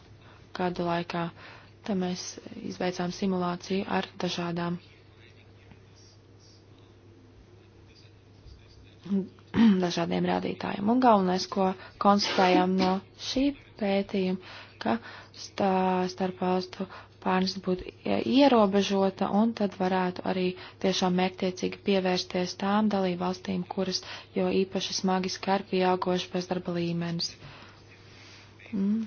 kādu laikā. Tad mēs izveicām simulāciju ar dažādām dažādiem rādītājiem. Un galvenais, ko konstatējām no šī pētījuma, ka stā, starp valstu pārnes būtu ierobežota un tad varētu arī tiešām mērķtiecīgi pievērsties tām dalībvalstīm, kuras jo īpaši smagi skar pieaugošu bezdarba līmenis.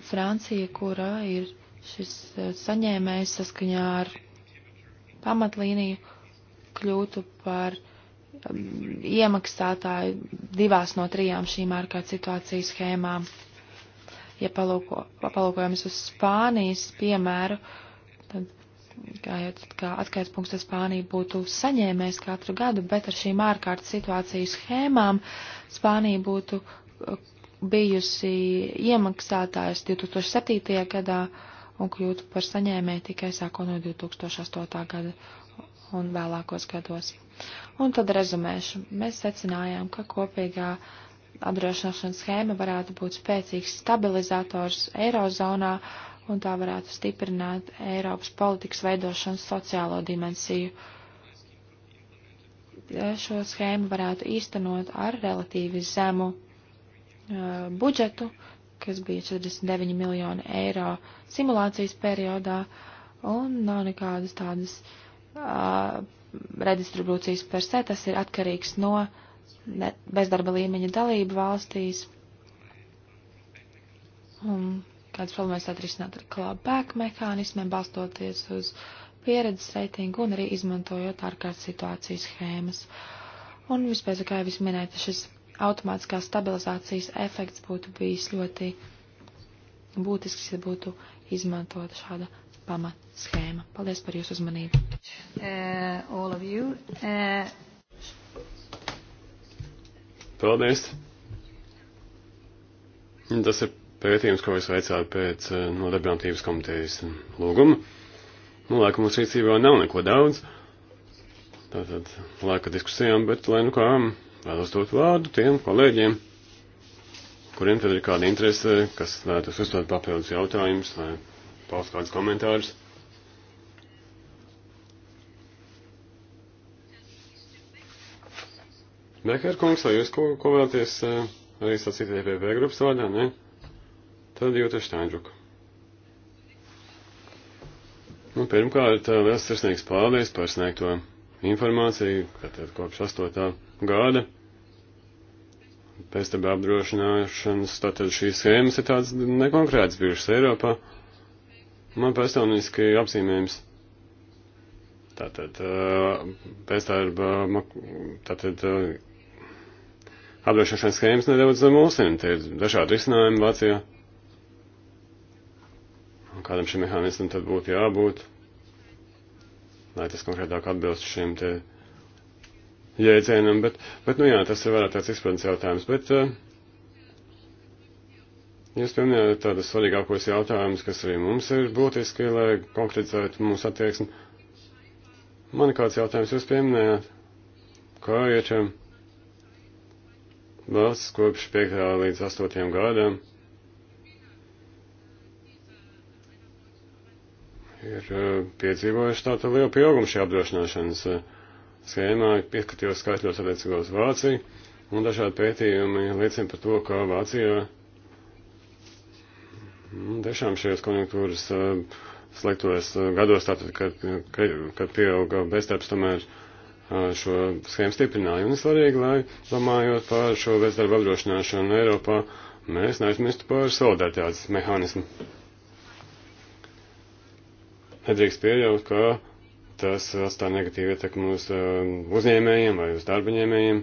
Francija, kura ir šis e, saņēmējs saskaņā ar pamatlīniju, kļūtu par uh, Um, iemaksātāji divās no trijām šīm ārkārtas situācijas schēmām. Ja palūko, palūkojamies uz Spānijas piemēru, tad kā, kā atskaits punkts, tad Spānija būtu saņēmējis katru gadu, bet ar šīm ārkārtas situācijas schēmām Spānija būtu uh, bijusi iemaksātājs 2007. gadā un kļūtu par saņēmēju tikai sākot no 2008. gada un vēlākos gados. Un tad rezumēšu. Mēs secinājām, ka kopīgā apdrošināšanas schēma varētu būt spēcīgs stabilizators Eirozonā, un tā varētu stiprināt Eiropas politikas veidošanas sociālo dimensiju. Šo schēmu varētu īstenot ar relatīvi zemu uh, budžetu, kas bija 49 miljoni eiro simulācijas periodā, un nav nekādas tādas uh, redistribūcijas per se, tas ir atkarīgs no bezdarba līmeņa dalību valstīs. Un kādas problēmas atrisināt ar klāpēk mehānismiem, balstoties uz pieredzes reitingu un arī izmantojot ārkārtas situācijas schēmas. Un vispēc, kā jau es minēju, šis automātiskās stabilizācijas efekts būtu bijis ļoti būtisks, ja būtu izmantota šāda pamatschēma. Paldies par jūsu uzmanību! Uh, all of you. Uh... Paldies. Tas ir pētījums, ko es veicāju pēc uh, nodarbinātības komitejas lūguma. Nu, laika mums rīcībā nav neko daudz. Tātad laika diskusijām, bet lai nu kā vēlos dot vārdu tiem kolēģiem, kuriem tad ir kāda interese, kas vēlētos uzdot papildus jautājumus, lai paust kādus komentārus. Beker kungs, vai jūs ko, ko vēlaties arī sacīt EPP grupas vārdā, ne? Tad jūtas Štāņģuka. Nu, pirmkārt, vēl sirsnīgs paldies par sniegto informāciju, ka tad kopš 8. gada pēctaba apdrošināšanas, tātad šīs schēmas ir tāds nekonkrēts bijušas Eiropā. Man personiski apzīmējums tātad pēcdarba, tātad apdrošināšanas schēmas nedaudz zem mūsiem. Tie ir dažādi risinājumi Vācijā. Un kādam šim mehānismam tad būtu jābūt, lai tas konkrētāk atbilst šiem te jēdzienam, bet, bet, nu jā, tas ir vairāk tāds izpratnes jautājums, bet uh, Jūs pieminējāt tādus svarīgākos jautājumus, kas arī mums ir būtiski, lai konkretizētu mūsu attieksmi. Man kāds jautājums jūs pieminējāt? Kā iečiem? Ja valsts kopš 5. līdz 8. gadam ir eh, piedzīvojuši tādu lielu pieaugumu šajā apdrošināšanas eh, schēmā, pieskatījos skaitļos attiecībā uz Vāciju, un dažādi pētījumi liecina par to, ka Vācijā mm, tiešām šajos konjunktūras eh, sliktos gados, tātad, kad, kad pieauga bezdarbs, tomēr uh, šo schēmu stiprināja. Un ir svarīgi, lai domājot par šo bezdarba apdrošināšanu Eiropā, mēs neaizmirstu par solidaritātes mehānismu. Nedrīkst pieļaut, ka tas atstāja negatīvu ietekmi uz uzņēmējiem vai uz darbaņēmējiem.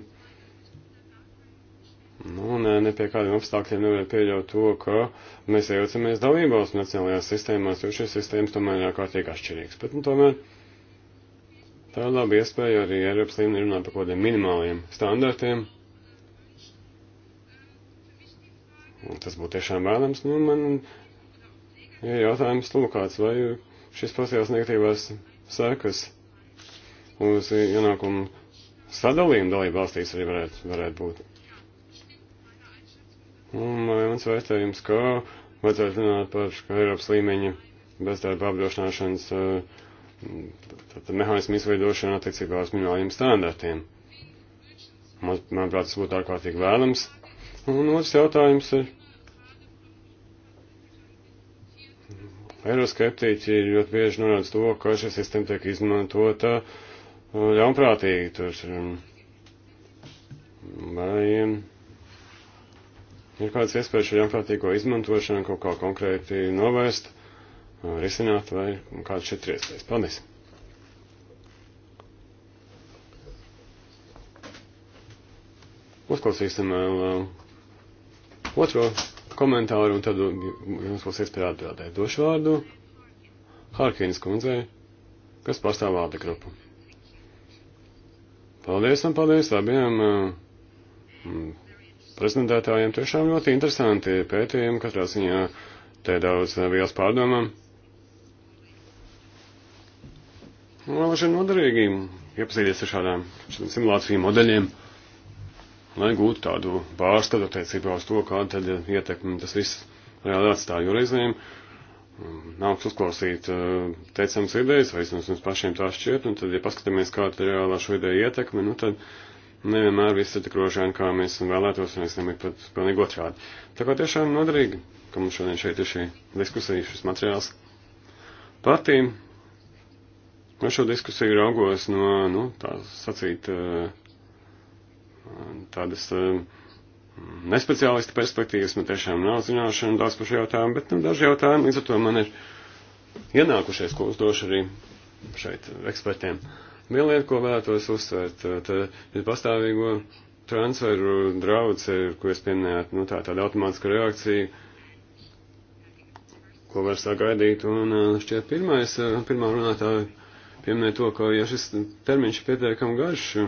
Nu, nē, ne pie kādiem apstākļiem nevar pieļaut to, ka mēs iejaucamies dalībās nacionālajās sistēmās, jo šīs sistēmas tomēr ir ārkārtīgi atšķirīgas. Bet, nu, tomēr Tā ir laba iespēja arī Eiropas līmenī runāt par kaut kādiem minimāliem standartiem. Un tas būtu tiešām vēlams. Nu, man ir jautājums lūkāts, vai šis pasaules negatīvās sekas uz ienākumu sadalījumu dalību valstīs arī varētu, varētu būt. Un mans vērtējums, ka vajadzētu runāt par Eiropas līmeņa bezdarba apdrošināšanas uh, mehānismu izveidošanu attiecībā uz minimāliem standartiem. Man, manuprāt, tas būtu ārkārtīgi vēlams. Un otrs jautājums ir. Eiroskeptiķi ļoti bieži norāda to, ka šī sistēma tiek izmantota uh, ļaunprātīgi. Tur um, vai um, ir kāds iespējas šo ļaunprātīgo izmantošanu kaut kā konkrēti novērst? Uh, risināt vai kāds šeit triesties. Paldies! Uzklausīsim vēl otro komentāru un tad jums būs iespēja atbildēt. Došu vārdu Harkīnas kundzei, kas pārstāv vārda grupu. Paldies un paldies abiem eh, prezentētājiem. Tiešām ļoti interesanti pētījumi, katrā ziņā te daudz vielas eh, pārdomām. Nu, Lūdzu, noderīgi iepazīties ar šādām simulāciju modeļiem, lai gūtu tādu pārskatu attiecībā uz to, kāda tad ietekme tas viss reāli atstāja. Jo reizēm mm, nāks uzklausīt eh, teicamas idejas, vai vismaz mums pašiem tā šķiet, un tad, ja paskatāmies, kāda ir reālā šo ideju ietekme, nu tad nevienmēr viss ir tik rožaini, kā mēs vēlētos, un es nemīlu pat pilnīgi otrādi. Tā kā tiešām noderīgi, ka mums šodien šeit ir šī diskusija, šis materiāls. Patīm No nu, šo diskusiju raugos no, nu, tā sacīt, eh, tādas eh, nespeciālista perspektīvas, man tiešām nav zināšana daudz par šo jautājumu, bet nu, daži jautājumi līdz ar to man ir ienākušies, ko uzdošu arī šeit ekspertiem. Viena lieta, ko vēlētos uzsvērt, eh, tad ir pastāvīgo transferu draudz, ko jūs pieminējāt, nu tā tāda automātiska reakcija, ko var sagaidīt, un šķiet pirmais, pirmā runātāja pieminēja to, ka ja šis termiņš ir pietiekami garš, ja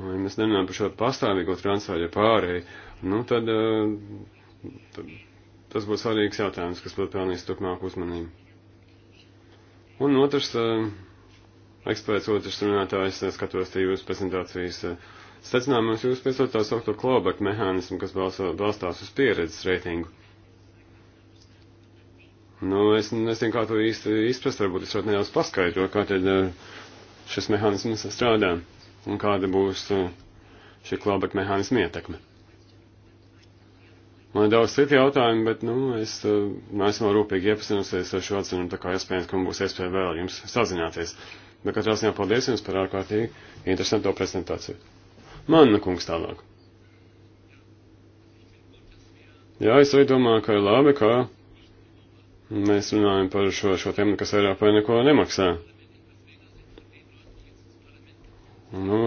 mēs nerunājam par šo pastāvīgo transferu, ja pārēju, nu tad, eh, tad tas būs svarīgs jautājums, kas pat pelnīs turpmāk uzmanību. Un otrs, eh, eksperts, otrs runātājs, skatos te jūsu prezentācijas eh, secinājumus, jūs piesaistāt saukto klobak mehānismu, kas balstās uz pieredzes reitingu. Nu, es nezinu, kā to īsti izprast, varbūt es varētu nedaudz paskaidrot, kā tad eh, šis mehānisms strādā un kāda būs eh, šī klābekļa mehānisma ietekme. Man ir daudz citu jautājumu, bet, nu, es eh, neesmu nu, rūpīgi iepazinusies ar šo atzinumu, tā kā iespējams, ka man būs iespēja vēl jums sazināties. Bet katrā ziņā paldies jums par ārkārtīgi interesanto prezentāciju. Manna nu, kungs tālāk. Jā, es arī domāju, ka ir labi, ka Mēs runājam par šo, šo tēmu, kas Eiropai neko nemaksā. Nu,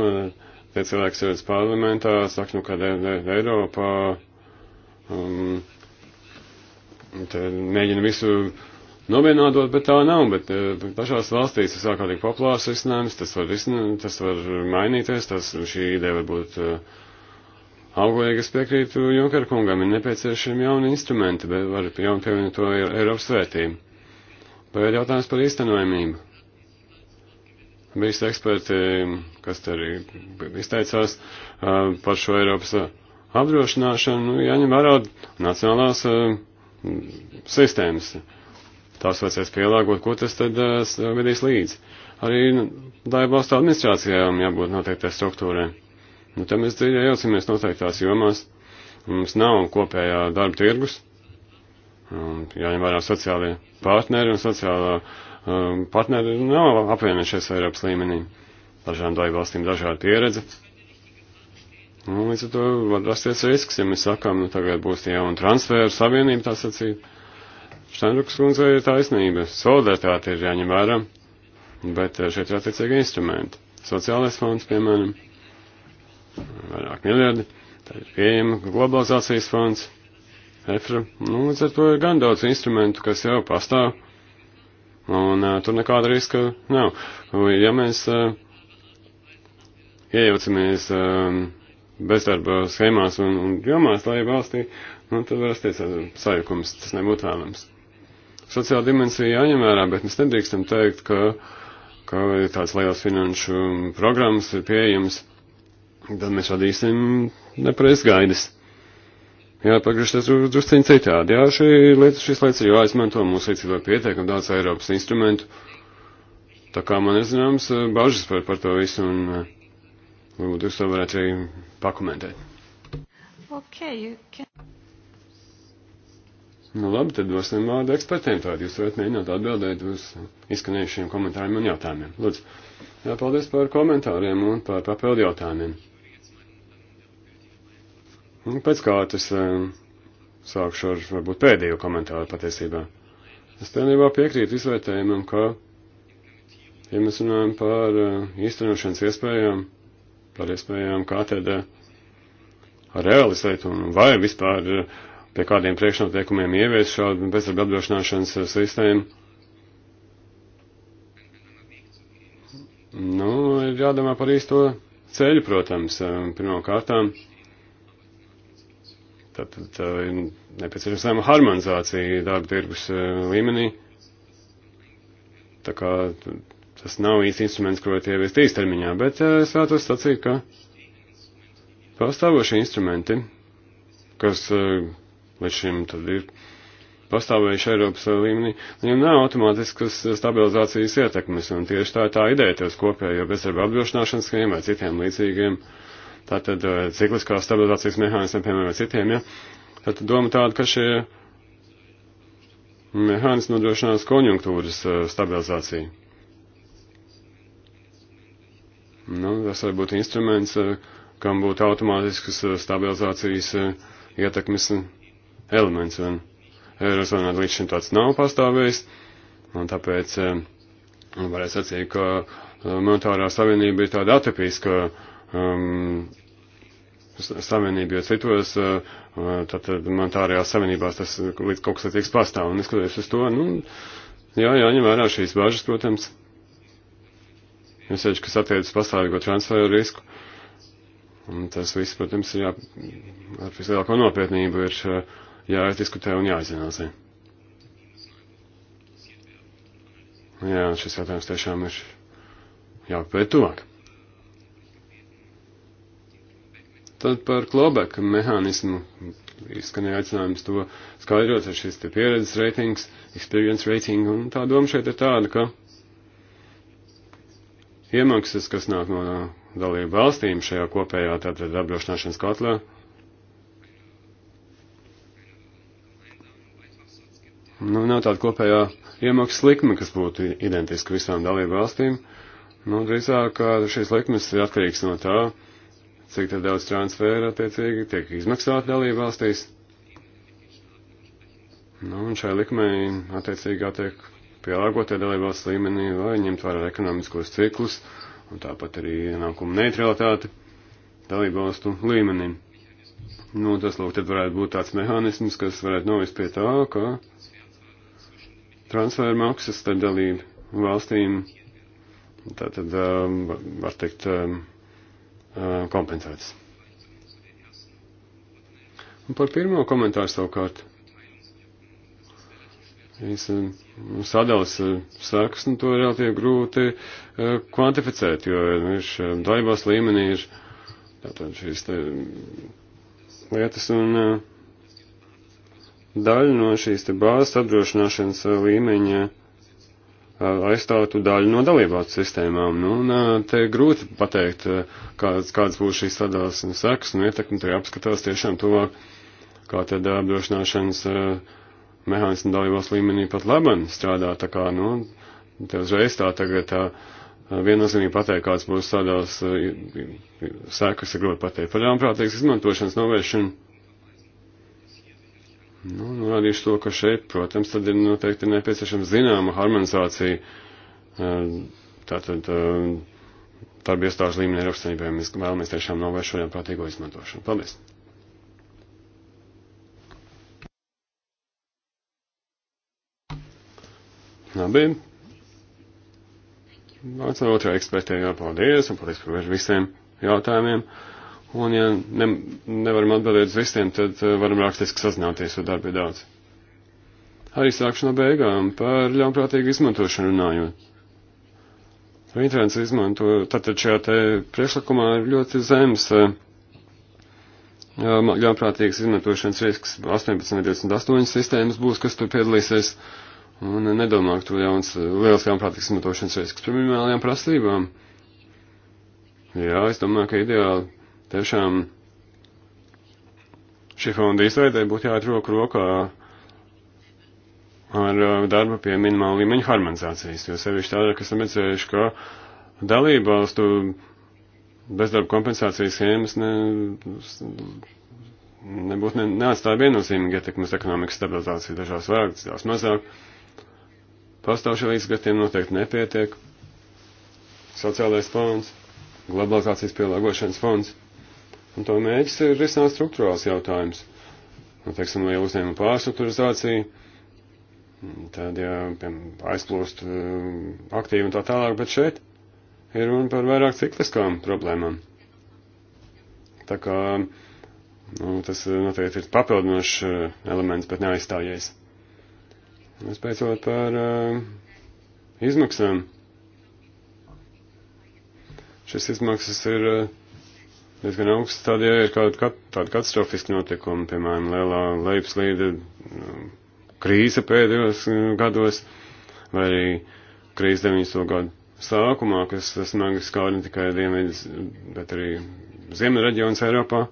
tie cilvēki sēdz parlamentā, saka, nu, kad Eiropā um, mēģina visu nobienādot, bet tā nav, bet eh, dažās valstīs tas ārkārtīgi populārs risinājums, tas var, risināt, tas var mainīties, tas, šī ideja var būt uh, Auglīgi es piekrītu Junkar kungam, ir nepieciešami jauni instrumenti, bet var jaun pievienot to Eiropas vērtību. Vai ir jautājums par īstenojumību? Bijis eksperti, kas te arī izteicās par šo Eiropas apdrošināšanu, nu, jāņem vērā nacionālās sistēmas. Tās vajadzēs pielāgot, ko tas tad vedīs līdzi. Arī nu, daļbalstu administrācijām jābūt noteiktai struktūrai. Nu, tad mēs dziļājamies noteiktās jomās. Mums nav kopējā darba tirgus. Jāņem vērā sociālie partneri un sociālā um, partneri nav apvienojušies Eiropas līmenī. Dažām dalībvalstīm dažāda pieredze. Un līdz ar to var rasties risks, ja mēs sakām, nu tagad būs tie jauni transferi, savienība tā sacīt. Štenrukas kundze ir taisnība. Solidaritāte ir jāņem vērā, bet eh, šeit ir attiecīgi instrumenti. Sociālais fonds, piemēram vairāk miljardi, tad ir pieejama globalizācijas fonds, EFRA, nu, līdz ar to ir gan daudz instrumentu, kas jau pastāv, un uh, tur nekāda riska nav. Ja mēs uh, iejaucamies uh, bezdarba schēmās un, un jomās, lai valstī, nu, tad var rasties uh, sajukums, tas nebūtu vēlams. Sociāla dimensija jāņem vērā, bet mēs nedrīkstam teikt, ka, ka ir tāds liels finanšu programmas ir pieejams. Uh, tad mēs radīsim nepareiz gaidas. Jā, pagriežties drusciņi citādi. Jā, šī lieta, šīs lietas ir jāizmanto, mums līdzīgi pietiekam daudz Eiropas instrumentu. Tā kā man ir zināms eh, bažas par, par to visu, un eh, varbūt jūs to varētu arī pakomentēt. Okay, can... Nu labi, tad dosim vārdu ekspertiem, tad jūs varat mēģināt atbildēt uz izskanējušiem komentāriem un jautājumiem. Lūdzu, jā, paldies par komentāriem un par papildu jautājumiem. Un pēc kārtas sākšu ar varbūt pēdējo komentāru patiesībā. Es pilnībā piekrītu izvērtējumam, ka, ja mēs runājam par eh, īstenošanas iespējām, par iespējām KTD eh, realizēt un vai vispār eh, pie kādiem priekšnoteikumiem ievies šādu bezdarba apdrošināšanas sistēmu, nu, ir jādomā par īsto ceļu, protams, pirmām kārtām. Tātad ir nepieciešama zema harmonizācija darba tirgus e, līmenī. Tā kā tas nav īsti instruments, ko tie vēst īstermiņā, bet e, es vēlētos sacīt, ka pastāvošie instrumenti, kas e, līdz šim tad ir pastāvējuši Eiropas līmenī, viņiem nav automātiskas stabilizācijas ietekmes, un tieši tā ir tā ideja tie uz kopējo bezdarba apdrošināšanas schēmu vai citiem līdzīgiem uh, tātad eh, cikliskā stabilizācijas mehānismiem, piemēram, vai citiem, ja. Tad doma tāda, ka šie mehānismi nodrošinās konjunktūras eh, stabilizāciju. Nu, tas var būt instruments, eh, kam būtu automātisks stabilizācijas ietekmes elements. Un Eirozonā līdz šim tāds nav pastāvējis, un tāpēc varēs sacīt, ka monetārā savienība ir tāda atipiska um, savienību, jo citos uh, tātad monetārajās savienībās tas uh, līdz kaut kas attieks pastāv. Un neskatoties uz to, nu, jā, jāņem vērā šīs bažas, protams. Es teicu, kas attiecas pastāvīgo transferu risku. Un tas viss, protams, ir jā, ar vislielāko nopietnību ir uh, jāizdiskutē un jāizanalizē. Jā, šis jautājums tiešām ir jāpēt tuvāk. Tad par klobeka mehānismu izskanēja aicinājums to skaidrot ar šis te pieredzes reitings, experience rating, un tā doma šeit ir tāda, ka iemaksas, kas nāk no dalību valstīm šajā kopējā tātad apdrošināšanas katlā, nu, nav tāda kopējā iemaksas likme, kas būtu identiska visām dalību valstīm, nu, drīzāk šīs likmes ir atkarīgs no tā, cik tad daudz transfēra attiecīgi tiek izmaksāt dalību valstīs. Nu, un šai likmei attiecīgā tiek pielāgotie dalību valsts līmenī, lai ņemt vērā ekonomiskos ciklus un tāpat arī ienākumu neutralitāti dalību valstu līmenī. Nu, tas, lūk, tad varētu būt tāds mehānisms, kas varētu novest pie tā, ka transfēra maksas starp dalību valstīm, tātad, um, var teikt, um, kompensētas. Un par pirmo komentāru savukārt. Es sadalas sākas, nu to relatīvi grūti kvantificēt, jo nu, viņš daibās līmenī ir tātad šīs te lietas un daļa no šīs te bāzes apdrošināšanas līmeņa. Uh, aizstātu daļu no dalībvalsts sistēmām. Nu, un te grūti pateikt, kādas, kādas būs šīs sadalās un sekas, un nu, ietekmi te apskatās tiešām tuvāk, kā tad apdrošināšanas mehānismu dalībvalsts līmenī pat laban strādā, tā kā, nu, te uzreiz tā tagad tā viennozīmīgi pateikt, kādas būs sadalās sekas, ir grūti pateikt. Paļāmprātīgs izmantošanas novēršana Nu, norādīšu to, ka šeit, protams, tad ir noteikti nepieciešama zināma harmonizācija eh, tātad eh, darba iestāžu līmenī Eiropas Savienībā. Mēs vēlamies tiešām novērst šodien prātīgo izmantošanu. Paldies! Labi. Vārds ar otrā ekspertē jāpaldies un paldies par visiem jautājumiem. Un, ja ne, nevaram atbildēt uz visiem, tad eh, varam rakstiski sazināties, jo darba ir daudz. Arī sākšu no beigām par ļaunprātīgu izmantošanu runājot. Intervents izmanto, tātad šajā te priekšlikumā ir ļoti zems eh, ļaunprātīgas izmantošanas risks. 18,28 sistēmas būs, kas tur piedalīsies, un nedomāju, ka tur jauns liels ļaunprātīgas izmantošanas risks par minimālajām prasībām. Jā, es domāju, ka ideāli Tiešām šī fonda izveidē būtu jāiet roku rokā ar uh, darbu pie minimāla līmeņa harmonizācijas, jo sevišķi tādēļ, ka esam redzējuši, ka dalību valstu bezdarba kompensācijas schēmas ne, nebūtu ne, neatstāja viennozīmīgi ietekmes ekonomikas stabilizāciju dažās vairāk, citās mazāk. Pastāvšie līdzgatiem noteikti nepietiek. Sociālais fonds, globalizācijas pielāgošanas fonds. Un to mērķis ir risināt struktūrāls jautājums. Nu, teiksim, ja uzņēmuma pārstrukturizācija, tad, ja aizplūst eh, aktīvi un tā tālāk, bet šeit ir runa par vairāk cikliskām problēmām. Tā kā nu, tas eh, noteikti ir papildinošs eh, elements, bet neaizstājies. Es beidzot par uh, izmaksām. Šis izmaksas ir uh, diezgan augsts, tad, ja ir kaut kāda tāda katastrofiska notikuma, piemēram, lielā leipslīde mm, krīze pēdējos mm, gados, vai arī krīze 90. gadu sākumā, kas smagi skāra ne tikai dienvidus, bet arī ziemeļa reģions Eiropā.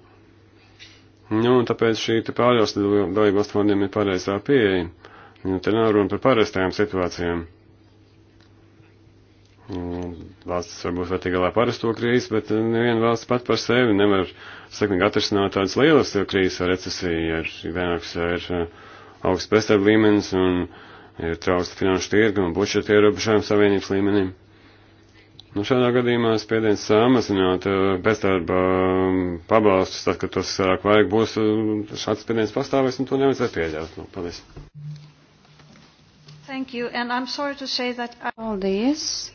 Nu, un tāpēc šī te pārējās dalībās fondiem ir pareizā pieeja. Nu, te nav runa par parastajām situācijām. Un, valsts varbūt var tikt galā parasto krīzi, bet neviena valsts pat par sevi nevar sekmīgi atrisināt tādas lielas krīzes ar recesiju, ar vienāks ar uh, augsts bezdarba līmenis un ir trausta finanšu tirga un budžeta ierobežojuma savienības līmenim. Nu, šādā gadījumā spiediens samazināt uh, bezdarba um, pabalstus, tad, kad tos vairāk vajag, būs uh, šāds spiediens pastāvēs un to nevajadzētu pieļaut. Nu, paldies. Thank you, and I'm sorry to say that I... Paldies.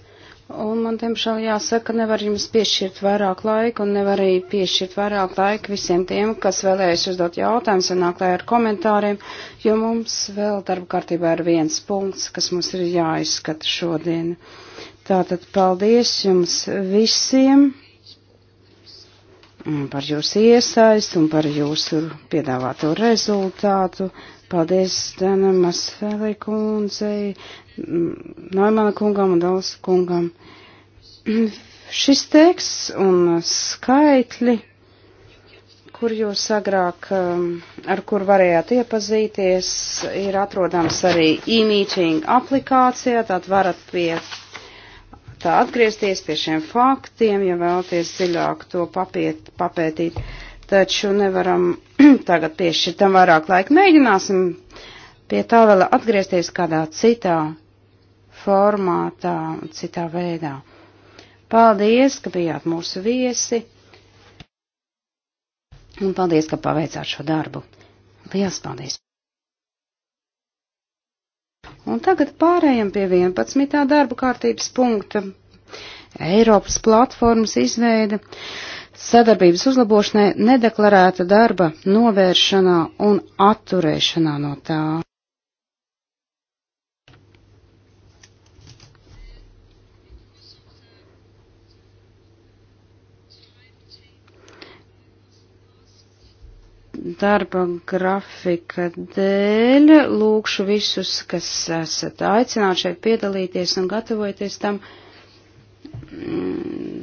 Un man, diemžēl, jāsaka, nevar jums piešķirt vairāk laika un nevar arī piešķirt vairāk laika visiem tiem, kas vēlējas uzdot jautājumus un nāk lai ar komentāriem, jo mums vēl darba kārtībā ir viens punkts, kas mums ir jāizskata šodien. Tātad paldies jums visiem par jūsu iesaistu un par jūsu piedāvāto rezultātu. Paldies Danam Asfēlī kundzei, Noimana kungam un Dalas kungam. <clears throat> Šis teksts un skaitļi, kur jūs agrāk, um, ar kur varējāt iepazīties, ir atrodams arī e-meeting aplikācijā, tad varat pie tā atgriezties pie šiem faktiem, ja vēlaties dziļāk to papiet, papētīt taču nevaram <clears throat> tagad piešķirt tam vairāk laika. Mēģināsim pie tā vēl atgriezties kādā citā formātā, citā veidā. Paldies, ka bijāt mūsu viesi. Un paldies, ka paveicāt šo darbu. Lielas paldies! Un tagad pārējam pie 11. darba kārtības punkta. Eiropas platformas izveida sadarbības uzlabošanai, nedeklarēta darba novēršanā un atturēšanā no tā. darba grafika dēļ lūkšu visus, kas esat aicināti šeit piedalīties un gatavojoties tam, uh,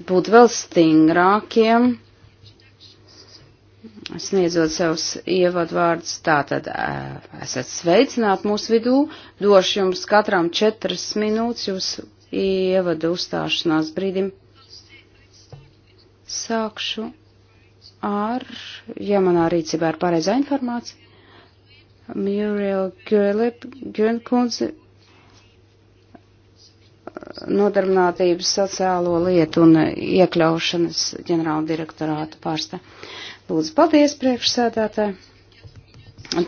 būt vēl stingrākiem, sniedzot savus ievadvārdus. Tātad esat sveicināti mūsu vidū, došu jums katram četras minūtes jūs ievada uzstāšanās brīdim. Sākšu ar, ja manā rīcībā ir pareizā informācija, Muriel Gönlkundze nodarbinātības sociālo lietu un iekļaušanas ģenerāla direktorāta pārstā. Lūdzu, paldies priekšsēdētāji.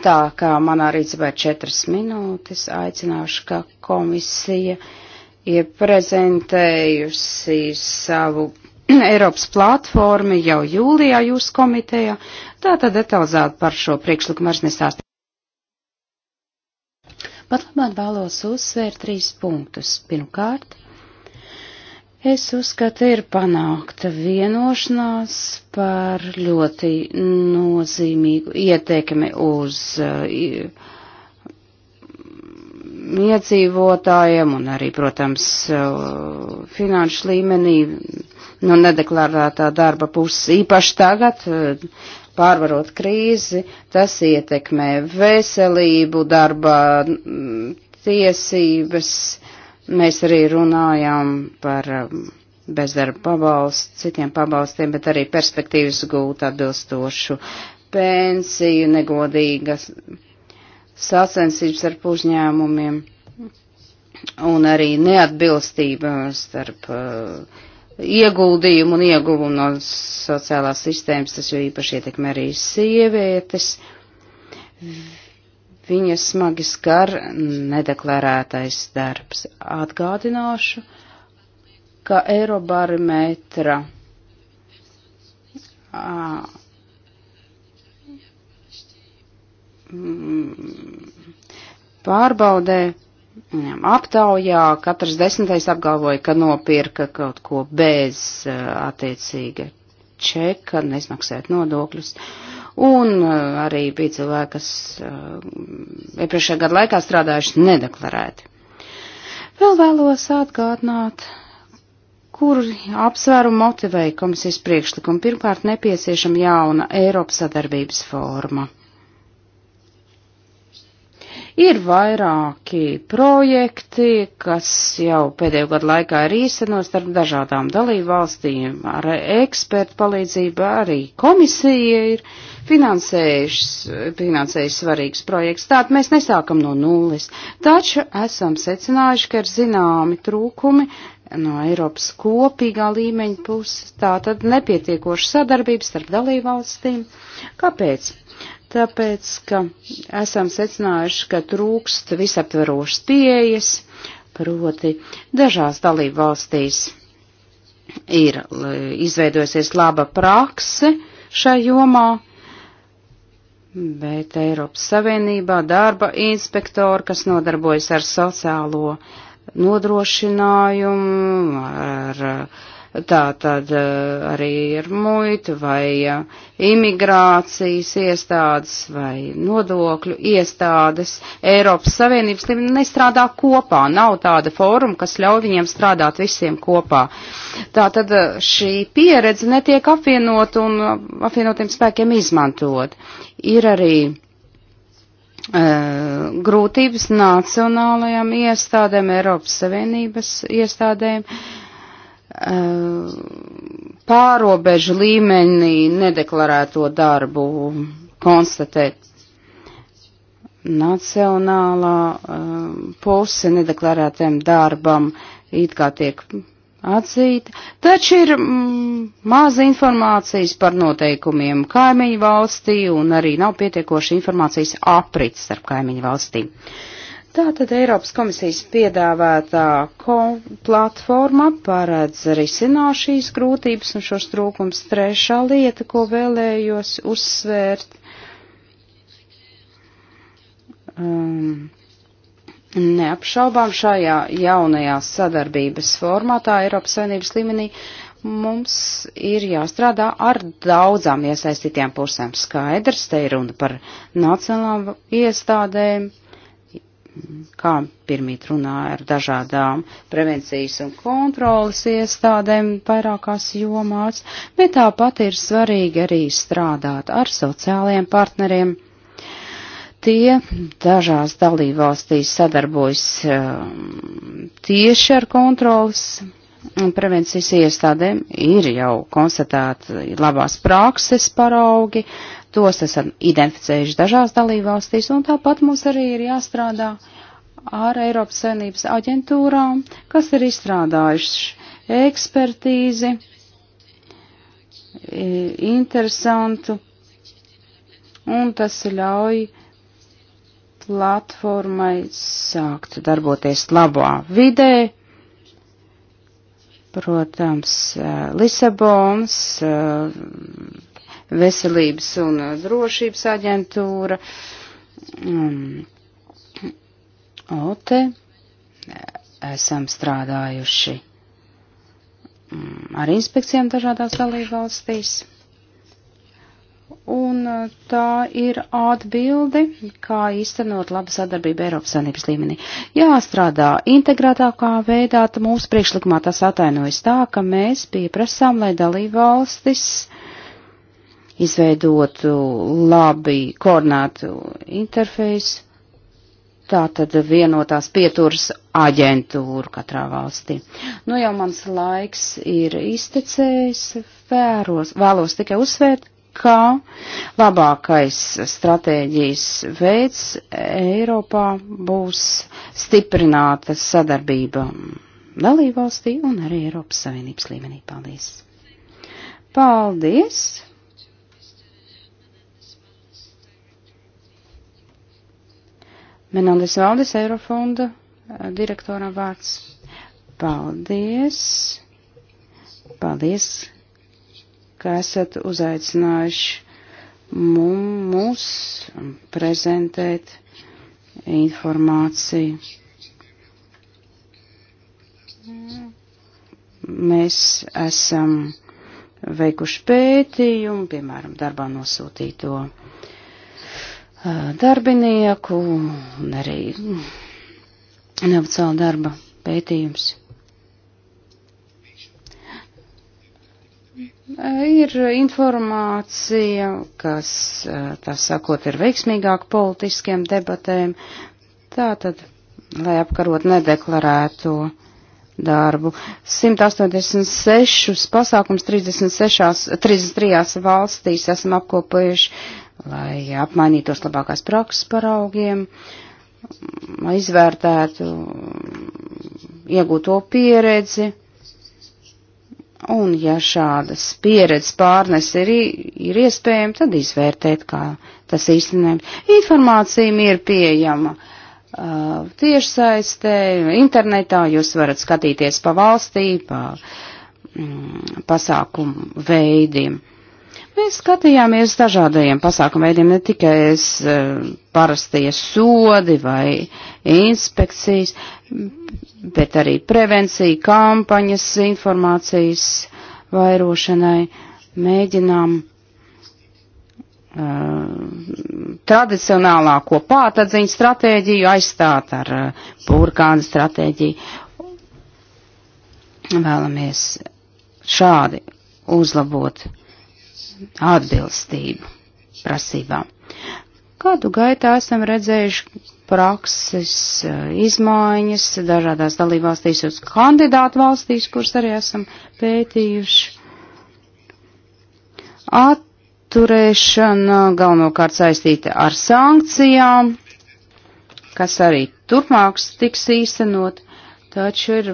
Tā kā manā rīcībā ir četras minūtes, aicināšu, ka komisija ir prezentējusi savu <clears throat> Eiropas platformu jau jūlijā jūsu komitejā. Tā tad detalizēt par šo priekšlikumu vairs nestāstīt. Pat labāk vēlos uzsvērt trīs punktus. Pirmkārt, es uzskatu, ir panākta vienošanās par ļoti nozīmīgu ietekmi uz uh, iedzīvotājiem un arī, protams, uh, finanšu līmenī no nu, nedeklarētā darba puses. Īpaši tagad uh, pārvarot krīzi, tas ietekmē veselību, darba mm, tiesības. Mēs arī runājām par mm, bezdarba pabalstu, citiem pabalstiem, bet arī perspektīvas gūt atbilstošu pensiju, negodīgas sacensības ar uzņēmumiem un arī neatbilstība starp uh, ieguldījumu un ieguvumu no sociālās sistēmas, tas jau īpaši ietekmē arī sievietes. Viņa smagi skar nedeklarētais darbs. Atgādināšu, ka Eirobarometra pārbaudē aptaujā katrs desmitais apgalvoja, ka nopirka kaut ko bez eh, attiecīga čeka, nesmaksājot nodokļus. Un eh, arī bija cilvēki, kas eh, iepriekšējā gada laikā strādājuši nedeklarēti. Vēl vēlos atgādināt, kuri apsvēru motivēja komisijas priekšlikumu. Pirmkārt, nepieciešama jauna Eiropas sadarbības forma Ir vairāki projekti, kas jau pēdējo gadu laikā ir īstenos starp dažādām dalībvalstīm ar ekspertu palīdzību, arī komisija ir finansējuši svarīgs projekts. Tātad mēs nesākam no nulles, taču esam secinājuši, ka ir zināmi trūkumi no Eiropas kopīgā līmeņa puses, tātad nepietiekoša sadarbības starp dalībvalstīm. Kāpēc? tāpēc, ka esam secinājuši, ka trūkst visaptverošas pieejas, proti dažās dalību valstīs ir izveidojusies laba prakse šai jomā, bet Eiropas Savienībā darba inspektori, kas nodarbojas ar sociālo nodrošinājumu, ar, ar tā tad eh, arī ir muita vai eh, imigrācijas iestādes vai nodokļu iestādes. Eiropas Savienības nestrādā kopā, nav tāda fóruma, kas ļauj viņiem strādāt visiem kopā. Tā tad eh, šī pieredze netiek apvienot un apvienotiem spēkiem izmantot. Ir arī grūtības nacionālajām iestādēm, Eiropas Savienības iestādēm, uh, Eh, pārobežu līmenī nedeklarēto darbu konstatēt. Nacionālā eh, puse nedeklarētiem darbam it kā tiek atzīta, taču ir mm, maza informācijas par noteikumiem kaimiņu valstī un arī nav pietiekoši informācijas aprits starp kaimiņu valstīm. Uh, Tātad Eiropas komisijas piedāvātā ko platforma paredz risināt šīs grūtības un šos trūkums. Trešā lieta, ko vēlējos uzsvērt, um, neapšaubām šajā jaunajā sadarbības formātā Eiropas Savienības līmenī mums ir jāstrādā ar daudzām iesaistītiem pusēm. Skaidrs, te ir runa par nacionālām iestādēm, kā pirmīt runāja ar dažādām prevencijas un kontrolas iestādēm vairākās jomās, bet tāpat ir svarīgi arī strādāt ar sociālajiem partneriem. Tie dažās dalībvalstīs sadarbojas um, tieši ar kontrolas un prevencijas iestādēm, ir jau konstatēti labās prakses paraugi, Tos esam identificējuši dažās dalībvalstīs, un tāpat mums arī ir jāstrādā ar Eiropas Savienības aģentūrām, kas ir izstrādājuši ekspertīzi, interesantu, un tas ļauj platformai sākt darboties labā vidē. Protams, eh, Lisabons eh, veselības un uh, drošības aģentūra, um, OTE, uh, esam strādājuši um, ar inspekcijām dažādās dalībvalstīs. Un uh, tā ir atbildi, kā īstenot labu sadarbību Eiropas Savienības līmenī. Jāstrādā integrētākā veidā, mūsu priekšlikumā tas atainojas tā, ka mēs pieprasām, lai dalībvalstis uh, izveidotu uh, labi koordinātu interfeisu, tā tad vienotās pieturas aģentūru katrā valstī. Nu jau mans laiks ir iztecējis, vēros, vēlos tikai uzsvērt, kā labākais stratēģijas veids Eiropā būs stiprināta sadarbība dalībvalstī un arī Eiropas Savienības līmenī. Paldies! Paldies! Menandes Valdes Eirofonda eh, direktoram vārds. Paldies! Paldies, ka esat uzaicinājuši mūs prezentēt informāciju. Mēs esam veikuši pētījumu, piemēram, darbā nosūtīto darbinieku un arī neoficiāla darba pētījums. Ir informācija, kas, tā sakot, ir veiksmīgāk politiskiem debatēm, tātad, lai apkarot nedeklarēto darbu. 186 pasākums 36, 33 valstīs esam apkopojuši lai apmainītos labākās prakses paraugiem, lai izvērtētu iegūto pieredzi. Un, ja šādas pieredzes pārnes ir, ir iespējama, tad izvērtēt, kā tas īstenībā. Informācija ir pieejama uh, tiešsaistē, internetā, jūs varat skatīties pa valstī, pa mm, pasākumu veidiem. Mēs skatījāmies dažādajiem pasākumu veidiem, ne tikai es e, parastie sodi vai inspekcijas, bet arī prevencija, kampaņas, informācijas vairošanai. Mēģinām e, tradicionālāko pātadziņu stratēģiju aizstāt ar e, burkānu stratēģiju. Vēlamies šādi uzlabot atbilstību prasībām. Kādu gaitā esam redzējuši prakses eh, izmaiņas dažādās dalībvalstīs uz kandidātu valstīs, kuras arī esam pētījuši. Atturēšana galvenokārt saistīta ar sankcijām, kas arī turpmāks tiks īstenot, taču ir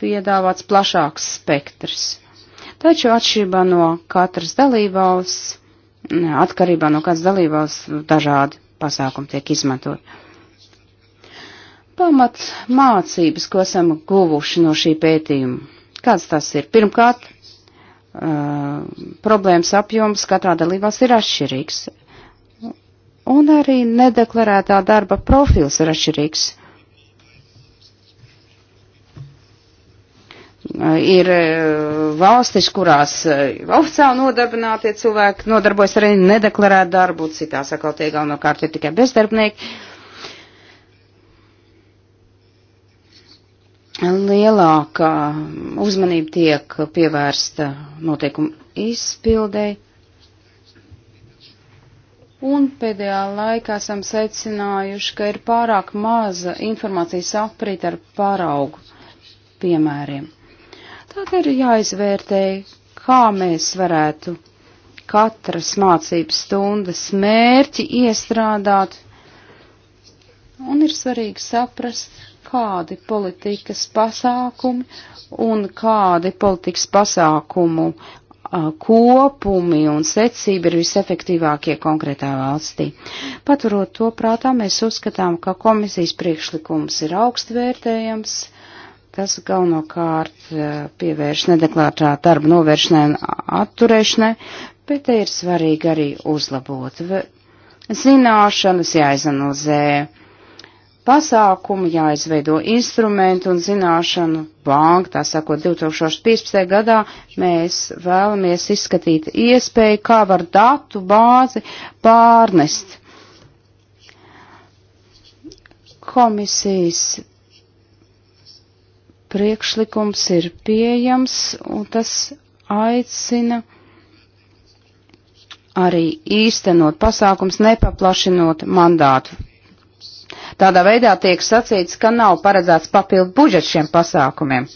piedāvāts plašāks spektrs Taču atšķirībā no katras dalībvalsts, atkarībā no kādas dalībvalsts, nu, dažādi pasākumi tiek izmantot. Pamat mācības, ko esam guvuši no šī pētījuma. Kāds tas ir? Pirmkārt, uh, problēmas apjoms katrā dalībās ir atšķirīgs. Un arī nedeklarētā darba profils ir atšķirīgs. Eh, ir eh, valstis, kurās eh, oficiāli nodarbinātie cilvēki nodarbojas arī nedeklarēt darbu, citās atkal tie galvenokārt ir tikai bezdarbnieki. Lielākā uzmanība tiek pievērsta noteikumu izpildēji. Un pēdējā laikā esam secinājuši, ka ir pārāk maza informācijas aprīt ar paraugu piemēriem Tad ir jāizvērtē, kā mēs varētu katras mācības stundas mērķi iestrādāt. Un ir svarīgi saprast, kādi politikas pasākumi un kādi politikas pasākumu kopumi un secība ir visefektīvākie konkrētā valstī. Paturot to prātā, mēs uzskatām, ka komisijas priekšlikums ir augstvērtējams kas galvenokārt eh, pievērš nedeklārtā darba novēršanai un atturēšanai, bet te ir svarīgi arī uzlabot. Zināšanas jāizanalizē, pasākumu jāizveido instrumentu un zināšanu banku. Tā sakot, 2015. gadā mēs vēlamies izskatīt iespēju, kā var datu bāzi pārnest komisijas priekšlikums ir pieejams, un tas aicina arī īstenot pasākums, nepaplašinot mandātu. Tādā veidā tiek sacīts, ka nav paredzēts papildu budžets šiem pasākumiem.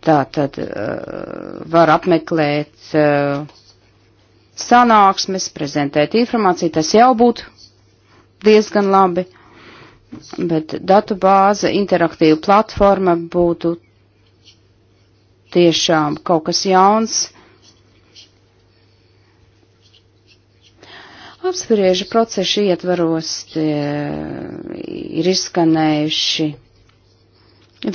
Tā tad uh, eh, var apmeklēt uh, sanāksmes, prezentēt informāciju, tas jau būtu diezgan labi bet datu bāze, interaktīva platforma būtu tiešām kaut kas jauns. Apspriežu procesu ietvaros ir izskanējuši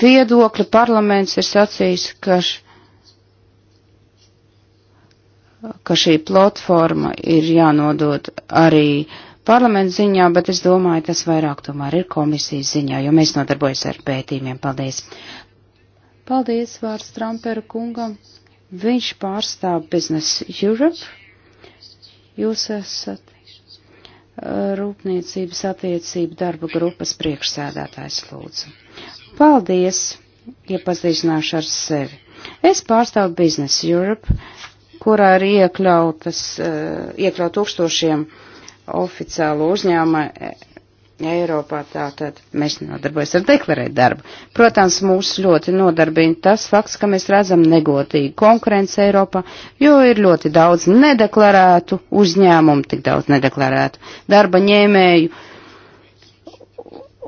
viedokļi. Parlaments ir sacījis, ka, ka šī platforma ir jānodod arī uh, parlamentu ziņā, bet es domāju, tas vairāk tomēr ir komisijas ziņā, jo mēs nodarbojas ar pētījumiem. Paldies! Paldies vārds Trampera kungam. Viņš pārstāv Business Europe. Jūs esat uh, Rūpniecības attiecību darba grupas priekšsēdētājs lūdzu. Paldies, iepazīstināšu ja ar sevi. Es pārstāvu Business Europe, kurā ir iekļautas, uh, iekļaut tūkstošiem uh, oficiālu uzņēmumu e, Eiropā. Tātad mēs nodarbojamies ar deklarēt darbu. Protams, mūs ļoti nodarbina tas fakts, ka mēs redzam negotīgu konkurenci Eiropā, jo ir ļoti daudz nedeklarētu uzņēmumu, tik daudz nedeklarētu darba ņēmēju.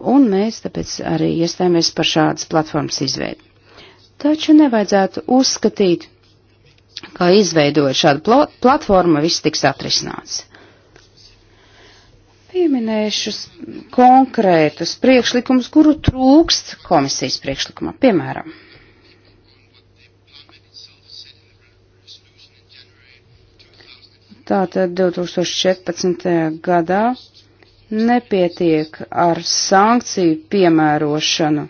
Un mēs tāpēc arī iestājāmies par šādas platformas izveidu. Taču nevajadzētu uzskatīt, kā izveidojot šādu pl platformu, viss tiks atrisināts. Pieminēšu konkrētus priekšlikumus, kuru trūkst komisijas priekšlikumā, piemēram. Tātad 2014. gadā nepietiek ar sankciju piemērošanu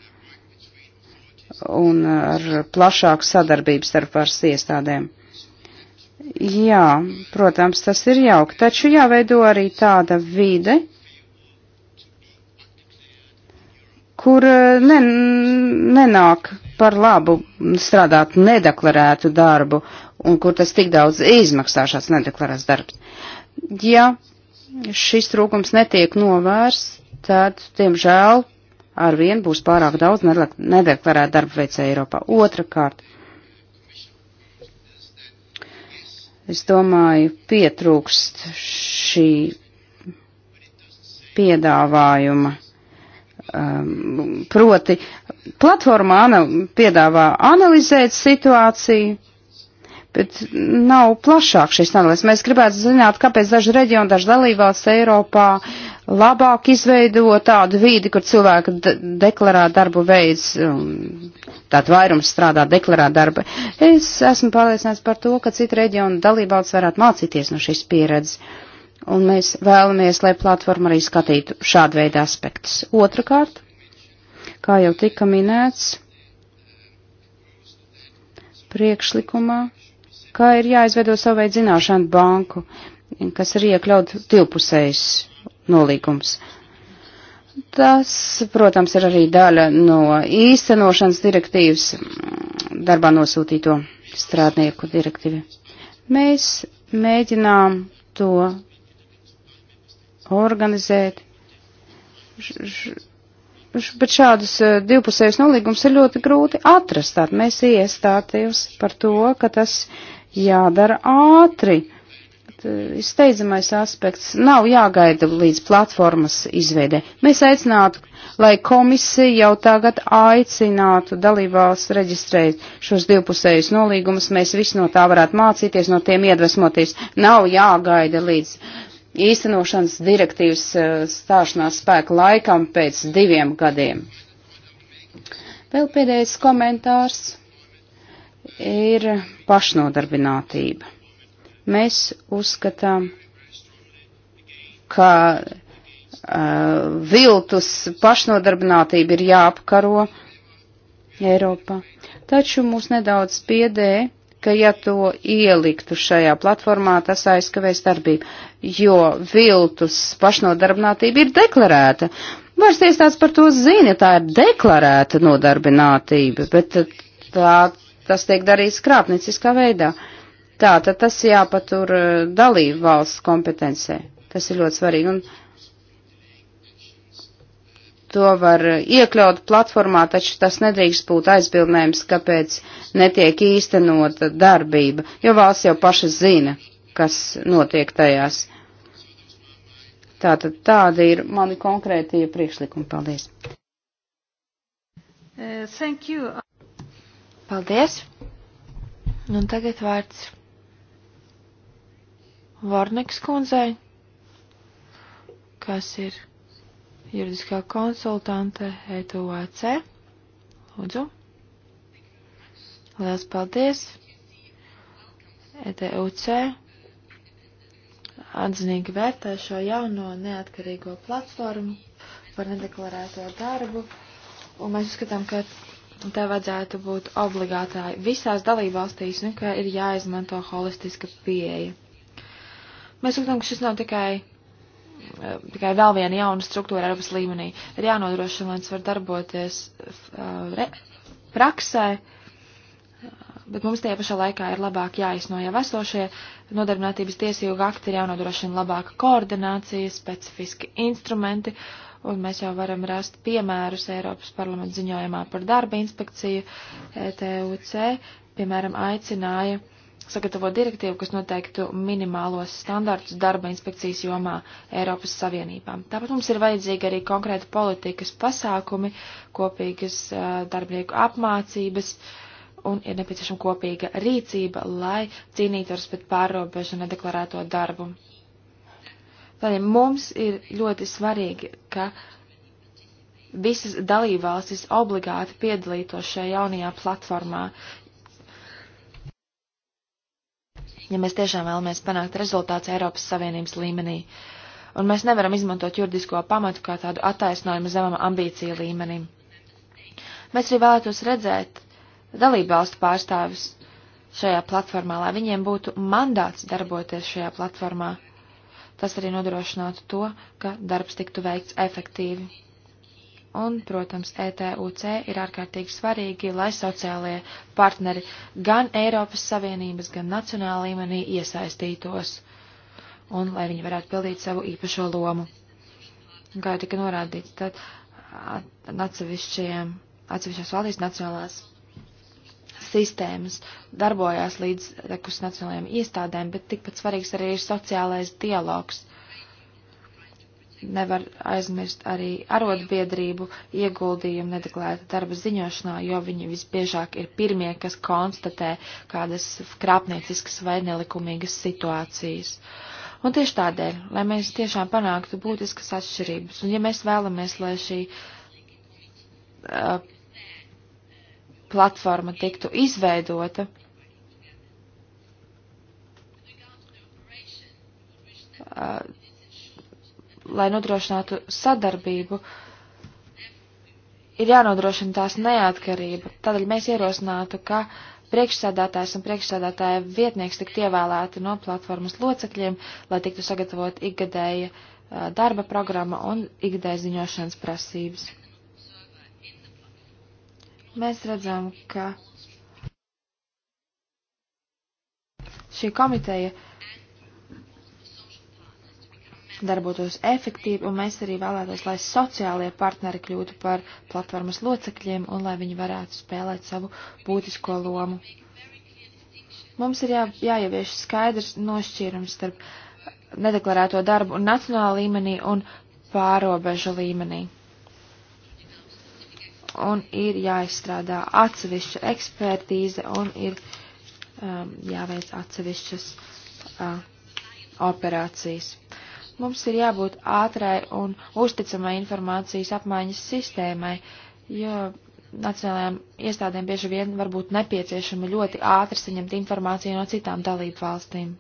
un ar plašāku sadarbību starp varas iestādēm. Jā, protams, tas ir jauki, taču jāveido arī tāda vide, kur eh, ne, nenāk par labu strādāt nedeklarētu darbu un kur tas tik daudz izmaksā šāds nedeklarēts darbs. Ja šis trūkums netiek novērsts, tad, diemžēl, arvien būs pārāk daudz nedeklarētu darba veicēju Eiropā. Otrakārt. es domāju, pietrūkst šī piedāvājuma. Um, proti, platforma ana, piedāvā analizēt situāciju, bet nav plašāk šīs analīzes. Mēs gribētu zināt, kāpēc daži reģioni, daži dalībvalsts Eiropā uh, labāk izveido tādu vīdi, kur cilvēki de deklarē darbu veids, um, tātad vairums strādā deklarē darba. Es esmu pārliecināts par to, ka citi reģionu dalībvalsts varētu mācīties no šīs pieredzes. Un mēs vēlamies, lai platforma arī skatītu šādu veidu aspektus. Otrakārt, kā jau tika minēts, priekšlikumā, kā ir jāizveido savu veidu zināšanu banku, kas ir iekļaut divpusējs nolīgums. Tas, protams, ir arī daļa no īstenošanas direktīvas mm, darbā nosūtīto strādnieku direktīvi. Mēs mēģinām to organizēt. Š, š, š, bet šādus eh, divpusējus nolīgumus ir ļoti grūti atrast. Tātad mēs iestāties par to, ka tas jādara ātri steidzamais aspekts nav jāgaida līdz platformas izveidē. Mēs aicinātu, lai komisija jau tagad aicinātu dalībvalsts reģistrēt šos divpusējus nolīgumus. Mēs visi no tā varētu mācīties, no tiem iedvesmoties. Nav jāgaida līdz īstenošanas direktīvas eh, stāšanās spēka laikam pēc diviem gadiem. Vēl pēdējais komentārs ir pašnodarbinātība. Mēs uzskatām, ka uh, viltus pašnodarbinātība ir jāapkaro Eiropā. Taču mūs nedaudz piedē, ka ja to ieliktu šajā platformā, tas aizkavēs darbību, jo viltus pašnodarbinātība ir deklarēta. Varas iestādes par to zina, tā ir deklarēta nodarbinātība, bet tā, tas tiek darīts krāpnieciskā veidā. Uh, Tā, tad tas jāpatur eh, dalību valsts kompetencē. Tas ir ļoti svarīgi. Un to var eh, iekļaut platformā, taču tas nedrīkst būt aizbildnējums, kāpēc netiek īstenota darbība, jo valsts jau paša zina, kas notiek tajās. Tātad tādi ir mani konkrētie priekšlikumi. Paldies! Uh, thank you. Paldies! Un tagad vārds Varniks kundzei, kas ir juridiskā konsultante ETUAC. E Lūdzu. Lielas paldies. ETUC atzinīgi vērtē šo jauno neatkarīgo platformu par nedeklarēto darbu, un mēs uzskatām, ka tā vajadzētu būt obligātāji visās dalībvalstīs, un nu, ka ir jāizmanto holistiska pieeja. Mēs uzskatām, ka šis nav tikai, eh, tikai vēl viena jauna struktūra Eiropas līmenī. Ir jānodrošina, lai tas var darboties eh, re, praksē, eh, bet mums tie pašā laikā ir labāk jāizno jau esošie nodarbinātības tiesību akti, ir jānodrošina labāka koordinācija, specifiski instrumenti, un mēs jau varam rast piemērus Eiropas parlamenta ziņojumā par darba inspekciju, ETUC, piemēram, aicināja sagatavo direktīvu, kas noteiktu minimālos standartus darba inspekcijas jomā Eiropas Savienībā. Tāpat mums ir vajadzīga arī konkrēta politikas pasākumi, kopīgas darbinieku apmācības un ir nepieciešama kopīga rīcība, lai cīnītos pret pārrobežu nedeklarēto darbu. Tādēļ mums ir ļoti svarīgi, ka visas dalībvalstis obligāti piedalītos šajā jaunajā platformā, ja mēs tiešām vēlamies panākt rezultāts Eiropas Savienības līmenī. Un mēs nevaram izmantot juridisko pamatu kā tādu attaisnojumu zemam ambīciju līmenim. Mēs arī vēlētos redzēt dalībvalstu pārstāvis šajā platformā, lai viņiem būtu mandāts darboties šajā platformā. Tas arī nodrošinātu to, ka darbs tiktu veikts efektīvi. Un, protams, ETUC ir ārkārtīgi svarīgi, lai sociālie partneri gan Eiropas Savienības, gan nacionāla līmenī iesaistītos un lai viņi varētu pildīt savu īpašo lomu. Un, kā jau tika norādīts, tad atsevišķajiem, atsevišķās valstīs nacionālās sistēmas darbojās līdz rekus nacionālajiem iestādēm, bet tikpat svarīgs arī ir sociālais dialogs nevar aizmirst arī arotbiedrību ieguldījumu nedeklarēta darba ziņošanā, jo viņi visbiežāk ir pirmie, kas konstatē kādas krāpnieciskas vai nelikumīgas situācijas. Un tieši tādēļ, lai mēs tiešām panāktu būtiskas atšķirības, un ja mēs vēlamies, lai šī uh, platforma tiktu izveidota, uh, lai nodrošinātu sadarbību, ir jānodrošina tās neatkarība. Tādēļ mēs ierosinātu, ka priekšsēdētājs un priekšsēdētāja vietnieks tiktu ievēlēti no platformas locekļiem, lai tiktu sagatavot ikgadēja darba programma un ikgadēja ziņošanas prasības. Mēs redzam, ka šī komiteja uh, darbotos efektīvi, un mēs arī vēlētos, lai sociālie partneri kļūtu par platformas locekļiem un lai viņi varētu spēlēt savu būtisko lomu. Mums ir jā, jāievieš skaidrs nošķīrums starp nedeklarēto darbu nacionālā līmenī un pārobežu līmenī. Un ir jāizstrādā atsevišķa ekspertīze un ir um, jāveic atsevišķas uh, operācijas. Uh, Mums ir jābūt ātrai un uzticamai informācijas apmaiņas sistēmai, jo nacionālajām iestādēm bieži vien var būt nepieciešama ļoti ātri saņemt informāciju no citām dalību valstīm.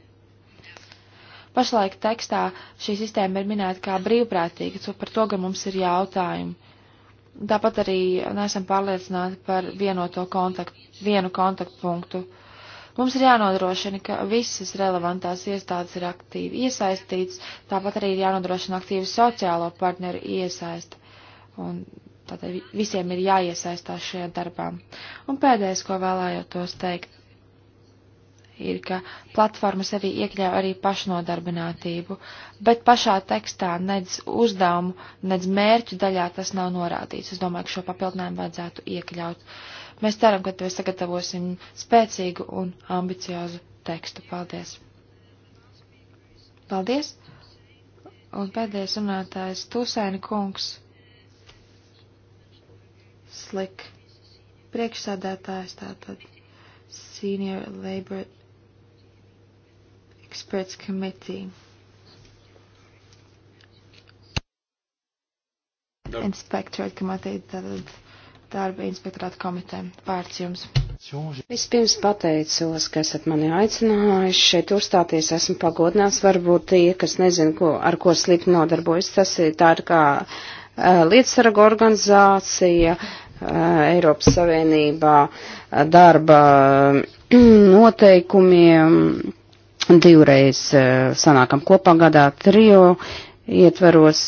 Pašlaik tekstā šī sistēma ir minēta kā brīvprātīga, so par to, ka mums ir jautājumi. Tāpat arī neesam pārliecināti par vienoto kontaktu, vienu kontaktpunktu. Mums ir jānodrošina, ka visas relevantās iestādes ir aktīvi iesaistītas, tāpat arī ir jānodrošina aktīvu sociālo partneru iesaist. Un tātad visiem ir jāiesaistās šajā darbā. Un pēdējais, ko vēlējotos teikt, ir, ka platforma sevi iekļauj arī pašnodarbinātību, bet pašā tekstā nedz uzdevumu, nedz mērķu daļā tas nav norādīts. Es domāju, ka šo papildinājumu vajadzētu iekļaut. Uh, Mēs ceram, ka mēs sagatavosim spēcīgu un ambiciozu tekstu. Paldies! Paldies! Un pēdējais runātājs Tūsēni kungs. Slik. Priekšsādātājs tātad. Senior Labor Experts Committee. Inspectorate Committee tātad darba inspektorāta komiteja. Vārds jums. Vispirms pateicos, ka esat mani aicinājuši šeit uzstāties. Esmu pagodināts. Varbūt tie, kas nezin, ko, ar ko slikti nodarbojas, tas ir tā ir kā uh, eh, lietasarga organizācija uh, Eiropas Savienībā uh, darba noteikumiem. Divreiz sanākam kopā gadā trijo ietvaros.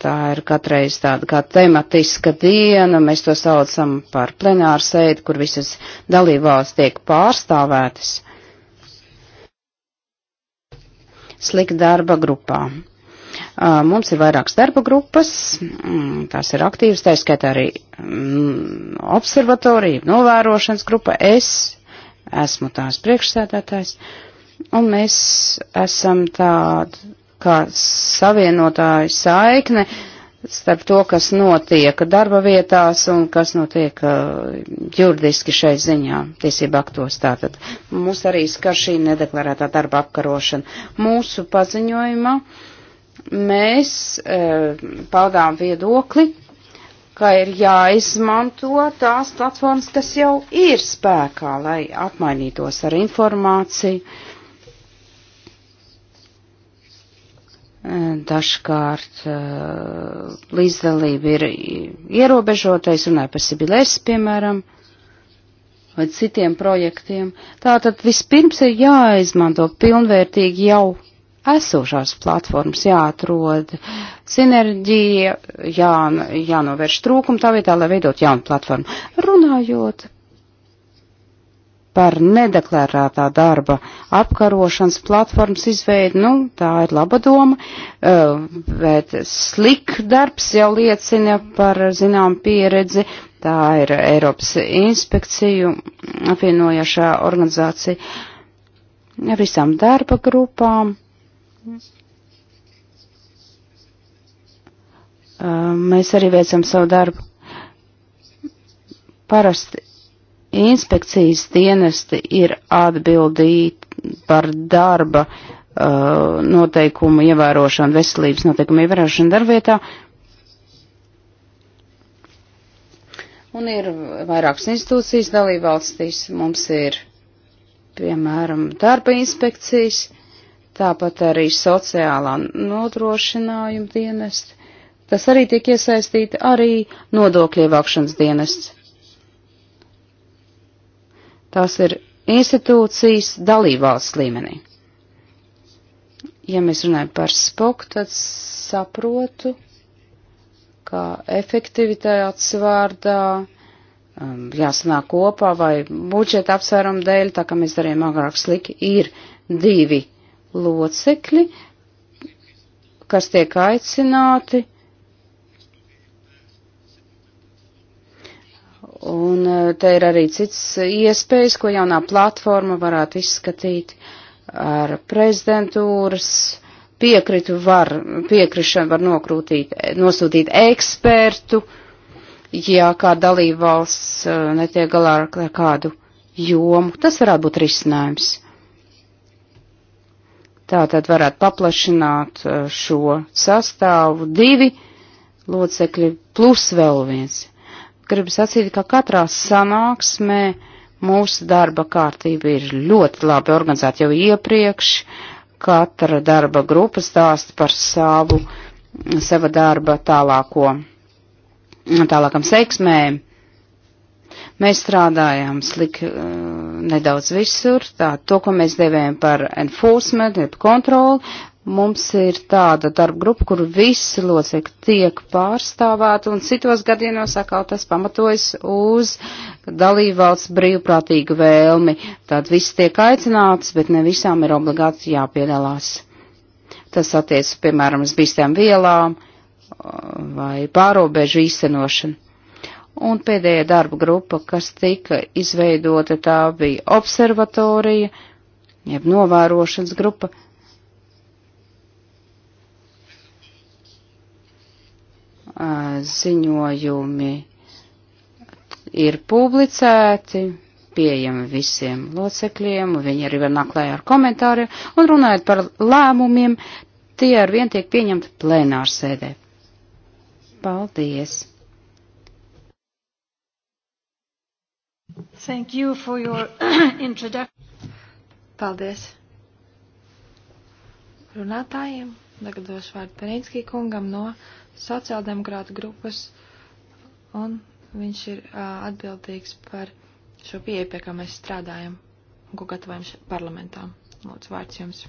Tā ir katreiz tāda kā tematiska diena. Mēs to saucam par plenāru sēdi, kur visas dalībvalsts tiek pārstāvētas slikta darba grupā. Mums ir vairākas darba grupas, mm, tās ir aktīvas, tā skaitā arī mm, observatorija, novērošanas grupa. Es esmu tās priekšsēdētājs, un mēs esam tāda kā savienotāju saikne starp to, kas notiek darba vietās un kas notiek uh, juridiski šai ziņā, tiesība aktos tātad. Mums arī skar šī nedeklarētā darba apkarošana. Mūsu paziņojumā mēs uh, paudām viedokli, ka ir jāizmanto tās platformas, kas jau ir spēkā, lai apmainītos ar informāciju. Uh, Dažkārt eh, līdzdalība ir ierobežotais, runāja par Sibilēs, piemēram, vai citiem projektiem. Tātad vispirms ir jāizmanto pilnvērtīgi jau esošās platformas, jāatrod sinerģija, jā, jānovērš trūkumu tā vietā, lai veidot jaunu platformu. Runājot par nedeklarētā darba apkarošanas platformas izveidu, nu, tā ir laba doma, eh, bet slik darbs jau liecina par zinām pieredzi, tā ir Eiropas inspekciju apvienojošā organizācija ar visām darba grupām. Eh, mēs arī veicam savu darbu. Parasti Inspekcijas dienesti ir atbildīgi par darba uh, noteikumu ievērošanu, veselības noteikumu ievērošanu darbvietā. Un ir vairākas institūcijas dalībvalstīs. Mums ir, piemēram, darba inspekcijas, tāpat arī sociālā nodrošinājuma dienesti. Tas arī tiek iesaistīti arī nodokļu ievākšanas dienests. Tās ir institūcijas dalībvalsts līmenī. Ja mēs runājam par spoku, tad saprotu, ka efektivitātes vārdā um, jāsanāk kopā vai budžeta apsvērumu dēļ, tā kā mēs darījām agrāk sliki, ir divi locekļi, kas tiek aicināti Un e, te ir arī cits iespējas, ko jaunā platforma varētu izskatīt ar prezidentūras piekritu var, piekrišana var nokrūtīt, nosūtīt ekspertu, ja kā dalībvalsts e, netiek galā ar, ar kādu jomu. Tas varētu būt risinājums. Tā tad varētu paplašināt e, šo sastāvu divi locekļi plus vēl viens gribu sacīt, ka katrā sanāksmē mūsu darba kārtība ir ļoti labi organizēta jau iepriekš. Katra darba grupa stāsta par savu, sava darba tālāko, tālākam seiksmēm. Mēs strādājām slik uh, nedaudz visur, tā to, ko mēs devējam par enforcement, kontroli, Mums ir tāda darba grupa, kur visi locekļi tiek pārstāvēti, un citos gadījumos atkal tas pamatojas uz dalībvalsts brīvprātīgu vēlmi. Tad viss tiek aicināts, bet ne visām ir obligāti jāpiedalās. Tas attiec, piemēram, uz bīstām vielām uh, vai pārobežu īstenošanu. Un pēdējā darba grupa, kas tika izveidota, tā bija observatorija, jeb novērošanas grupa ziņojumi ir publicēti, pieejami visiem locekļiem, un viņi arī var naklēt ar komentāriem, un runājot par lēmumiem, tie ar vien tiek pieņemti plēnārsēdē. Paldies! Thank you for your <clears throat> introduction. Paldies runātājiem. Tagad došu vārdu Penīnskī kungam no sociāldemokrāta grupas, un viņš ir atbildīgs par šo pieeju, pie kā mēs strādājam un ko gatavojam parlamentā. Lūdzu, vārds jums.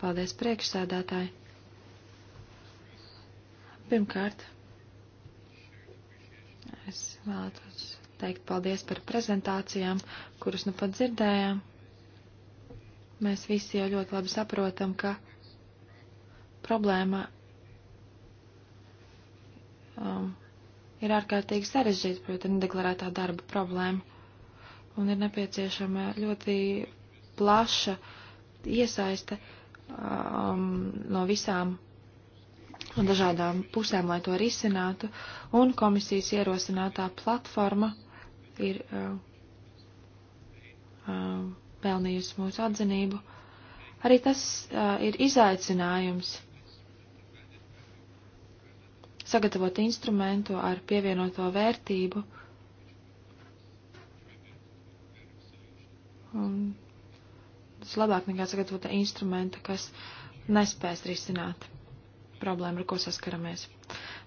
Paldies, priekšsēdētāji. Pirmkārt, es vēlētos teikt paldies par prezentācijām, kuras nu pat dzirdējām. Mēs visi jau ļoti labi saprotam, ka problēma um, ir ārkārtīgi sarežģīta, proti, nedeklarētā darba problēma. Un ir nepieciešama ļoti plaša iesaiste um, no visām no dažādām pusēm, lai to risinātu, un komisijas ierosinātā platforma ir uh, uh, pelnījusi mūsu atzinību. Arī tas uh, ir izaicinājums sagatavot instrumentu ar pievienoto vērtību. Un tas labāk nekā sagatavot instrumentu, kas nespēs risināt problēmu, ar ko saskaramies.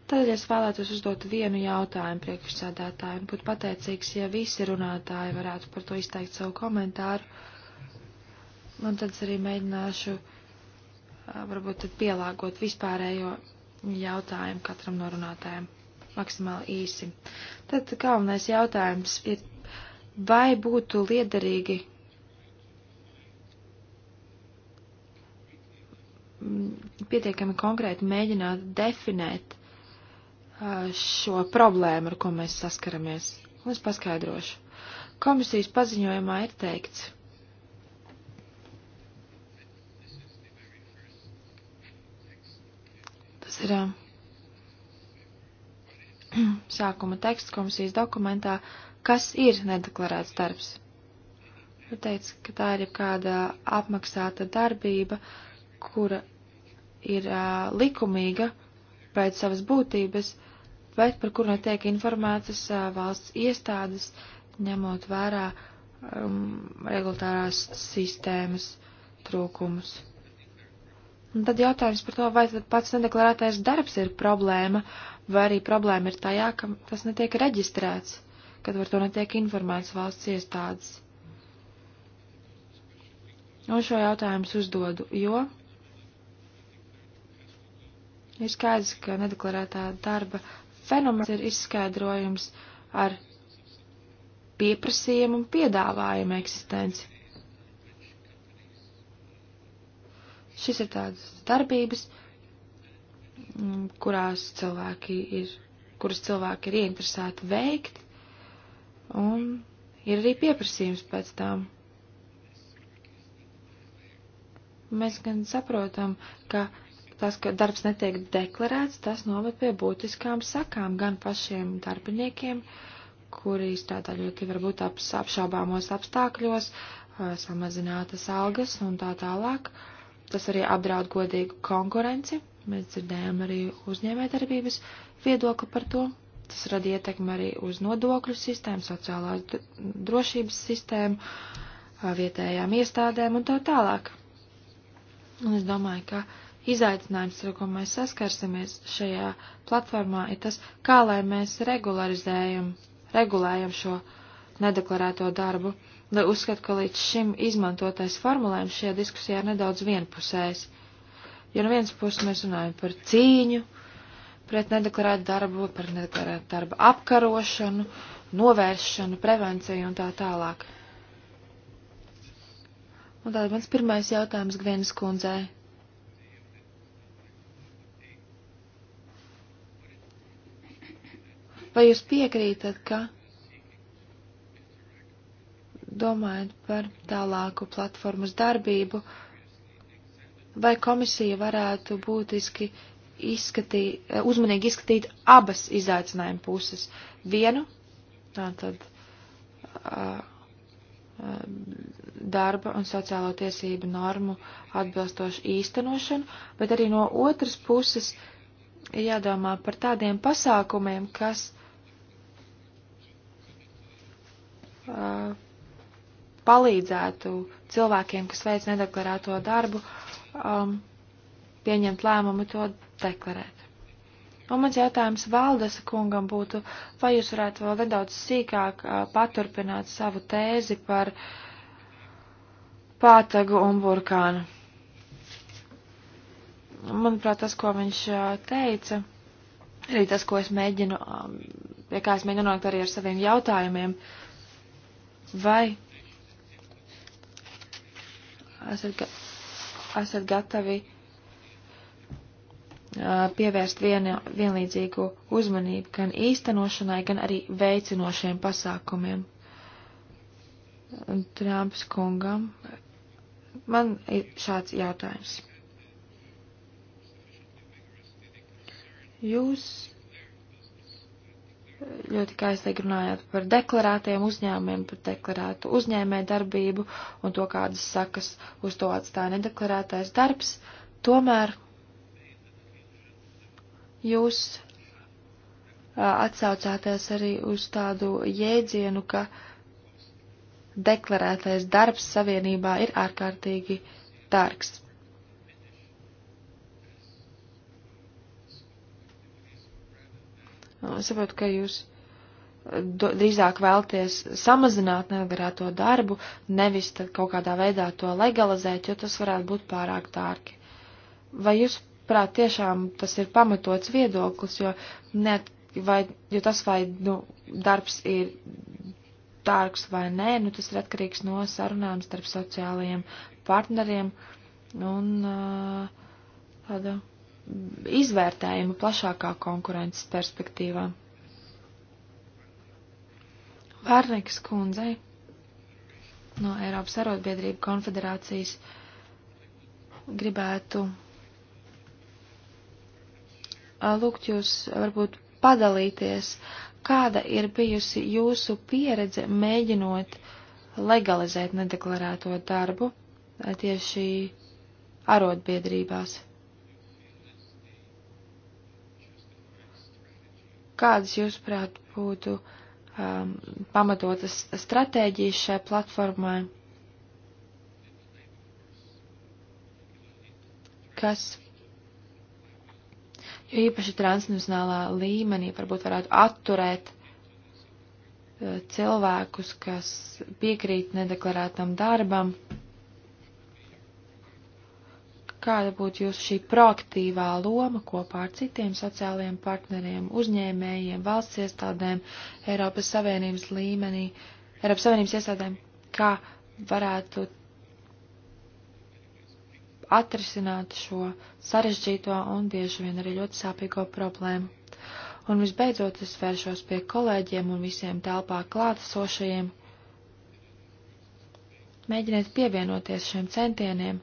Tad es vēlētos uzdot vienu jautājumu priekšsādātāju un būtu pateicīgs, ja visi runātāji varētu par to izteikt savu komentāru. Un tad es arī mēģināšu varbūt tad pielāgot vispārējo jautājumu katram no runātājiem maksimāli īsi. Tad galvenais jautājums ir, vai būtu liederīgi mm, pietiekami konkrēti mēģināt definēt šo problēmu, ar ko mēs saskaramies. Un es paskaidrošu. Komisijas paziņojumā ir teikts, Tas ir <clears throat> sākuma teksts komisijas dokumentā, kas ir nedeklarēts darbs. Ir teikts, ka tā ir kāda apmaksāta darbība, kura ir uh, likumīga pēc savas būtības, bet par kuru netiek informētas uh, valsts iestādes, ņemot vērā um, regulārās sistēmas trūkumus. Un tad jautājums par to, vai tad pats nedeklarētais darbs ir problēma, vai arī problēma ir tajā, ka tas netiek reģistrēts, kad par to netiek informēts valsts iestādes. Un šo jautājumu uzdodu, jo ir skaidrs, ka nedeklarētā darba fenomens ir izskaidrojums ar pieprasījumu un piedāvājumu eksistenci. Šis ir tādas darbības, mm, kurās cilvēki ir, kuras cilvēki ir ieinteresēti veikt, un ir arī pieprasījums pēc tām. Mēs gan saprotam, ka tas, ka darbs netiek deklarēts, tas noved pie būtiskām sakām gan pašiem darbiniekiem, kuri strādā ļoti varbūt apšaubāmos apstākļos, samazinātas algas un tā tālāk. Uh, Tas arī apdraud godīgu konkurenci. Mēs dzirdējām arī uzņēmējdarbības viedokli par to. Tas rada ietekmi arī uz nodokļu sistēmu, sociālās drošības sistēmu, vietējām iestādēm un tā tālāk. Un es domāju, ka izaicinājums, ar ko mēs saskarsimies šajā platformā, ir tas, kā lai mēs regularizējam, regulējam šo nedeklarēto darbu. Nu, uzskatu, ka līdz šim izmantotais formulējums šajā diskusijā ir nedaudz vienpusējs. Jo no vienas puses mēs runājam par cīņu pret nedeklarētu darbu, par nedeklarētu darba apkarošanu, novēršanu, prevenciju un tā tālāk. Un tātad mans pirmais jautājums Gvenas kundzei. Vai jūs piekrītat, ka Domājot par tālāku platformas darbību, vai komisija varētu būtiski izskatī, uzmanīgi izskatīt abas izaicinājuma puses. Vienu, tātad darba un sociālo tiesību normu atbilstošu īstenošanu, bet arī no otras puses ir jādomā par tādiem pasākumiem, kas uh, palīdzētu cilvēkiem, kas veic nedeklarēto darbu, um, pieņemt lēmumu to deklarēt. Un mans jautājums Valdes kungam būtu, vai jūs varētu vēl nedaudz sīkāk uh, paturpināt savu tēzi par pātagu un burkānu. Manuprāt, tas, ko viņš uh, teica, arī tas, ko es mēģinu, um, pie kā es mēģinu nonākt arī ar saviem jautājumiem, vai esat, ga esat gatavi uh, pievērst vienu, vienlīdzīgu uzmanību gan īstenošanai, gan arī veicinošiem pasākumiem. Trumps kungam man ir šāds jautājums. Jūs ļoti kaislīgi runājāt par deklarētiem uzņēmumiem, par deklarētu uzņēmē darbību un to, kādas sakas uz to atstāja nedeklarētais darbs. Tomēr jūs atsaucāties arī uz tādu jēdzienu, ka deklarētais darbs savienībā ir ārkārtīgi dārgs. Uh, es saprotu, ka jūs uh, do, drīzāk vēlties samazināt nelegalizēto darbu, nevis kaut kādā veidā to legalizēt, jo tas varētu būt pārāk dārgi. Vai jūs, prāt, tiešām tas ir pamatots viedoklis, jo, ne, vai, jo tas, vai nu, darbs ir dārgs vai nē, nu, tas ir atkarīgs no sarunām starp sociālajiem partneriem un uh, tāda. Uh, izvērtējumu plašākā konkurences perspektīvā. Vārnieks kundzei no Eiropas arotbiedrību konfederācijas gribētu lūgt jūs varbūt padalīties, kāda ir bijusi jūsu pieredze mēģinot legalizēt nedeklarēto darbu tieši arotbiedrībās. kādas, jūsuprāt, būtu um, pamatotas stratēģijas šai platformai? Kas, jo īpaši transnacionālā līmenī, varbūt varētu atturēt uh, cilvēkus, kas piekrīt nedeklarētam darbam, kāda būtu jūsu šī proaktīvā loma kopā ar citiem sociālajiem partneriem, uzņēmējiem, valsts iestādēm, Eiropas Savienības līmenī, Eiropas Savienības iestādēm, kā varētu atrisināt šo sarežģīto un bieži vien arī ļoti sāpīgo problēmu. Un visbeidzot, es vēršos pie kolēģiem un visiem telpā klātesošajiem. Mēģiniet pievienoties šiem centieniem,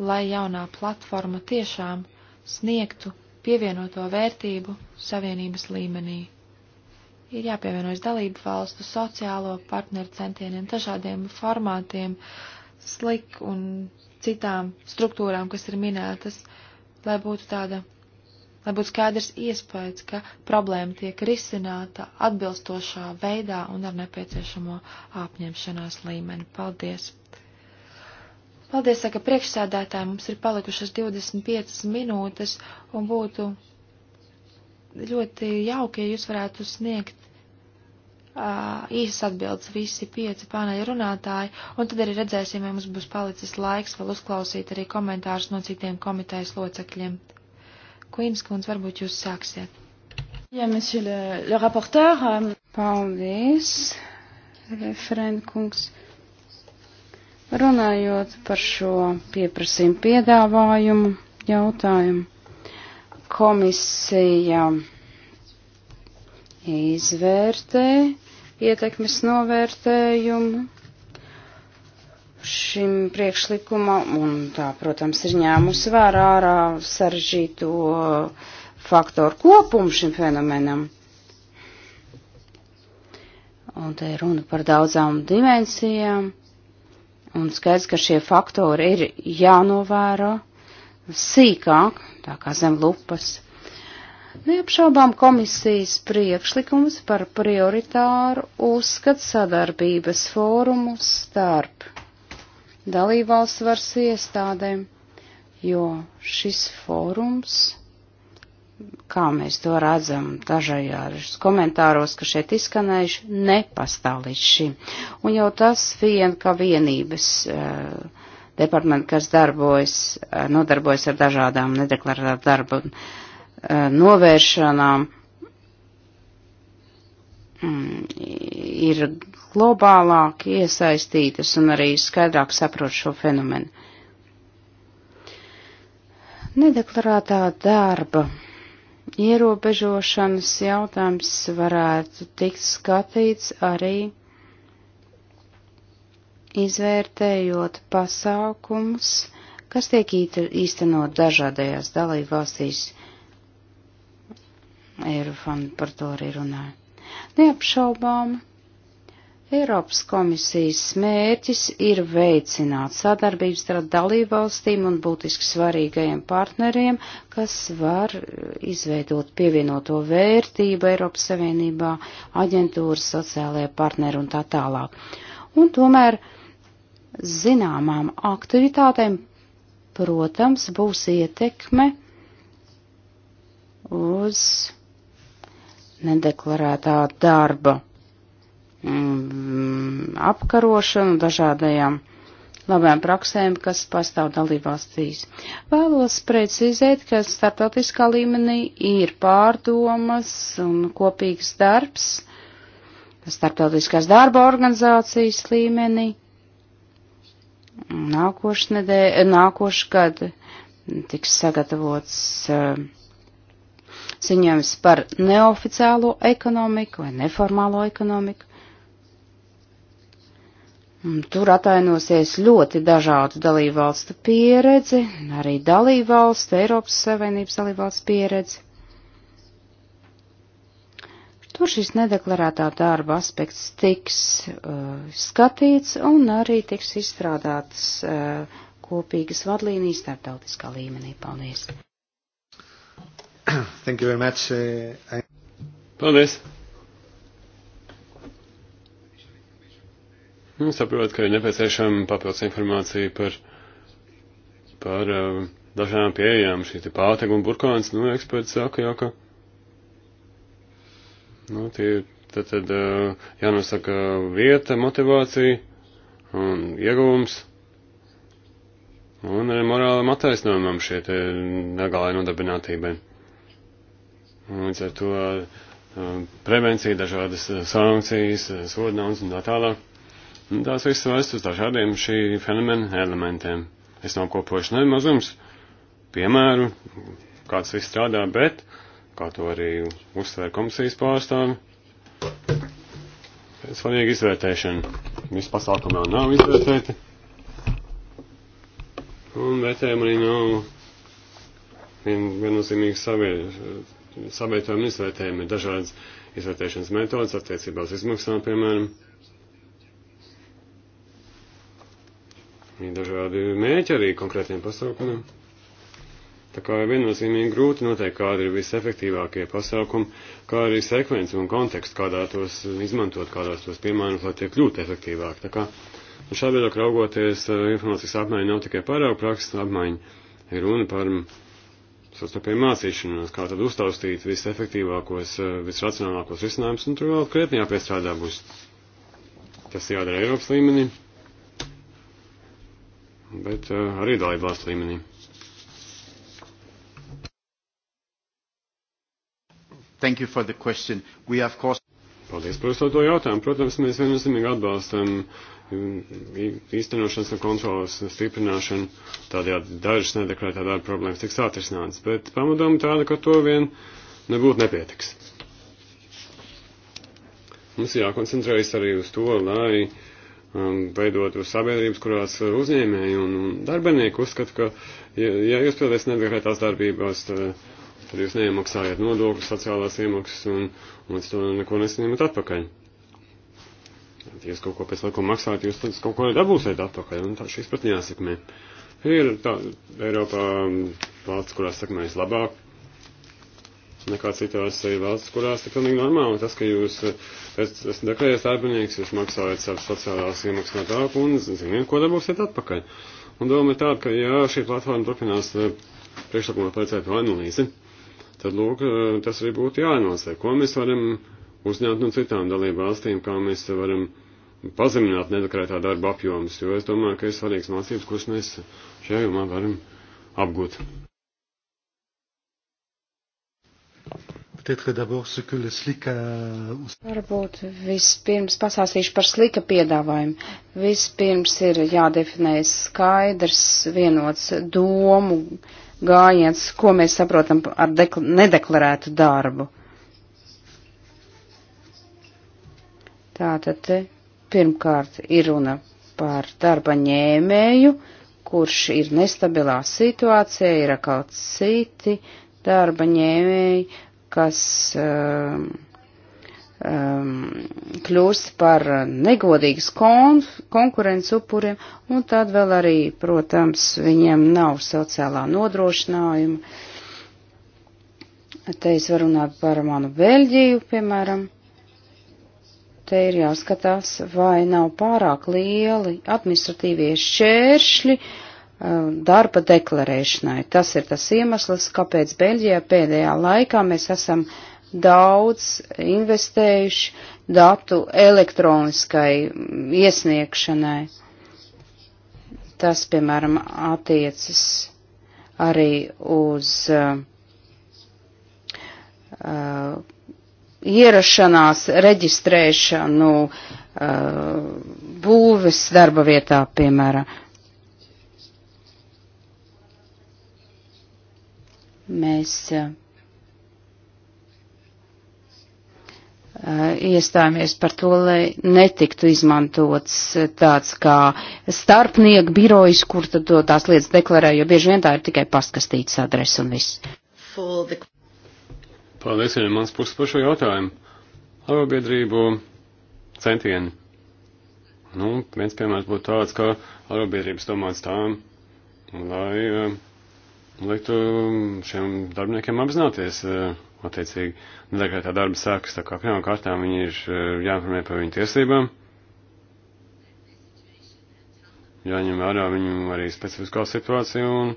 lai jaunā platforma tiešām sniegtu pievienoto vērtību savienības līmenī. Ir jāpievienojas dalību valstu sociālo partneru centieniem, dažādiem formātiem, slik un citām struktūrām, kas ir minētas, lai būtu tāda, lai būtu skaidrs iespējas, ka problēma tiek risināta atbilstošā veidā un ar nepieciešamo apņemšanās līmeni. Paldies! Paldies, saka priekšsādātāji, mums ir palikušas 25 minūtes un būtu ļoti jauki, ja jūs varētu sniegt uh, īsas atbildes visi pieci pāneļa runātāji, un tad arī redzēsim, vai mums būs palicis laiks vēl uzklausīt arī komentārus no citiem komitejas locekļiem. Kuīnskunds, varbūt jūs sāksiet. Jā, monsieur le, le rapporteur. Um... Paldies, referentkungs. kungs. Runājot par šo pieprasījumu piedāvājumu jautājumu, komisija izvērtē ietekmes novērtējumu šim priekšlikumam, un tā, protams, ir ņēmusi vērā ārā sarežģīto faktoru kopumu šim fenomenam. Un te ir runa par daudzām dimensijām Un skaidrs, ka šie faktori ir jānovēro sīkāk, tā kā zem lupas. Neapšaubām komisijas priekšlikums par prioritāru uzskat sadarbības fórumu starp dalībvalsts varas iestādēm, jo šis fórums kā mēs to redzam dažajāžas komentāros, ka šeit izskanējuši, nepastāv līdz šim. Un jau tas vien, ka vienības uh, eh, departamenti, kas darbojas, uh, nodarbojas ar dažādām nedeklarētām darba uh, novēršanām, mm, ir globālāk iesaistītas un arī skaidrāk saprot šo fenomenu. Nedeklarētā darba ierobežošanas jautājums varētu tikt skatīts arī izvērtējot pasākumus, kas tiek īstenot dažādajās dalībvalstīs. Eirofanda par to arī runāja. Neapšaubām Eiropas komisijas mērķis ir veicināt sadarbību starp dalībvalstīm un būtiski svarīgajiem partneriem, kas var izveidot pievienoto vērtību Eiropas Savienībā, aģentūras, sociālajie partneri un tā tālāk. Un tomēr zināmām aktivitātēm, protams, būs ietekme uz nedeklarētā darba Mm, apkarošanu, dažādajām labajām praksēm, kas pastāv dalībvalstīs. Vēlos precizēt, ka starptautiskā līmenī ir pārdomas un kopīgs darbs starptautiskās darba organizācijas līmenī. Nākošu nedēļu, nākošu gadu tiks sagatavots uh, ziņojums par neoficiālo ekonomiku vai neformālo ekonomiku. Mm, tur atainosies ļoti dažādu dalībvalstu pieredzi, arī dalībvalstu, Eiropas Savienības dalībvalstu pieredzi. Tur šis nedeklarētā darba aspekts tiks uh, skatīts un arī tiks izstrādātas uh, kopīgas vadlīnijas starptautiskā līmenī. Paldies! Thank you very much. Uh, I... Paldies! Un saprot, ka ir nepieciešama papildus informācija par, par uh, eh, dažām pieejām. Šī te pātega un burkāns, nu, eksperts saka jau, ka, nu, tie tad, tad uh, jānosaka vieta, motivācija un ieguvums. Un arī morālam attaisnojumam šie te negalai nodarbinātībai. Un līdz ar to uh, prevencija, dažādas sankcijas, sodnauns un tā tālāk. Tās visas vēst uz dažādiem šī fenomena elementiem. Es nav kopošu ne mazums, piemēru, kāds viss strādā, bet, kā to arī uzsver komisijas pārstāvi, svarīga izvērtēšana. Viss pasākumi vēl nav izvērtēti. Un vērtējumi arī nav vien, viennozīmīgi savietojumi izvērtējumi. Ir dažādas izvērtēšanas metodas attiecībā uz izmaksām, piemēram. Ir dažādi mēķi arī konkrētiem pasaukumiem. Tā kā ir viennozīmīgi grūti noteikt, kādi ir visefektīvākie pasākumi, kā arī sekvence un konteksts, kādā tos izmantot, kādās tos piemērot, lai tie kļūtu efektīvāk. Tā kā nu šā veidā raugoties, eh, informācijas apmaiņa nav tikai pārāk prakses apmaiņa, ir runa par sastarpēju mācīšanos, kā tad uztaustīt visefektīvākos, eh, visracionālākos risinājumus, un tur vēl krietni jāpiestrādā būs. Tas jādara Eiropas līmenī, bet eh, arī dalībās līmenī. Thank you for the question. We have course... Paldies par uzdoto jautājumu. Protams, mēs viennozīmīgi atbalstam mm, īstenošanas un kontrolas stiprināšanu. Tādējādi dažas nedeklarētā darba problēmas tiks atrisinātas, bet pamatām tāda, ka to vien nebūtu nepietiks. Mums jākoncentrējas arī uz to, lai uh, Um, veidot uz sabiedrības, kurās uh, uzņēmēji un, un darbinieki uzskata, ka, ja, ja jūs pildēs nedekretās darbībās, tad, uh, tad jūs neiemaksājat nodokļus, sociālās iemaksas un, un to neko nesaņemat atpakaļ. Ja jūs kaut ko pēc likuma maksājat, jūs tad kaut ko dabūsiet atpakaļ, un tā šīs pat jāsakmē. Ir tā Eiropā um, valsts, kurās sakmējas labāk, nekā citās valsts, kurās ir pilnīgi normāli tas, ka jūs eh, esat deklarējis darbinieks, jūs maksājat savas sociālās iemaksas no tā, un ziniet, ko dabūsiet atpakaļ. Un doma ir tāda, ka ja šī platforma turpinās eh, priekšlikumā paredzēt analīzi, nu tad, lūk, eh, tas arī būtu jāanalizē. Ko mēs varam uzņemt no citām dalību valstīm, kā mēs varam pazemināt nedekrētā darba apjomus, jo es domāju, ka ir svarīgs mācības, kuras mēs šajā jomā varam apgūt. Varbūt vispirms pasāstīšu par slika piedāvājumu. Vispirms ir jādefinē skaidrs, vienots domu gājiens, ko mēs saprotam ar nedeklarētu darbu. Tātad pirmkārt ir runa par darba ņēmēju, kurš ir nestabilā situācijā, ir atkal citi darba ņēmēji, kas um, um, kļūst par negodīgas kon konkurences upuriem, un tad vēl arī, protams, viņiem nav sociālā nodrošinājuma. Te es varu runāt par manu Beļģiju, piemēram te ir jāskatās, vai nav pārāk lieli administratīvie šķēršļi Um, darba deklarēšanai. Tas ir tas iemesls, kāpēc Beļģijā pēdējā laikā mēs esam daudz investējuši datu elektroniskai iesniegšanai. Tas, piemēram, attiecas arī uz uh, uh, ierašanās reģistrēšanu uh, būves darba vietā, piemēram. Mēs iestājāmies par to, lai netiktu izmantots tāds kā starpnieku birojs, kur tad to tās lietas deklarē, jo bieži vien tā ir tikai pastkastītas adrese un viss. The... Paldies, ja mans puses par šo jautājumu. Arobiedrību centieni. Nu, viens piemērs būtu tāds, ka arobiedrības domāts tām, lai uh, liktu um, šiem darbiniekiem apzināties uh, attiecīgi nedekretā nu, darba sākas, tā kā pirmām kārtām viņi ir uh, jāinformē par viņu tiesībām, jāņem vērā viņu arī specifiskā situācija un,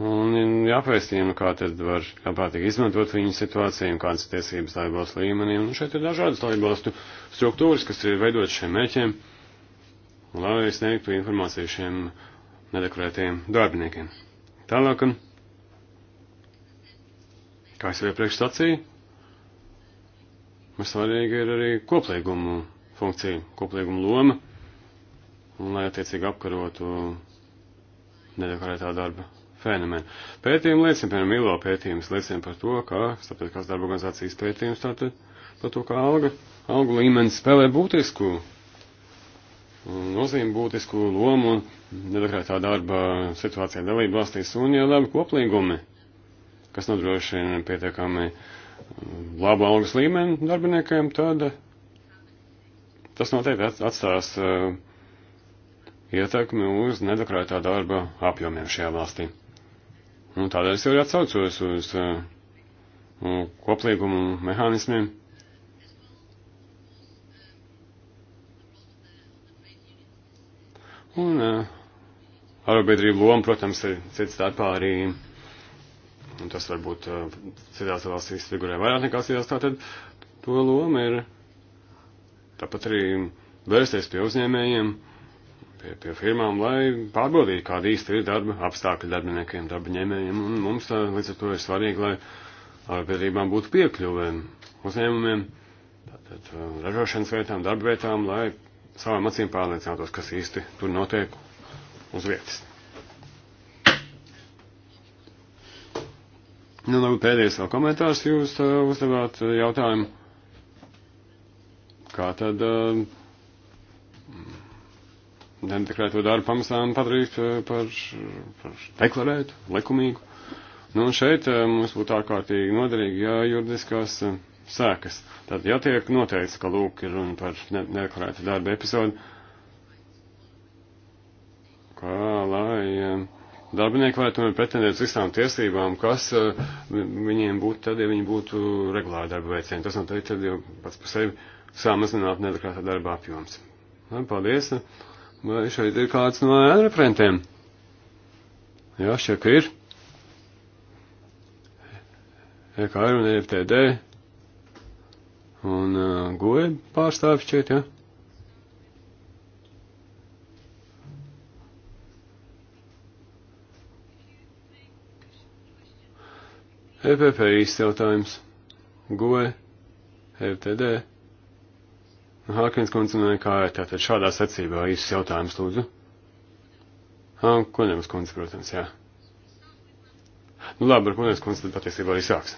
un jāpēstījumi, nu, kā tad var labprātīgi izmantot viņu situāciju un kādas tiesības laibos līmenī. Un šeit ir dažādas laibostu struktūras, kas ir veidotas šiem mēķiem, lai sniegtu informāciju šiem nedekretējiem darbiniekiem. Tālāk. Kā es jau iepriekš sacīju, mums svarīga ir arī koplīguma funkcija, koplīguma loma, un lai attiecīgi apkarotu nedekorētā darba fenomenu. Pētījumi liecina, piemēram, ILO pētījums liecina par to, ka starptautiskās darba organizācijas pētījums tātad par to, ka alga, algu līmenis spēlē būtisku nozīmi, būtisku lomu nedekorētā darba situācijā dalību valstīs un jau labi koplīgumi kas nodrošina pietiekami um, labu algas līmeni darbiniekiem, tad eh, tas noteikti atstās eh, ietekmi uz nedekrētā darba apjomiem šajā valstī. Un nu, tādēļ es jau atsaucos uz eh, koplīgumu mehānismiem. Un arobiedrību loma, protams, ir cits starpā arī un tas varbūt eh, citās valstīs figurē vairāk nekā citās, tātad to loma ir tāpat arī vērsties pie uzņēmējiem, pie, pie firmām, lai pārbaudītu, kāda īsti ir darba apstākļi darbiniekiem, darba ņēmējiem, un mums tā, eh, līdz ar to ir svarīgi, lai arotbiedrībām būtu piekļuvēm uzņēmumiem, tātad eh, ražošanas vietām, darba vietām, lai savām acīm pārliecinātos, kas īsti tur notiek uz vietas. Nu, labi, pēdējais vēl komentārs jūs uh, uzdevāt uh, jautājumu. Kā tad uh, dedekrēto darbu pamestām padarīt uh, par, par deklarētu, likumīgu? Nu, un šeit uh, mums būtu ārkārtīgi noderīgi, ja juridiskās uh, sēkas. Tad, ja tiek noteikts, ka lūk ir runa par nedeklarētu darbu epizodu, kā lai. Uh, darbinieki varētu tomēr pretendēt uz visām tiesībām, kas eh, viņiem būtu tad, ja viņi būtu regulāri darba veicēji. Tas noteikti tad jau pats par sevi samazinātu nedekātā darba apjoms. Nu, paldies! Vai šeit ir kāds no referentiem? Jā, šķiet, ka ir. EKR un EFTD un uh, goja pārstāvis šeit, jā. Ja? EPP īsts jautājums. GOE, FTD. Hākins kundze un NKR, e. tātad šādā secībā īsts jautājums, lūdzu. Hā, Kuņems kundze, protams, jā. Nu labi, ar Kuņems kundze tad patiesībā arī sāks.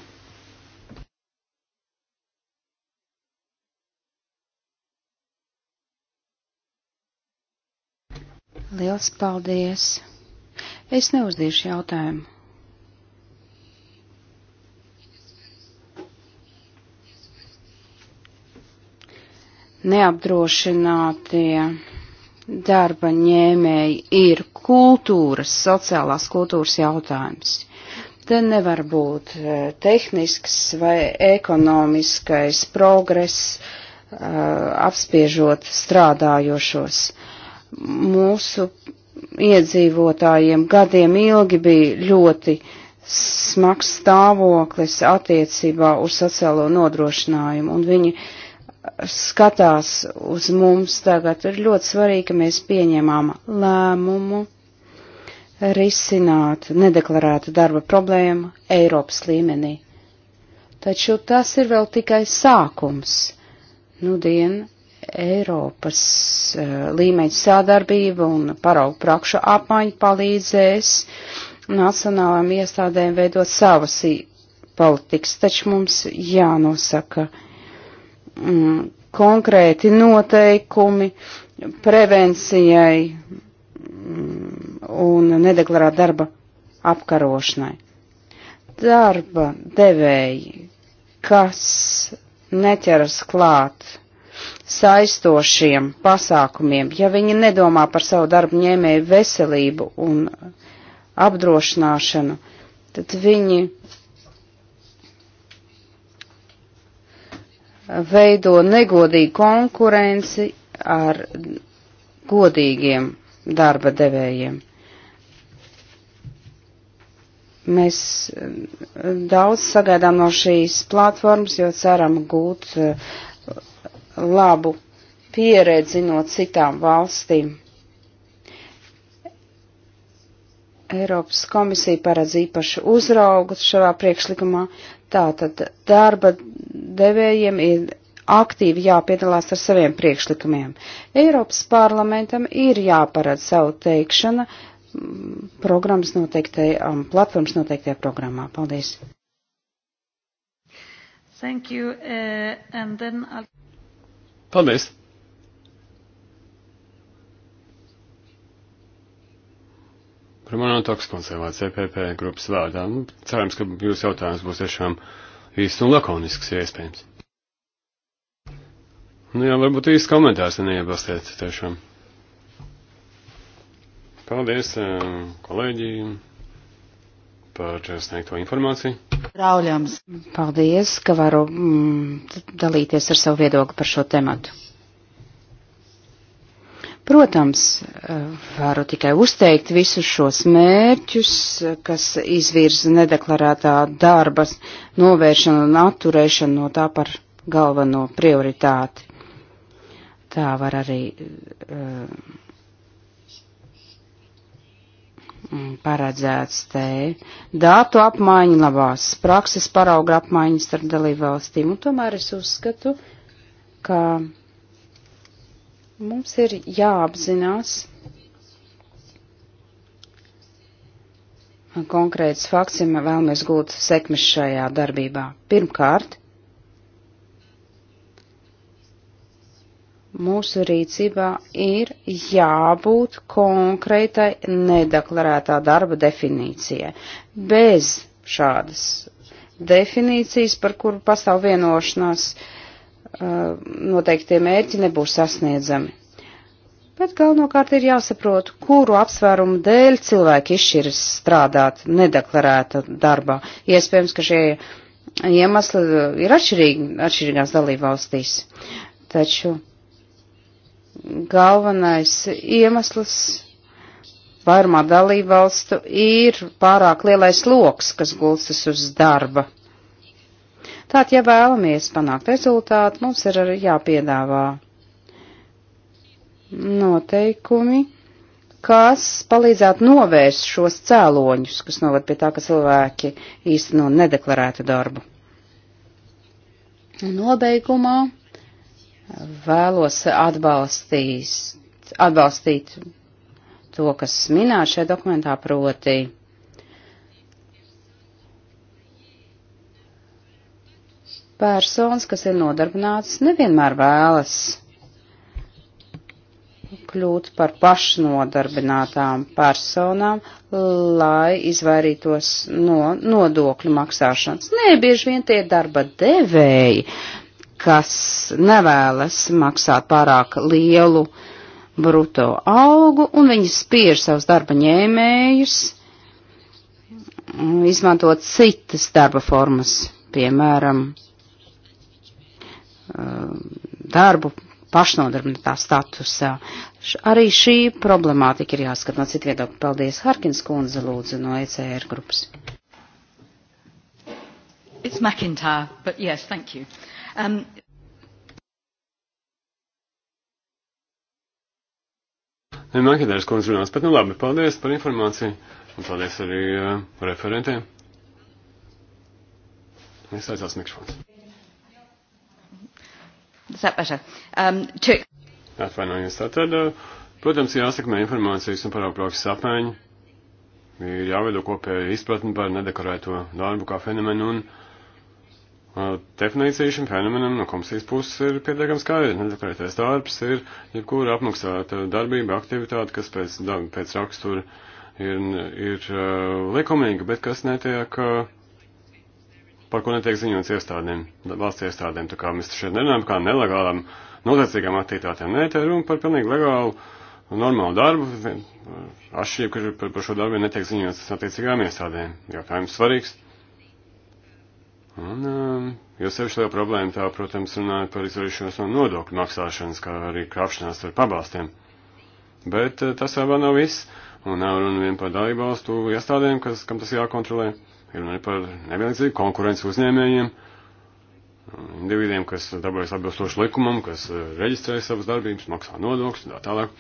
Liels paldies! Es neuzdīšu jautājumu. neapdrošinātie darba ņēmēji ir kultūras, sociālās kultūras jautājums. Te nevar būt eh, tehnisks vai ekonomiskais progress, eh, apspiežot strādājošos. Mūsu iedzīvotājiem gadiem ilgi bija ļoti smags stāvoklis attiecībā uz sociālo nodrošinājumu, un viņi uh, skatās uz mums tagad. Ir ļoti svarīgi, ka mēs pieņemām lēmumu risināt nedeklarētu darba problēmu Eiropas līmenī. Taču tas ir vēl tikai sākums. Nudien Eiropas uh, līmeņa sadarbība un paraugu prakšu apmaiņa palīdzēs nacionālām iestādēm veidot savas politikas, taču mums jānosaka mm, konkrēti noteikumi prevencijai mm, un nedeklarēt darba apkarošanai. Darba devēji, kas neķeras klāt saistošiem pasākumiem, ja viņi nedomā par savu darbu ņēmēju veselību un apdrošināšanu, tad viņi veido negodīgu konkurenci ar godīgiem darba devējiem. Mēs eh, daudz sagaidām no šīs platformas, jo ceram gūt eh, labu pieredzi no citām valstīm. Eiropas komisija paredz īpašu uzraugu šajā priekšlikumā, Tātad darba devējiem ir aktīvi jāpiedalās ar saviem priekšlikumiem. Eiropas parlamentam ir jāparāda savu teikšana mm, programmas noteiktajā, um, platformas noteiktajā programmā. Paldies! Thank you, uh, and then I'll... Paldies! Par monotoks konservāciju CPP e grupas vārdā. Nu, cerams, ka jūsu jautājums būs tiešām īsts un lakonisks, ja iespējams. Nu jā, varbūt īsts komentārs, ja neiebilstiet tiešām. Paldies eh, kolēģiem par sniegto informāciju. Rauļams, paldies, ka varu mm, dalīties ar savu viedokli par šo tematu. Protams, eh, varu tikai uzteikt visus šos mērķus, eh, kas izvirza nedeklarētā darbas novēršanu un atturēšanu no tā par galveno prioritāti. Tā var arī uh, paredzēts te dātu apmaiņa, labās prakses parauga apmaiņas starp dalībvalstīm, un tomēr es uzskatu, ka Mums ir jāapzinās konkrēts fakts, ja vēlamies gūt sekmes šajā darbībā. Pirmkārt, mūsu rīcībā ir jābūt konkrētai nedeklarētā darba definīcijai. Bez šādas definīcijas, par kuru pastāv vienošanās, uh, Uh, noteiktie mērķi nebūs sasniedzami. Bet galvenokārt ir jāsaprot, kuru apsvērumu dēļ cilvēki izšķiras strādāt nedeklarēta darbā. Iespējams, ka šie iemesli ir atšķirīgi atšķirīgās dalībvalstīs. Taču galvenais iemesls vairumā dalībvalstu ir pārāk lielais loks, kas gulstas uz darba Tātad, ja vēlamies panākt rezultātu, mums ir arī jāpiedāvā noteikumi, kas palīdzētu novērst šos cēloņus, kas novad pie tā, ka cilvēki īsteno nedeklarētu darbu. Nobeigumā vēlos atbalstīs, atbalstīt to, kas minēts šajā dokumentā, proti personas, kas ir nodarbinātas, nevienmēr vēlas kļūt par pašnodarbinātām personām, lai izvairītos no nodokļu maksāšanas. Nē, bieži vien tie ir darba devēji, kas nevēlas maksāt pārāk lielu bruto augu, un viņi spiež savus darba ņēmējus izmantot citas darba formas, piemēram, Uh, darbu pašnodarbinātā statusā. Arī šī problemātika ir jāskat no citu viedokļu. Paldies, Harkins kundze, lūdzu, no ECR grupas. It's McIntyre, but yes, thank you. Um, Makadērs kundze runās, bet nu labi, paldies par informāciju un paldies arī uh, referentiem. Es aizsācu mikrofons. Does that better? Um, to... Atvainojos. Tātad, uh, protams, ir jāsakmē informācijas un paraugprāks apmaiņa. Ir jāveido kopēja izpratni par nedekorēto darbu kā fenomenu un uh, definīcija šim fenomenam no komisijas puses ir pietiekams skaidra. Nedekorētais darbs ir jebkura apmaksāta darbība, aktivitāte, kas pēc, pēc rakstura ir, ir uh, likumīga, bet kas netiek. Uh, par ko netiek ziņots iestādēm, valsts iestādēm. Tā kā mēs šeit nerunājam par nelegālām, noziedzīgām aktivitātēm. Nē, te runa par pilnīgi legālu, normālu darbu. Atšķirība, ka par, par šo darbu netiek ziņots attiecīgām iestādēm. Jautājums svarīgs. Un, um, jo sevišķi liela problēma tā, protams, runājot par izvairīšanos no nodokļu maksāšanas, kā arī krāpšanās ar pabalstiem. Bet uh, tas vēl nav viss, un nav runa vien par dalībvalstu iestādēm, kas, kam tas jākontrolē ir ne par nevienlīdzīgu konkurenci uzņēmējiem, individiem, kas darbojas atbilstoši likumam, kas e, reģistrē savas darbības, maksā nodokļus un tā tālāk.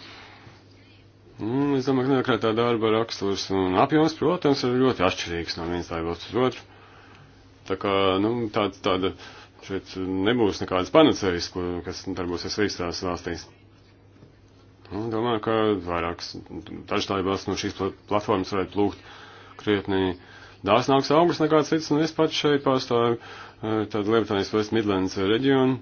Un, es domāju, ka neakrātā darba raksturs un apjoms, protams, ir ļoti atšķirīgs no vienas darbības uz otru. Tā kā, nu, tāda, tāda šeit nebūs nekādas panacējas, kas darbosies visās valstīs. Un domāju, ka vairākas dažādās no šīs platformas varētu lūgt krietni dāsnāks augsts nekā cits, un es pats šeit pārstāvu eh, tādu Lietuvānijas West Midlands reģionu.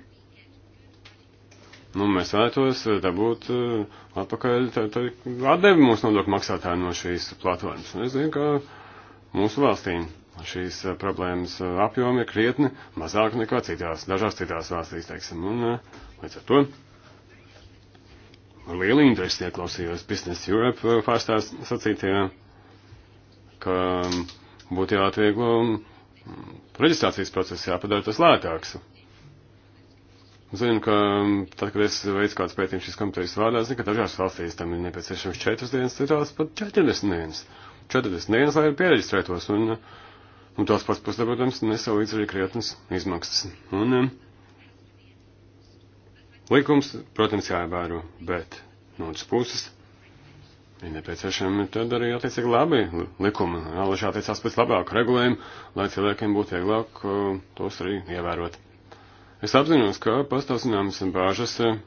Nu, mēs vēlētos eh, dabūt eh, atpakaļ tā, tā, atdevi mūsu nodokļu maksātāju no šīs platformas. Un es zinu, ka mūsu valstīm šīs problēmas apjomi ir krietni mazāk nekā citās, dažās citās valstīs, teiksim. Un līdz ar to ar lielu interesi ieklausījos Business Europe pārstāvs sacītajā, ka būtu jāatvieglo reģistrācijas process, jāpadara tas lētāks. Zinu, ka tad, kad es veicu kāds pētījums šīs komitejas vārdā, zinu, ka dažās valstīs tam ir nepieciešams 4 dienas, citās pat 40 dienas. 40 dienas, lai piereģistrētos, un, un tās pats pus, protams, nesav līdz arī krietnas izmaksas. Un, um, likums, protams, jāievēro, bet no otras puses ir nepieciešami tad arī attiecīgi labi likumi, jālaši attiecās pēc labāku regulējumu, lai cilvēkiem būtu vieglāk uh, tos arī ievērot. Es apzinos, ka pastāv zināmas bāžas, uh,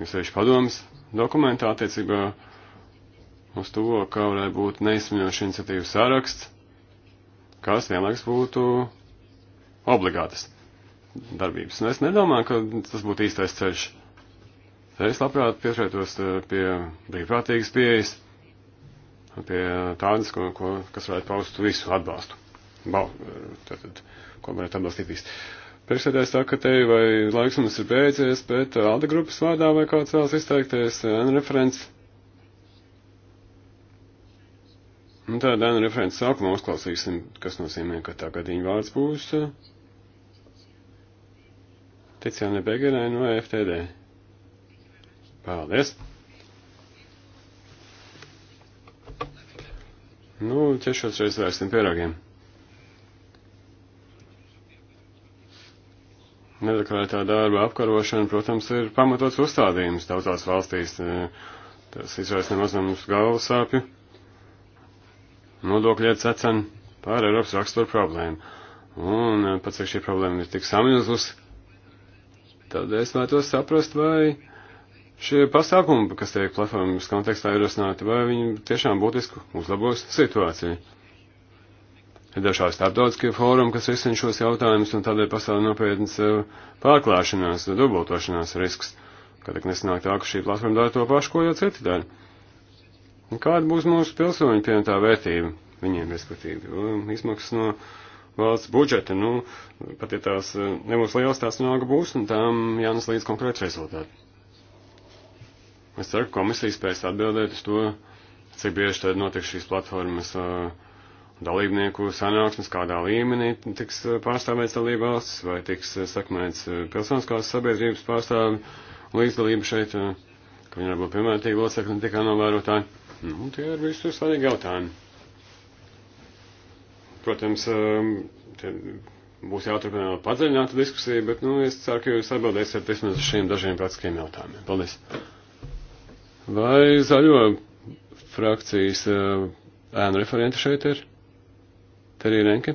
visvieši padomas dokumentā attiecībā uz to, ka varētu būt neizsmeļoši iniciatīvu saraksts, kas vienlaiks būtu obligātas darbības. Un es nedomāju, ka tas būtu īstais ceļš. Es labprāt piešķirtos eh, pie brīvprātīgas pieejas, pie tādas, ko, ko, kas varētu paust visu atbalstu. Bal, tātad, ko varētu atbalstīt visi. Priekšsēdētājs saka, te vai laiks mums ir beidzies, bet eh, Alda grupas vārdā vai kāds vēlas izteikties, referents. Un tā Dana referents sākumā uzklausīsim, kas nozīmē, ka tā gadiņa vārds būs eh, Ticijāne Begerai no FTD. Paldies! Nu, ķešos reiz vairs tiem pierogiem. Nedeklarētā darba apkarošana, protams, ir pamatots uzstādījums daudzās valstīs. Tas izraisa nemaz mums galvas sāpju. Nodokļiet secen pār Eiropas raksturu problēmu. Un eh, pats, cik šī problēma ir tik samilzus, tad es vēlētos saprast, vai Šie pasākumi, kas tiek platformas kontekstā ierosināti, vai viņi tiešām būtiski uzlabos situāciju? Ir dažādi starptautiskie fórumi, kas risina šos jautājumus, un tādēļ pastāv nopietnas eh, pārklāšanās, dubultošanās risks, kad tik nesanāk tā, ka šī platforma dara to pašu, ko jau citi dara. Un kāda būs mūsu pilsoņu pieņemtā vērtība viņiem, respektīvi, izmaksas no valsts budžeta, nu, pat ja tās eh, nebūs liels, tās nāga būs, un tām jānes līdz konkrēts rezultāts. Es ceru, ka komisija spēs atbildēt uz to, cik bieži tad notiks šīs platformas uh, dalībnieku sanāksmes, kādā līmenī tiks uh, pārstāvēts dalībvalsts, vai tiks uh, sekmēts pilsoniskās sabiedrības pārstāvi līdzdalība šeit, ka viņi varbūt piemērtīgi locekļi ne tikai novērotāji. Nu, tie ir visi svarīgi jautājumi. Protams, um, tie būs jāturpina vēl padziļināta diskusija, bet, nu, es ceru, ka jūs atbildēsiet vismaz uz šiem dažiem praktiskiem jautājumiem. Paldies! Vai zaļo frakcijas eh, ēnu referenta šeit ir? Terija Renke?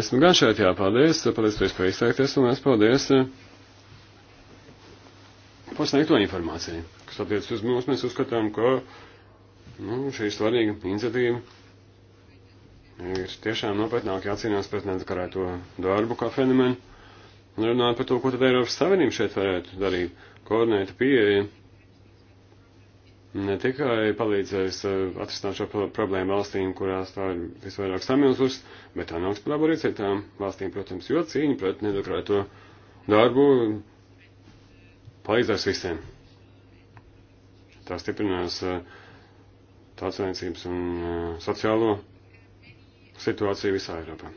Esmu gan šeit, jā, paldies, paldies par iespēju izteikties, un es paldies eh, par sniegto informāciju, kas attiecas uz mums. Mēs uzskatām, ka nu, šī svarīga iniciatīva ir tiešām nopietnāk jācīnās pret nezakarēto darbu kā fenomenu. Un runāt par to, ko tad Eiropas Savienība šeit varētu darīt. Koordinēta pieeja ne tikai palīdzēs eh, atrisināt šo problēmu valstīm, kurās tā ir visvairāk samilzus, bet tā nāks par labu arī citām valstīm, protams, jo cīņa pret nedekrēto darbu palīdzēs visiem. Tā stiprinās eh, tautsveicības un eh, sociālo situāciju visā Eiropā.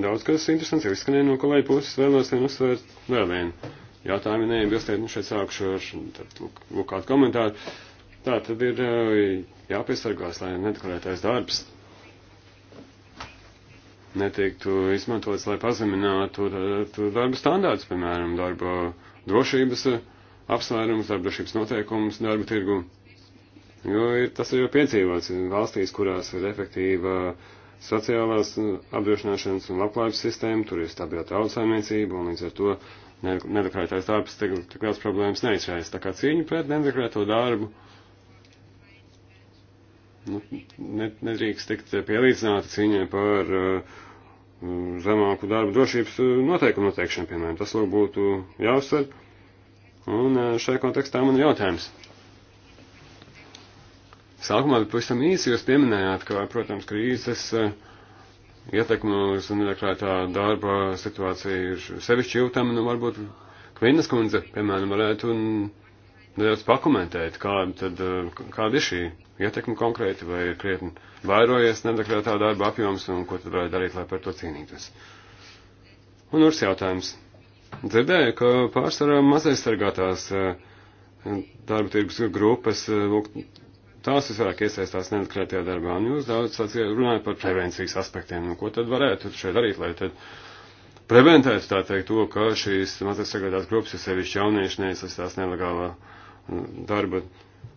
Daudz kas interesants jau izskanēja no kolēģa puses, vēlos vien uzsvērt vēl vienu jautājumu, neiebilstēt, nu šeit sākušu ar tad, lūk, lūk kādu komentāru. Tā tad ir jāpiesargās, lai nedeklarētais darbs netiktu izmantots, lai pazeminātu darba standārts, piemēram, darba drošības apsvērums, darba drošības noteikumus, darba tirgu. Jo ir, tas ir jau piedzīvots valstīs, kurās ir efektīva uh, sociālās uh, apdrošināšanas un labklājības sistēma, tur ir stabila tautsājumniecība, un līdz ar to nedeklarētais darbs tik liels problēmas neizraisa. Tā kā cīņa pret nedeklarēto darbu nu, nedrīkst tikt pielīdzināta cīņai par uh, zemāku darba drošības uh, noteikumu noteikšanu, piemēram. Tas lūk būtu jāuzsver. Un uh, šajā kontekstā man ir jautājums. Sākumā pavisam īsi jūs pieminējāt, ka, protams, krīzes eh, ietekme uz nedeklētā darba situāciju ir sevišķi jūtama, nu varbūt Kvinnas kundze, piemēram, varētu nedaudz pakomentēt, kāda, tad, eh, kāda ir šī ietekme konkrēti, vai ir krietni vairojies nedeklarētā darba apjoms un ko tad varētu darīt, lai par to cīnītos. Un urs jautājums. Dzirdēju, ka pārsvarā mazaizsargātās eh, darba tirgus grupas lūk, tās visvairāk iesaistās neatkarētajā darbā. Un jūs daudz sāciet runājot par prevencijas aspektiem. Nu, ko tad varētu šeit darīt, lai tad preventētu tā teikt to, ka šīs mazliet sagādās grupas, jo sevišķi jaunieši neiesaistās nelegālā nu, darba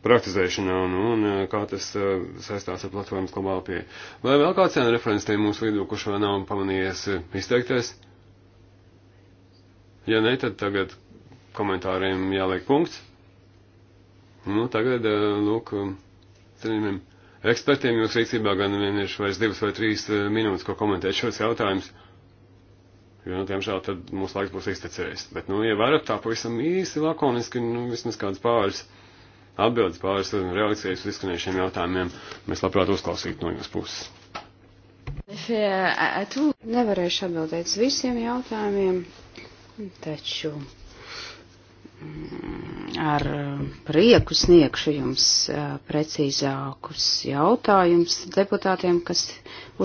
praktizēšanā nu, un, un eh, kā tas eh, saistās ar platformas globālu pieeju. Vai vēl kāds cēna referents te mūsu vidū, kurš vēl nav pamanījies eh, izteikties? Ja ne, tad tagad komentāriem jāliek punkts. Nu, tagad, lūk, ekspertiem, ekspertiem jūs rīcībā gan vien ir vairs divas vai trīs eh, minūtes, ko komentēt šos jautājumus. Jo, nu, tiemžēl, tad mūsu laiks būs iztecējis. Bet, nu, ja varat tā pavisam īsi lakoniski, nu, vismaz kādas pāris atbildes, pāris eh, reakcijas uz izskanējušiem jautājumiem, mēs labprāt uzklausītu no jūsu puses. Nevarēšu atbildēt uz visiem jautājumiem, taču Mm, ar um, prieku sniegšu jums uh, precīzākus jautājumus deputātiem, kas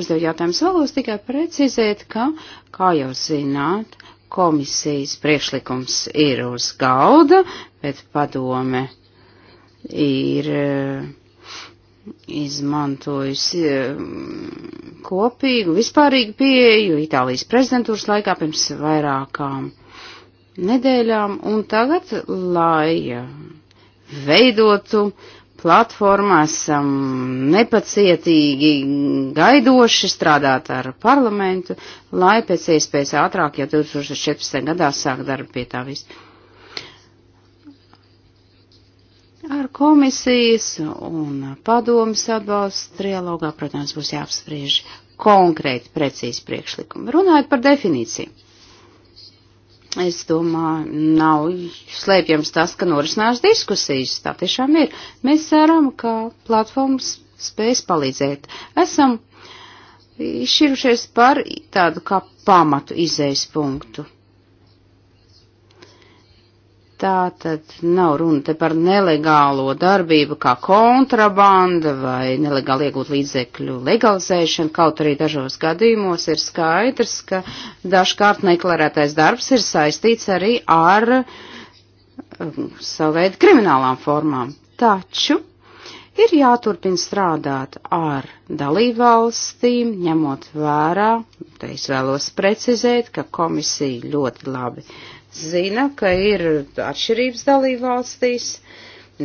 uzdev jautājumus. Vēlos tikai precizēt, ka, kā jau zināt, komisijas priekšlikums ir uz galda, bet padome ir uh, izmantojusi um, kopīgu, vispārīgu pieeju Itālijas prezidentūras laikā pirms vairākām nedēļām, un tagad, lai veidotu platformu, esam nepacietīgi gaidoši strādāt ar parlamentu, lai pēc iespējas ātrāk, ja 2014. gadā sāk darbu pie tā viss. Ar komisijas un padomas atbalstu trialogā, protams, būs jāapspriež konkrēti, precīzi priekšlikumi. Runājot par definīciju Es domāju, nav slēpjams tas, ka norisinās diskusijas. Tā tiešām ir. Mēs ceram, ka platformas spēs palīdzēt. Esam izšķirušies par tādu kā pamatu izējas punktu. Tā tad nav runa te par nelegālo darbību kā kontrabanda vai nelegāli iegūt līdzekļu legalizēšanu, kaut arī dažos gadījumos ir skaidrs, ka dažkārt neklarētais darbs ir saistīts arī ar um, savu veidu kriminālām formām. Taču ir jāturpina strādāt ar dalībvalstīm, ņemot vērā, te es vēlos precizēt, ka komisija ļoti labi zina, ka ir atšķirības dalībvalstīs,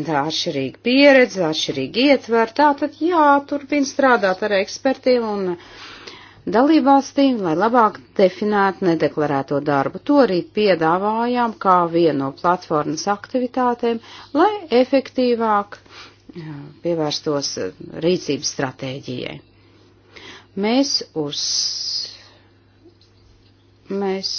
tā atšķirīga pieredze, atšķirīgi ietver, tātad jāturpina strādāt ar ekspertiem un dalībvalstīm, lai labāk definētu nedeklarēto darbu. To arī piedāvājām kā vienu no platformas aktivitātēm, lai efektīvāk pievērstos rīcības stratēģijai. Mēs uz mēs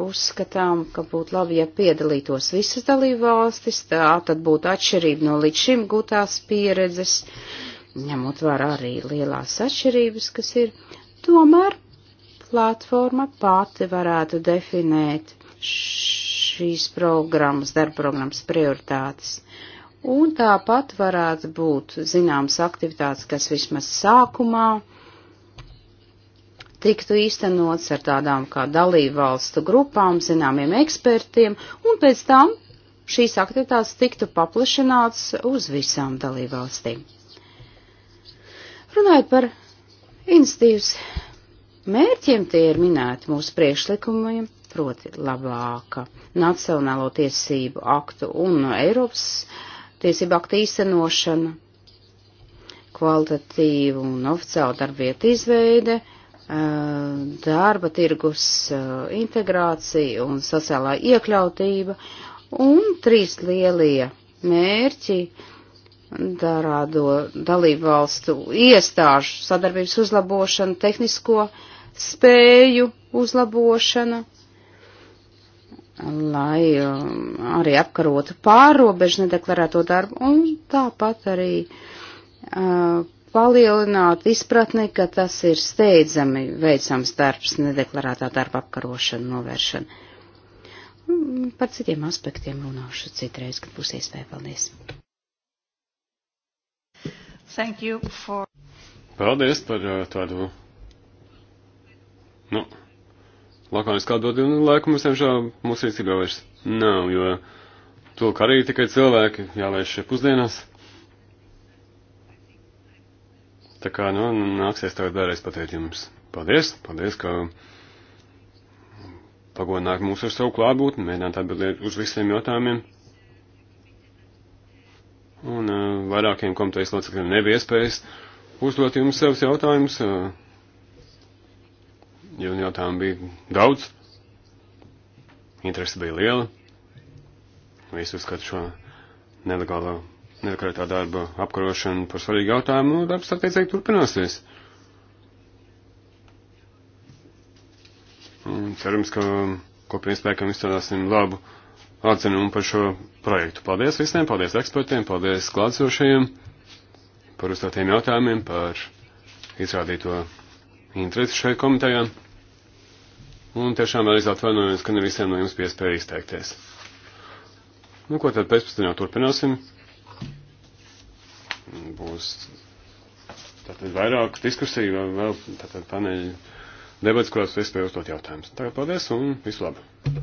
uzskatām, ka būtu labi, ja piedalītos visas dalībvalstis, tā tad būtu atšķirība no līdz šim gūtās pieredzes, ņemot vērā arī lielās atšķirības, kas ir. Tomēr platforma pati varētu definēt šīs programmas, darba programmas prioritātes. Un tāpat varētu būt zināmas aktivitātes, kas vismaz sākumā uh, tiktu īstenots ar tādām kā dalību valstu grupām, zināmiem ekspertiem, un pēc tam šīs aktivitātes tiktu paplašināts uz visām dalību valstīm. Runājot par institīvas mērķiem, tie ir minēti mūsu priekšlikumiem, proti labāka nacionālo tiesību aktu un Eiropas tiesību aktu īstenošana, kvalitatīva un oficiāla darbvieta izveide, darba tirgus integrācija un sociālā iekļautība un trīs lielie mērķi darādo dalību valstu iestāžu sadarbības uzlabošana, tehnisko spēju uzlabošana, lai arī apkarotu pārobežu nedeklarēto darbu un tāpat arī uh, palielināt izpratni, ka tas ir steidzami veicams darbs, nedeklarētā darba apkarošana, novēršana. Par citiem aspektiem runāšu citreiz, kad būs iespēja. Paldies! Thank you for... Paldies par uh, tādu, nu, lakoniskā atbildi un laiku mums, diemžēl, mūsu rīcībā vairs nav, jo to, ka arī tikai cilvēki jāvērš pusdienās. Tā kā, nu, nāksies tagad vēlreiz pateikt jums paldies, paldies, ka pagodināt mūsu ar savu klātbūtni, mēģināt atbildēt uz visiem jautājumiem. Un uh, vairākiem komitejas locekļiem nebija iespējas uzdot jums savus jautājumus, uh, jo jautājumu bija daudz, interesi bija liela. Visu uzskatu šo nelegālo nedekorētā darba apkarošanu par svarīgu jautājumu, nu, darbs attiecīgi turpināsies. Un cerams, ka kopiem spēkam izstrādāsim labu atzinumu par šo projektu. Paldies visiem, paldies ekspertiem, paldies klātsošajiem par uzdotiem jautājumiem, par izrādīto interesi šai komitejā. Un tiešām vēlreiz atvainojos, ka ne visiem no jums bija spēja izteikties. Nu, ko tad pēcpusdienā turpināsim? Būs tātad vairākas diskusija, vēl tātad paneļi debats, kurās es spēju uzdot jautājumus. Tagad paldies un visu labu!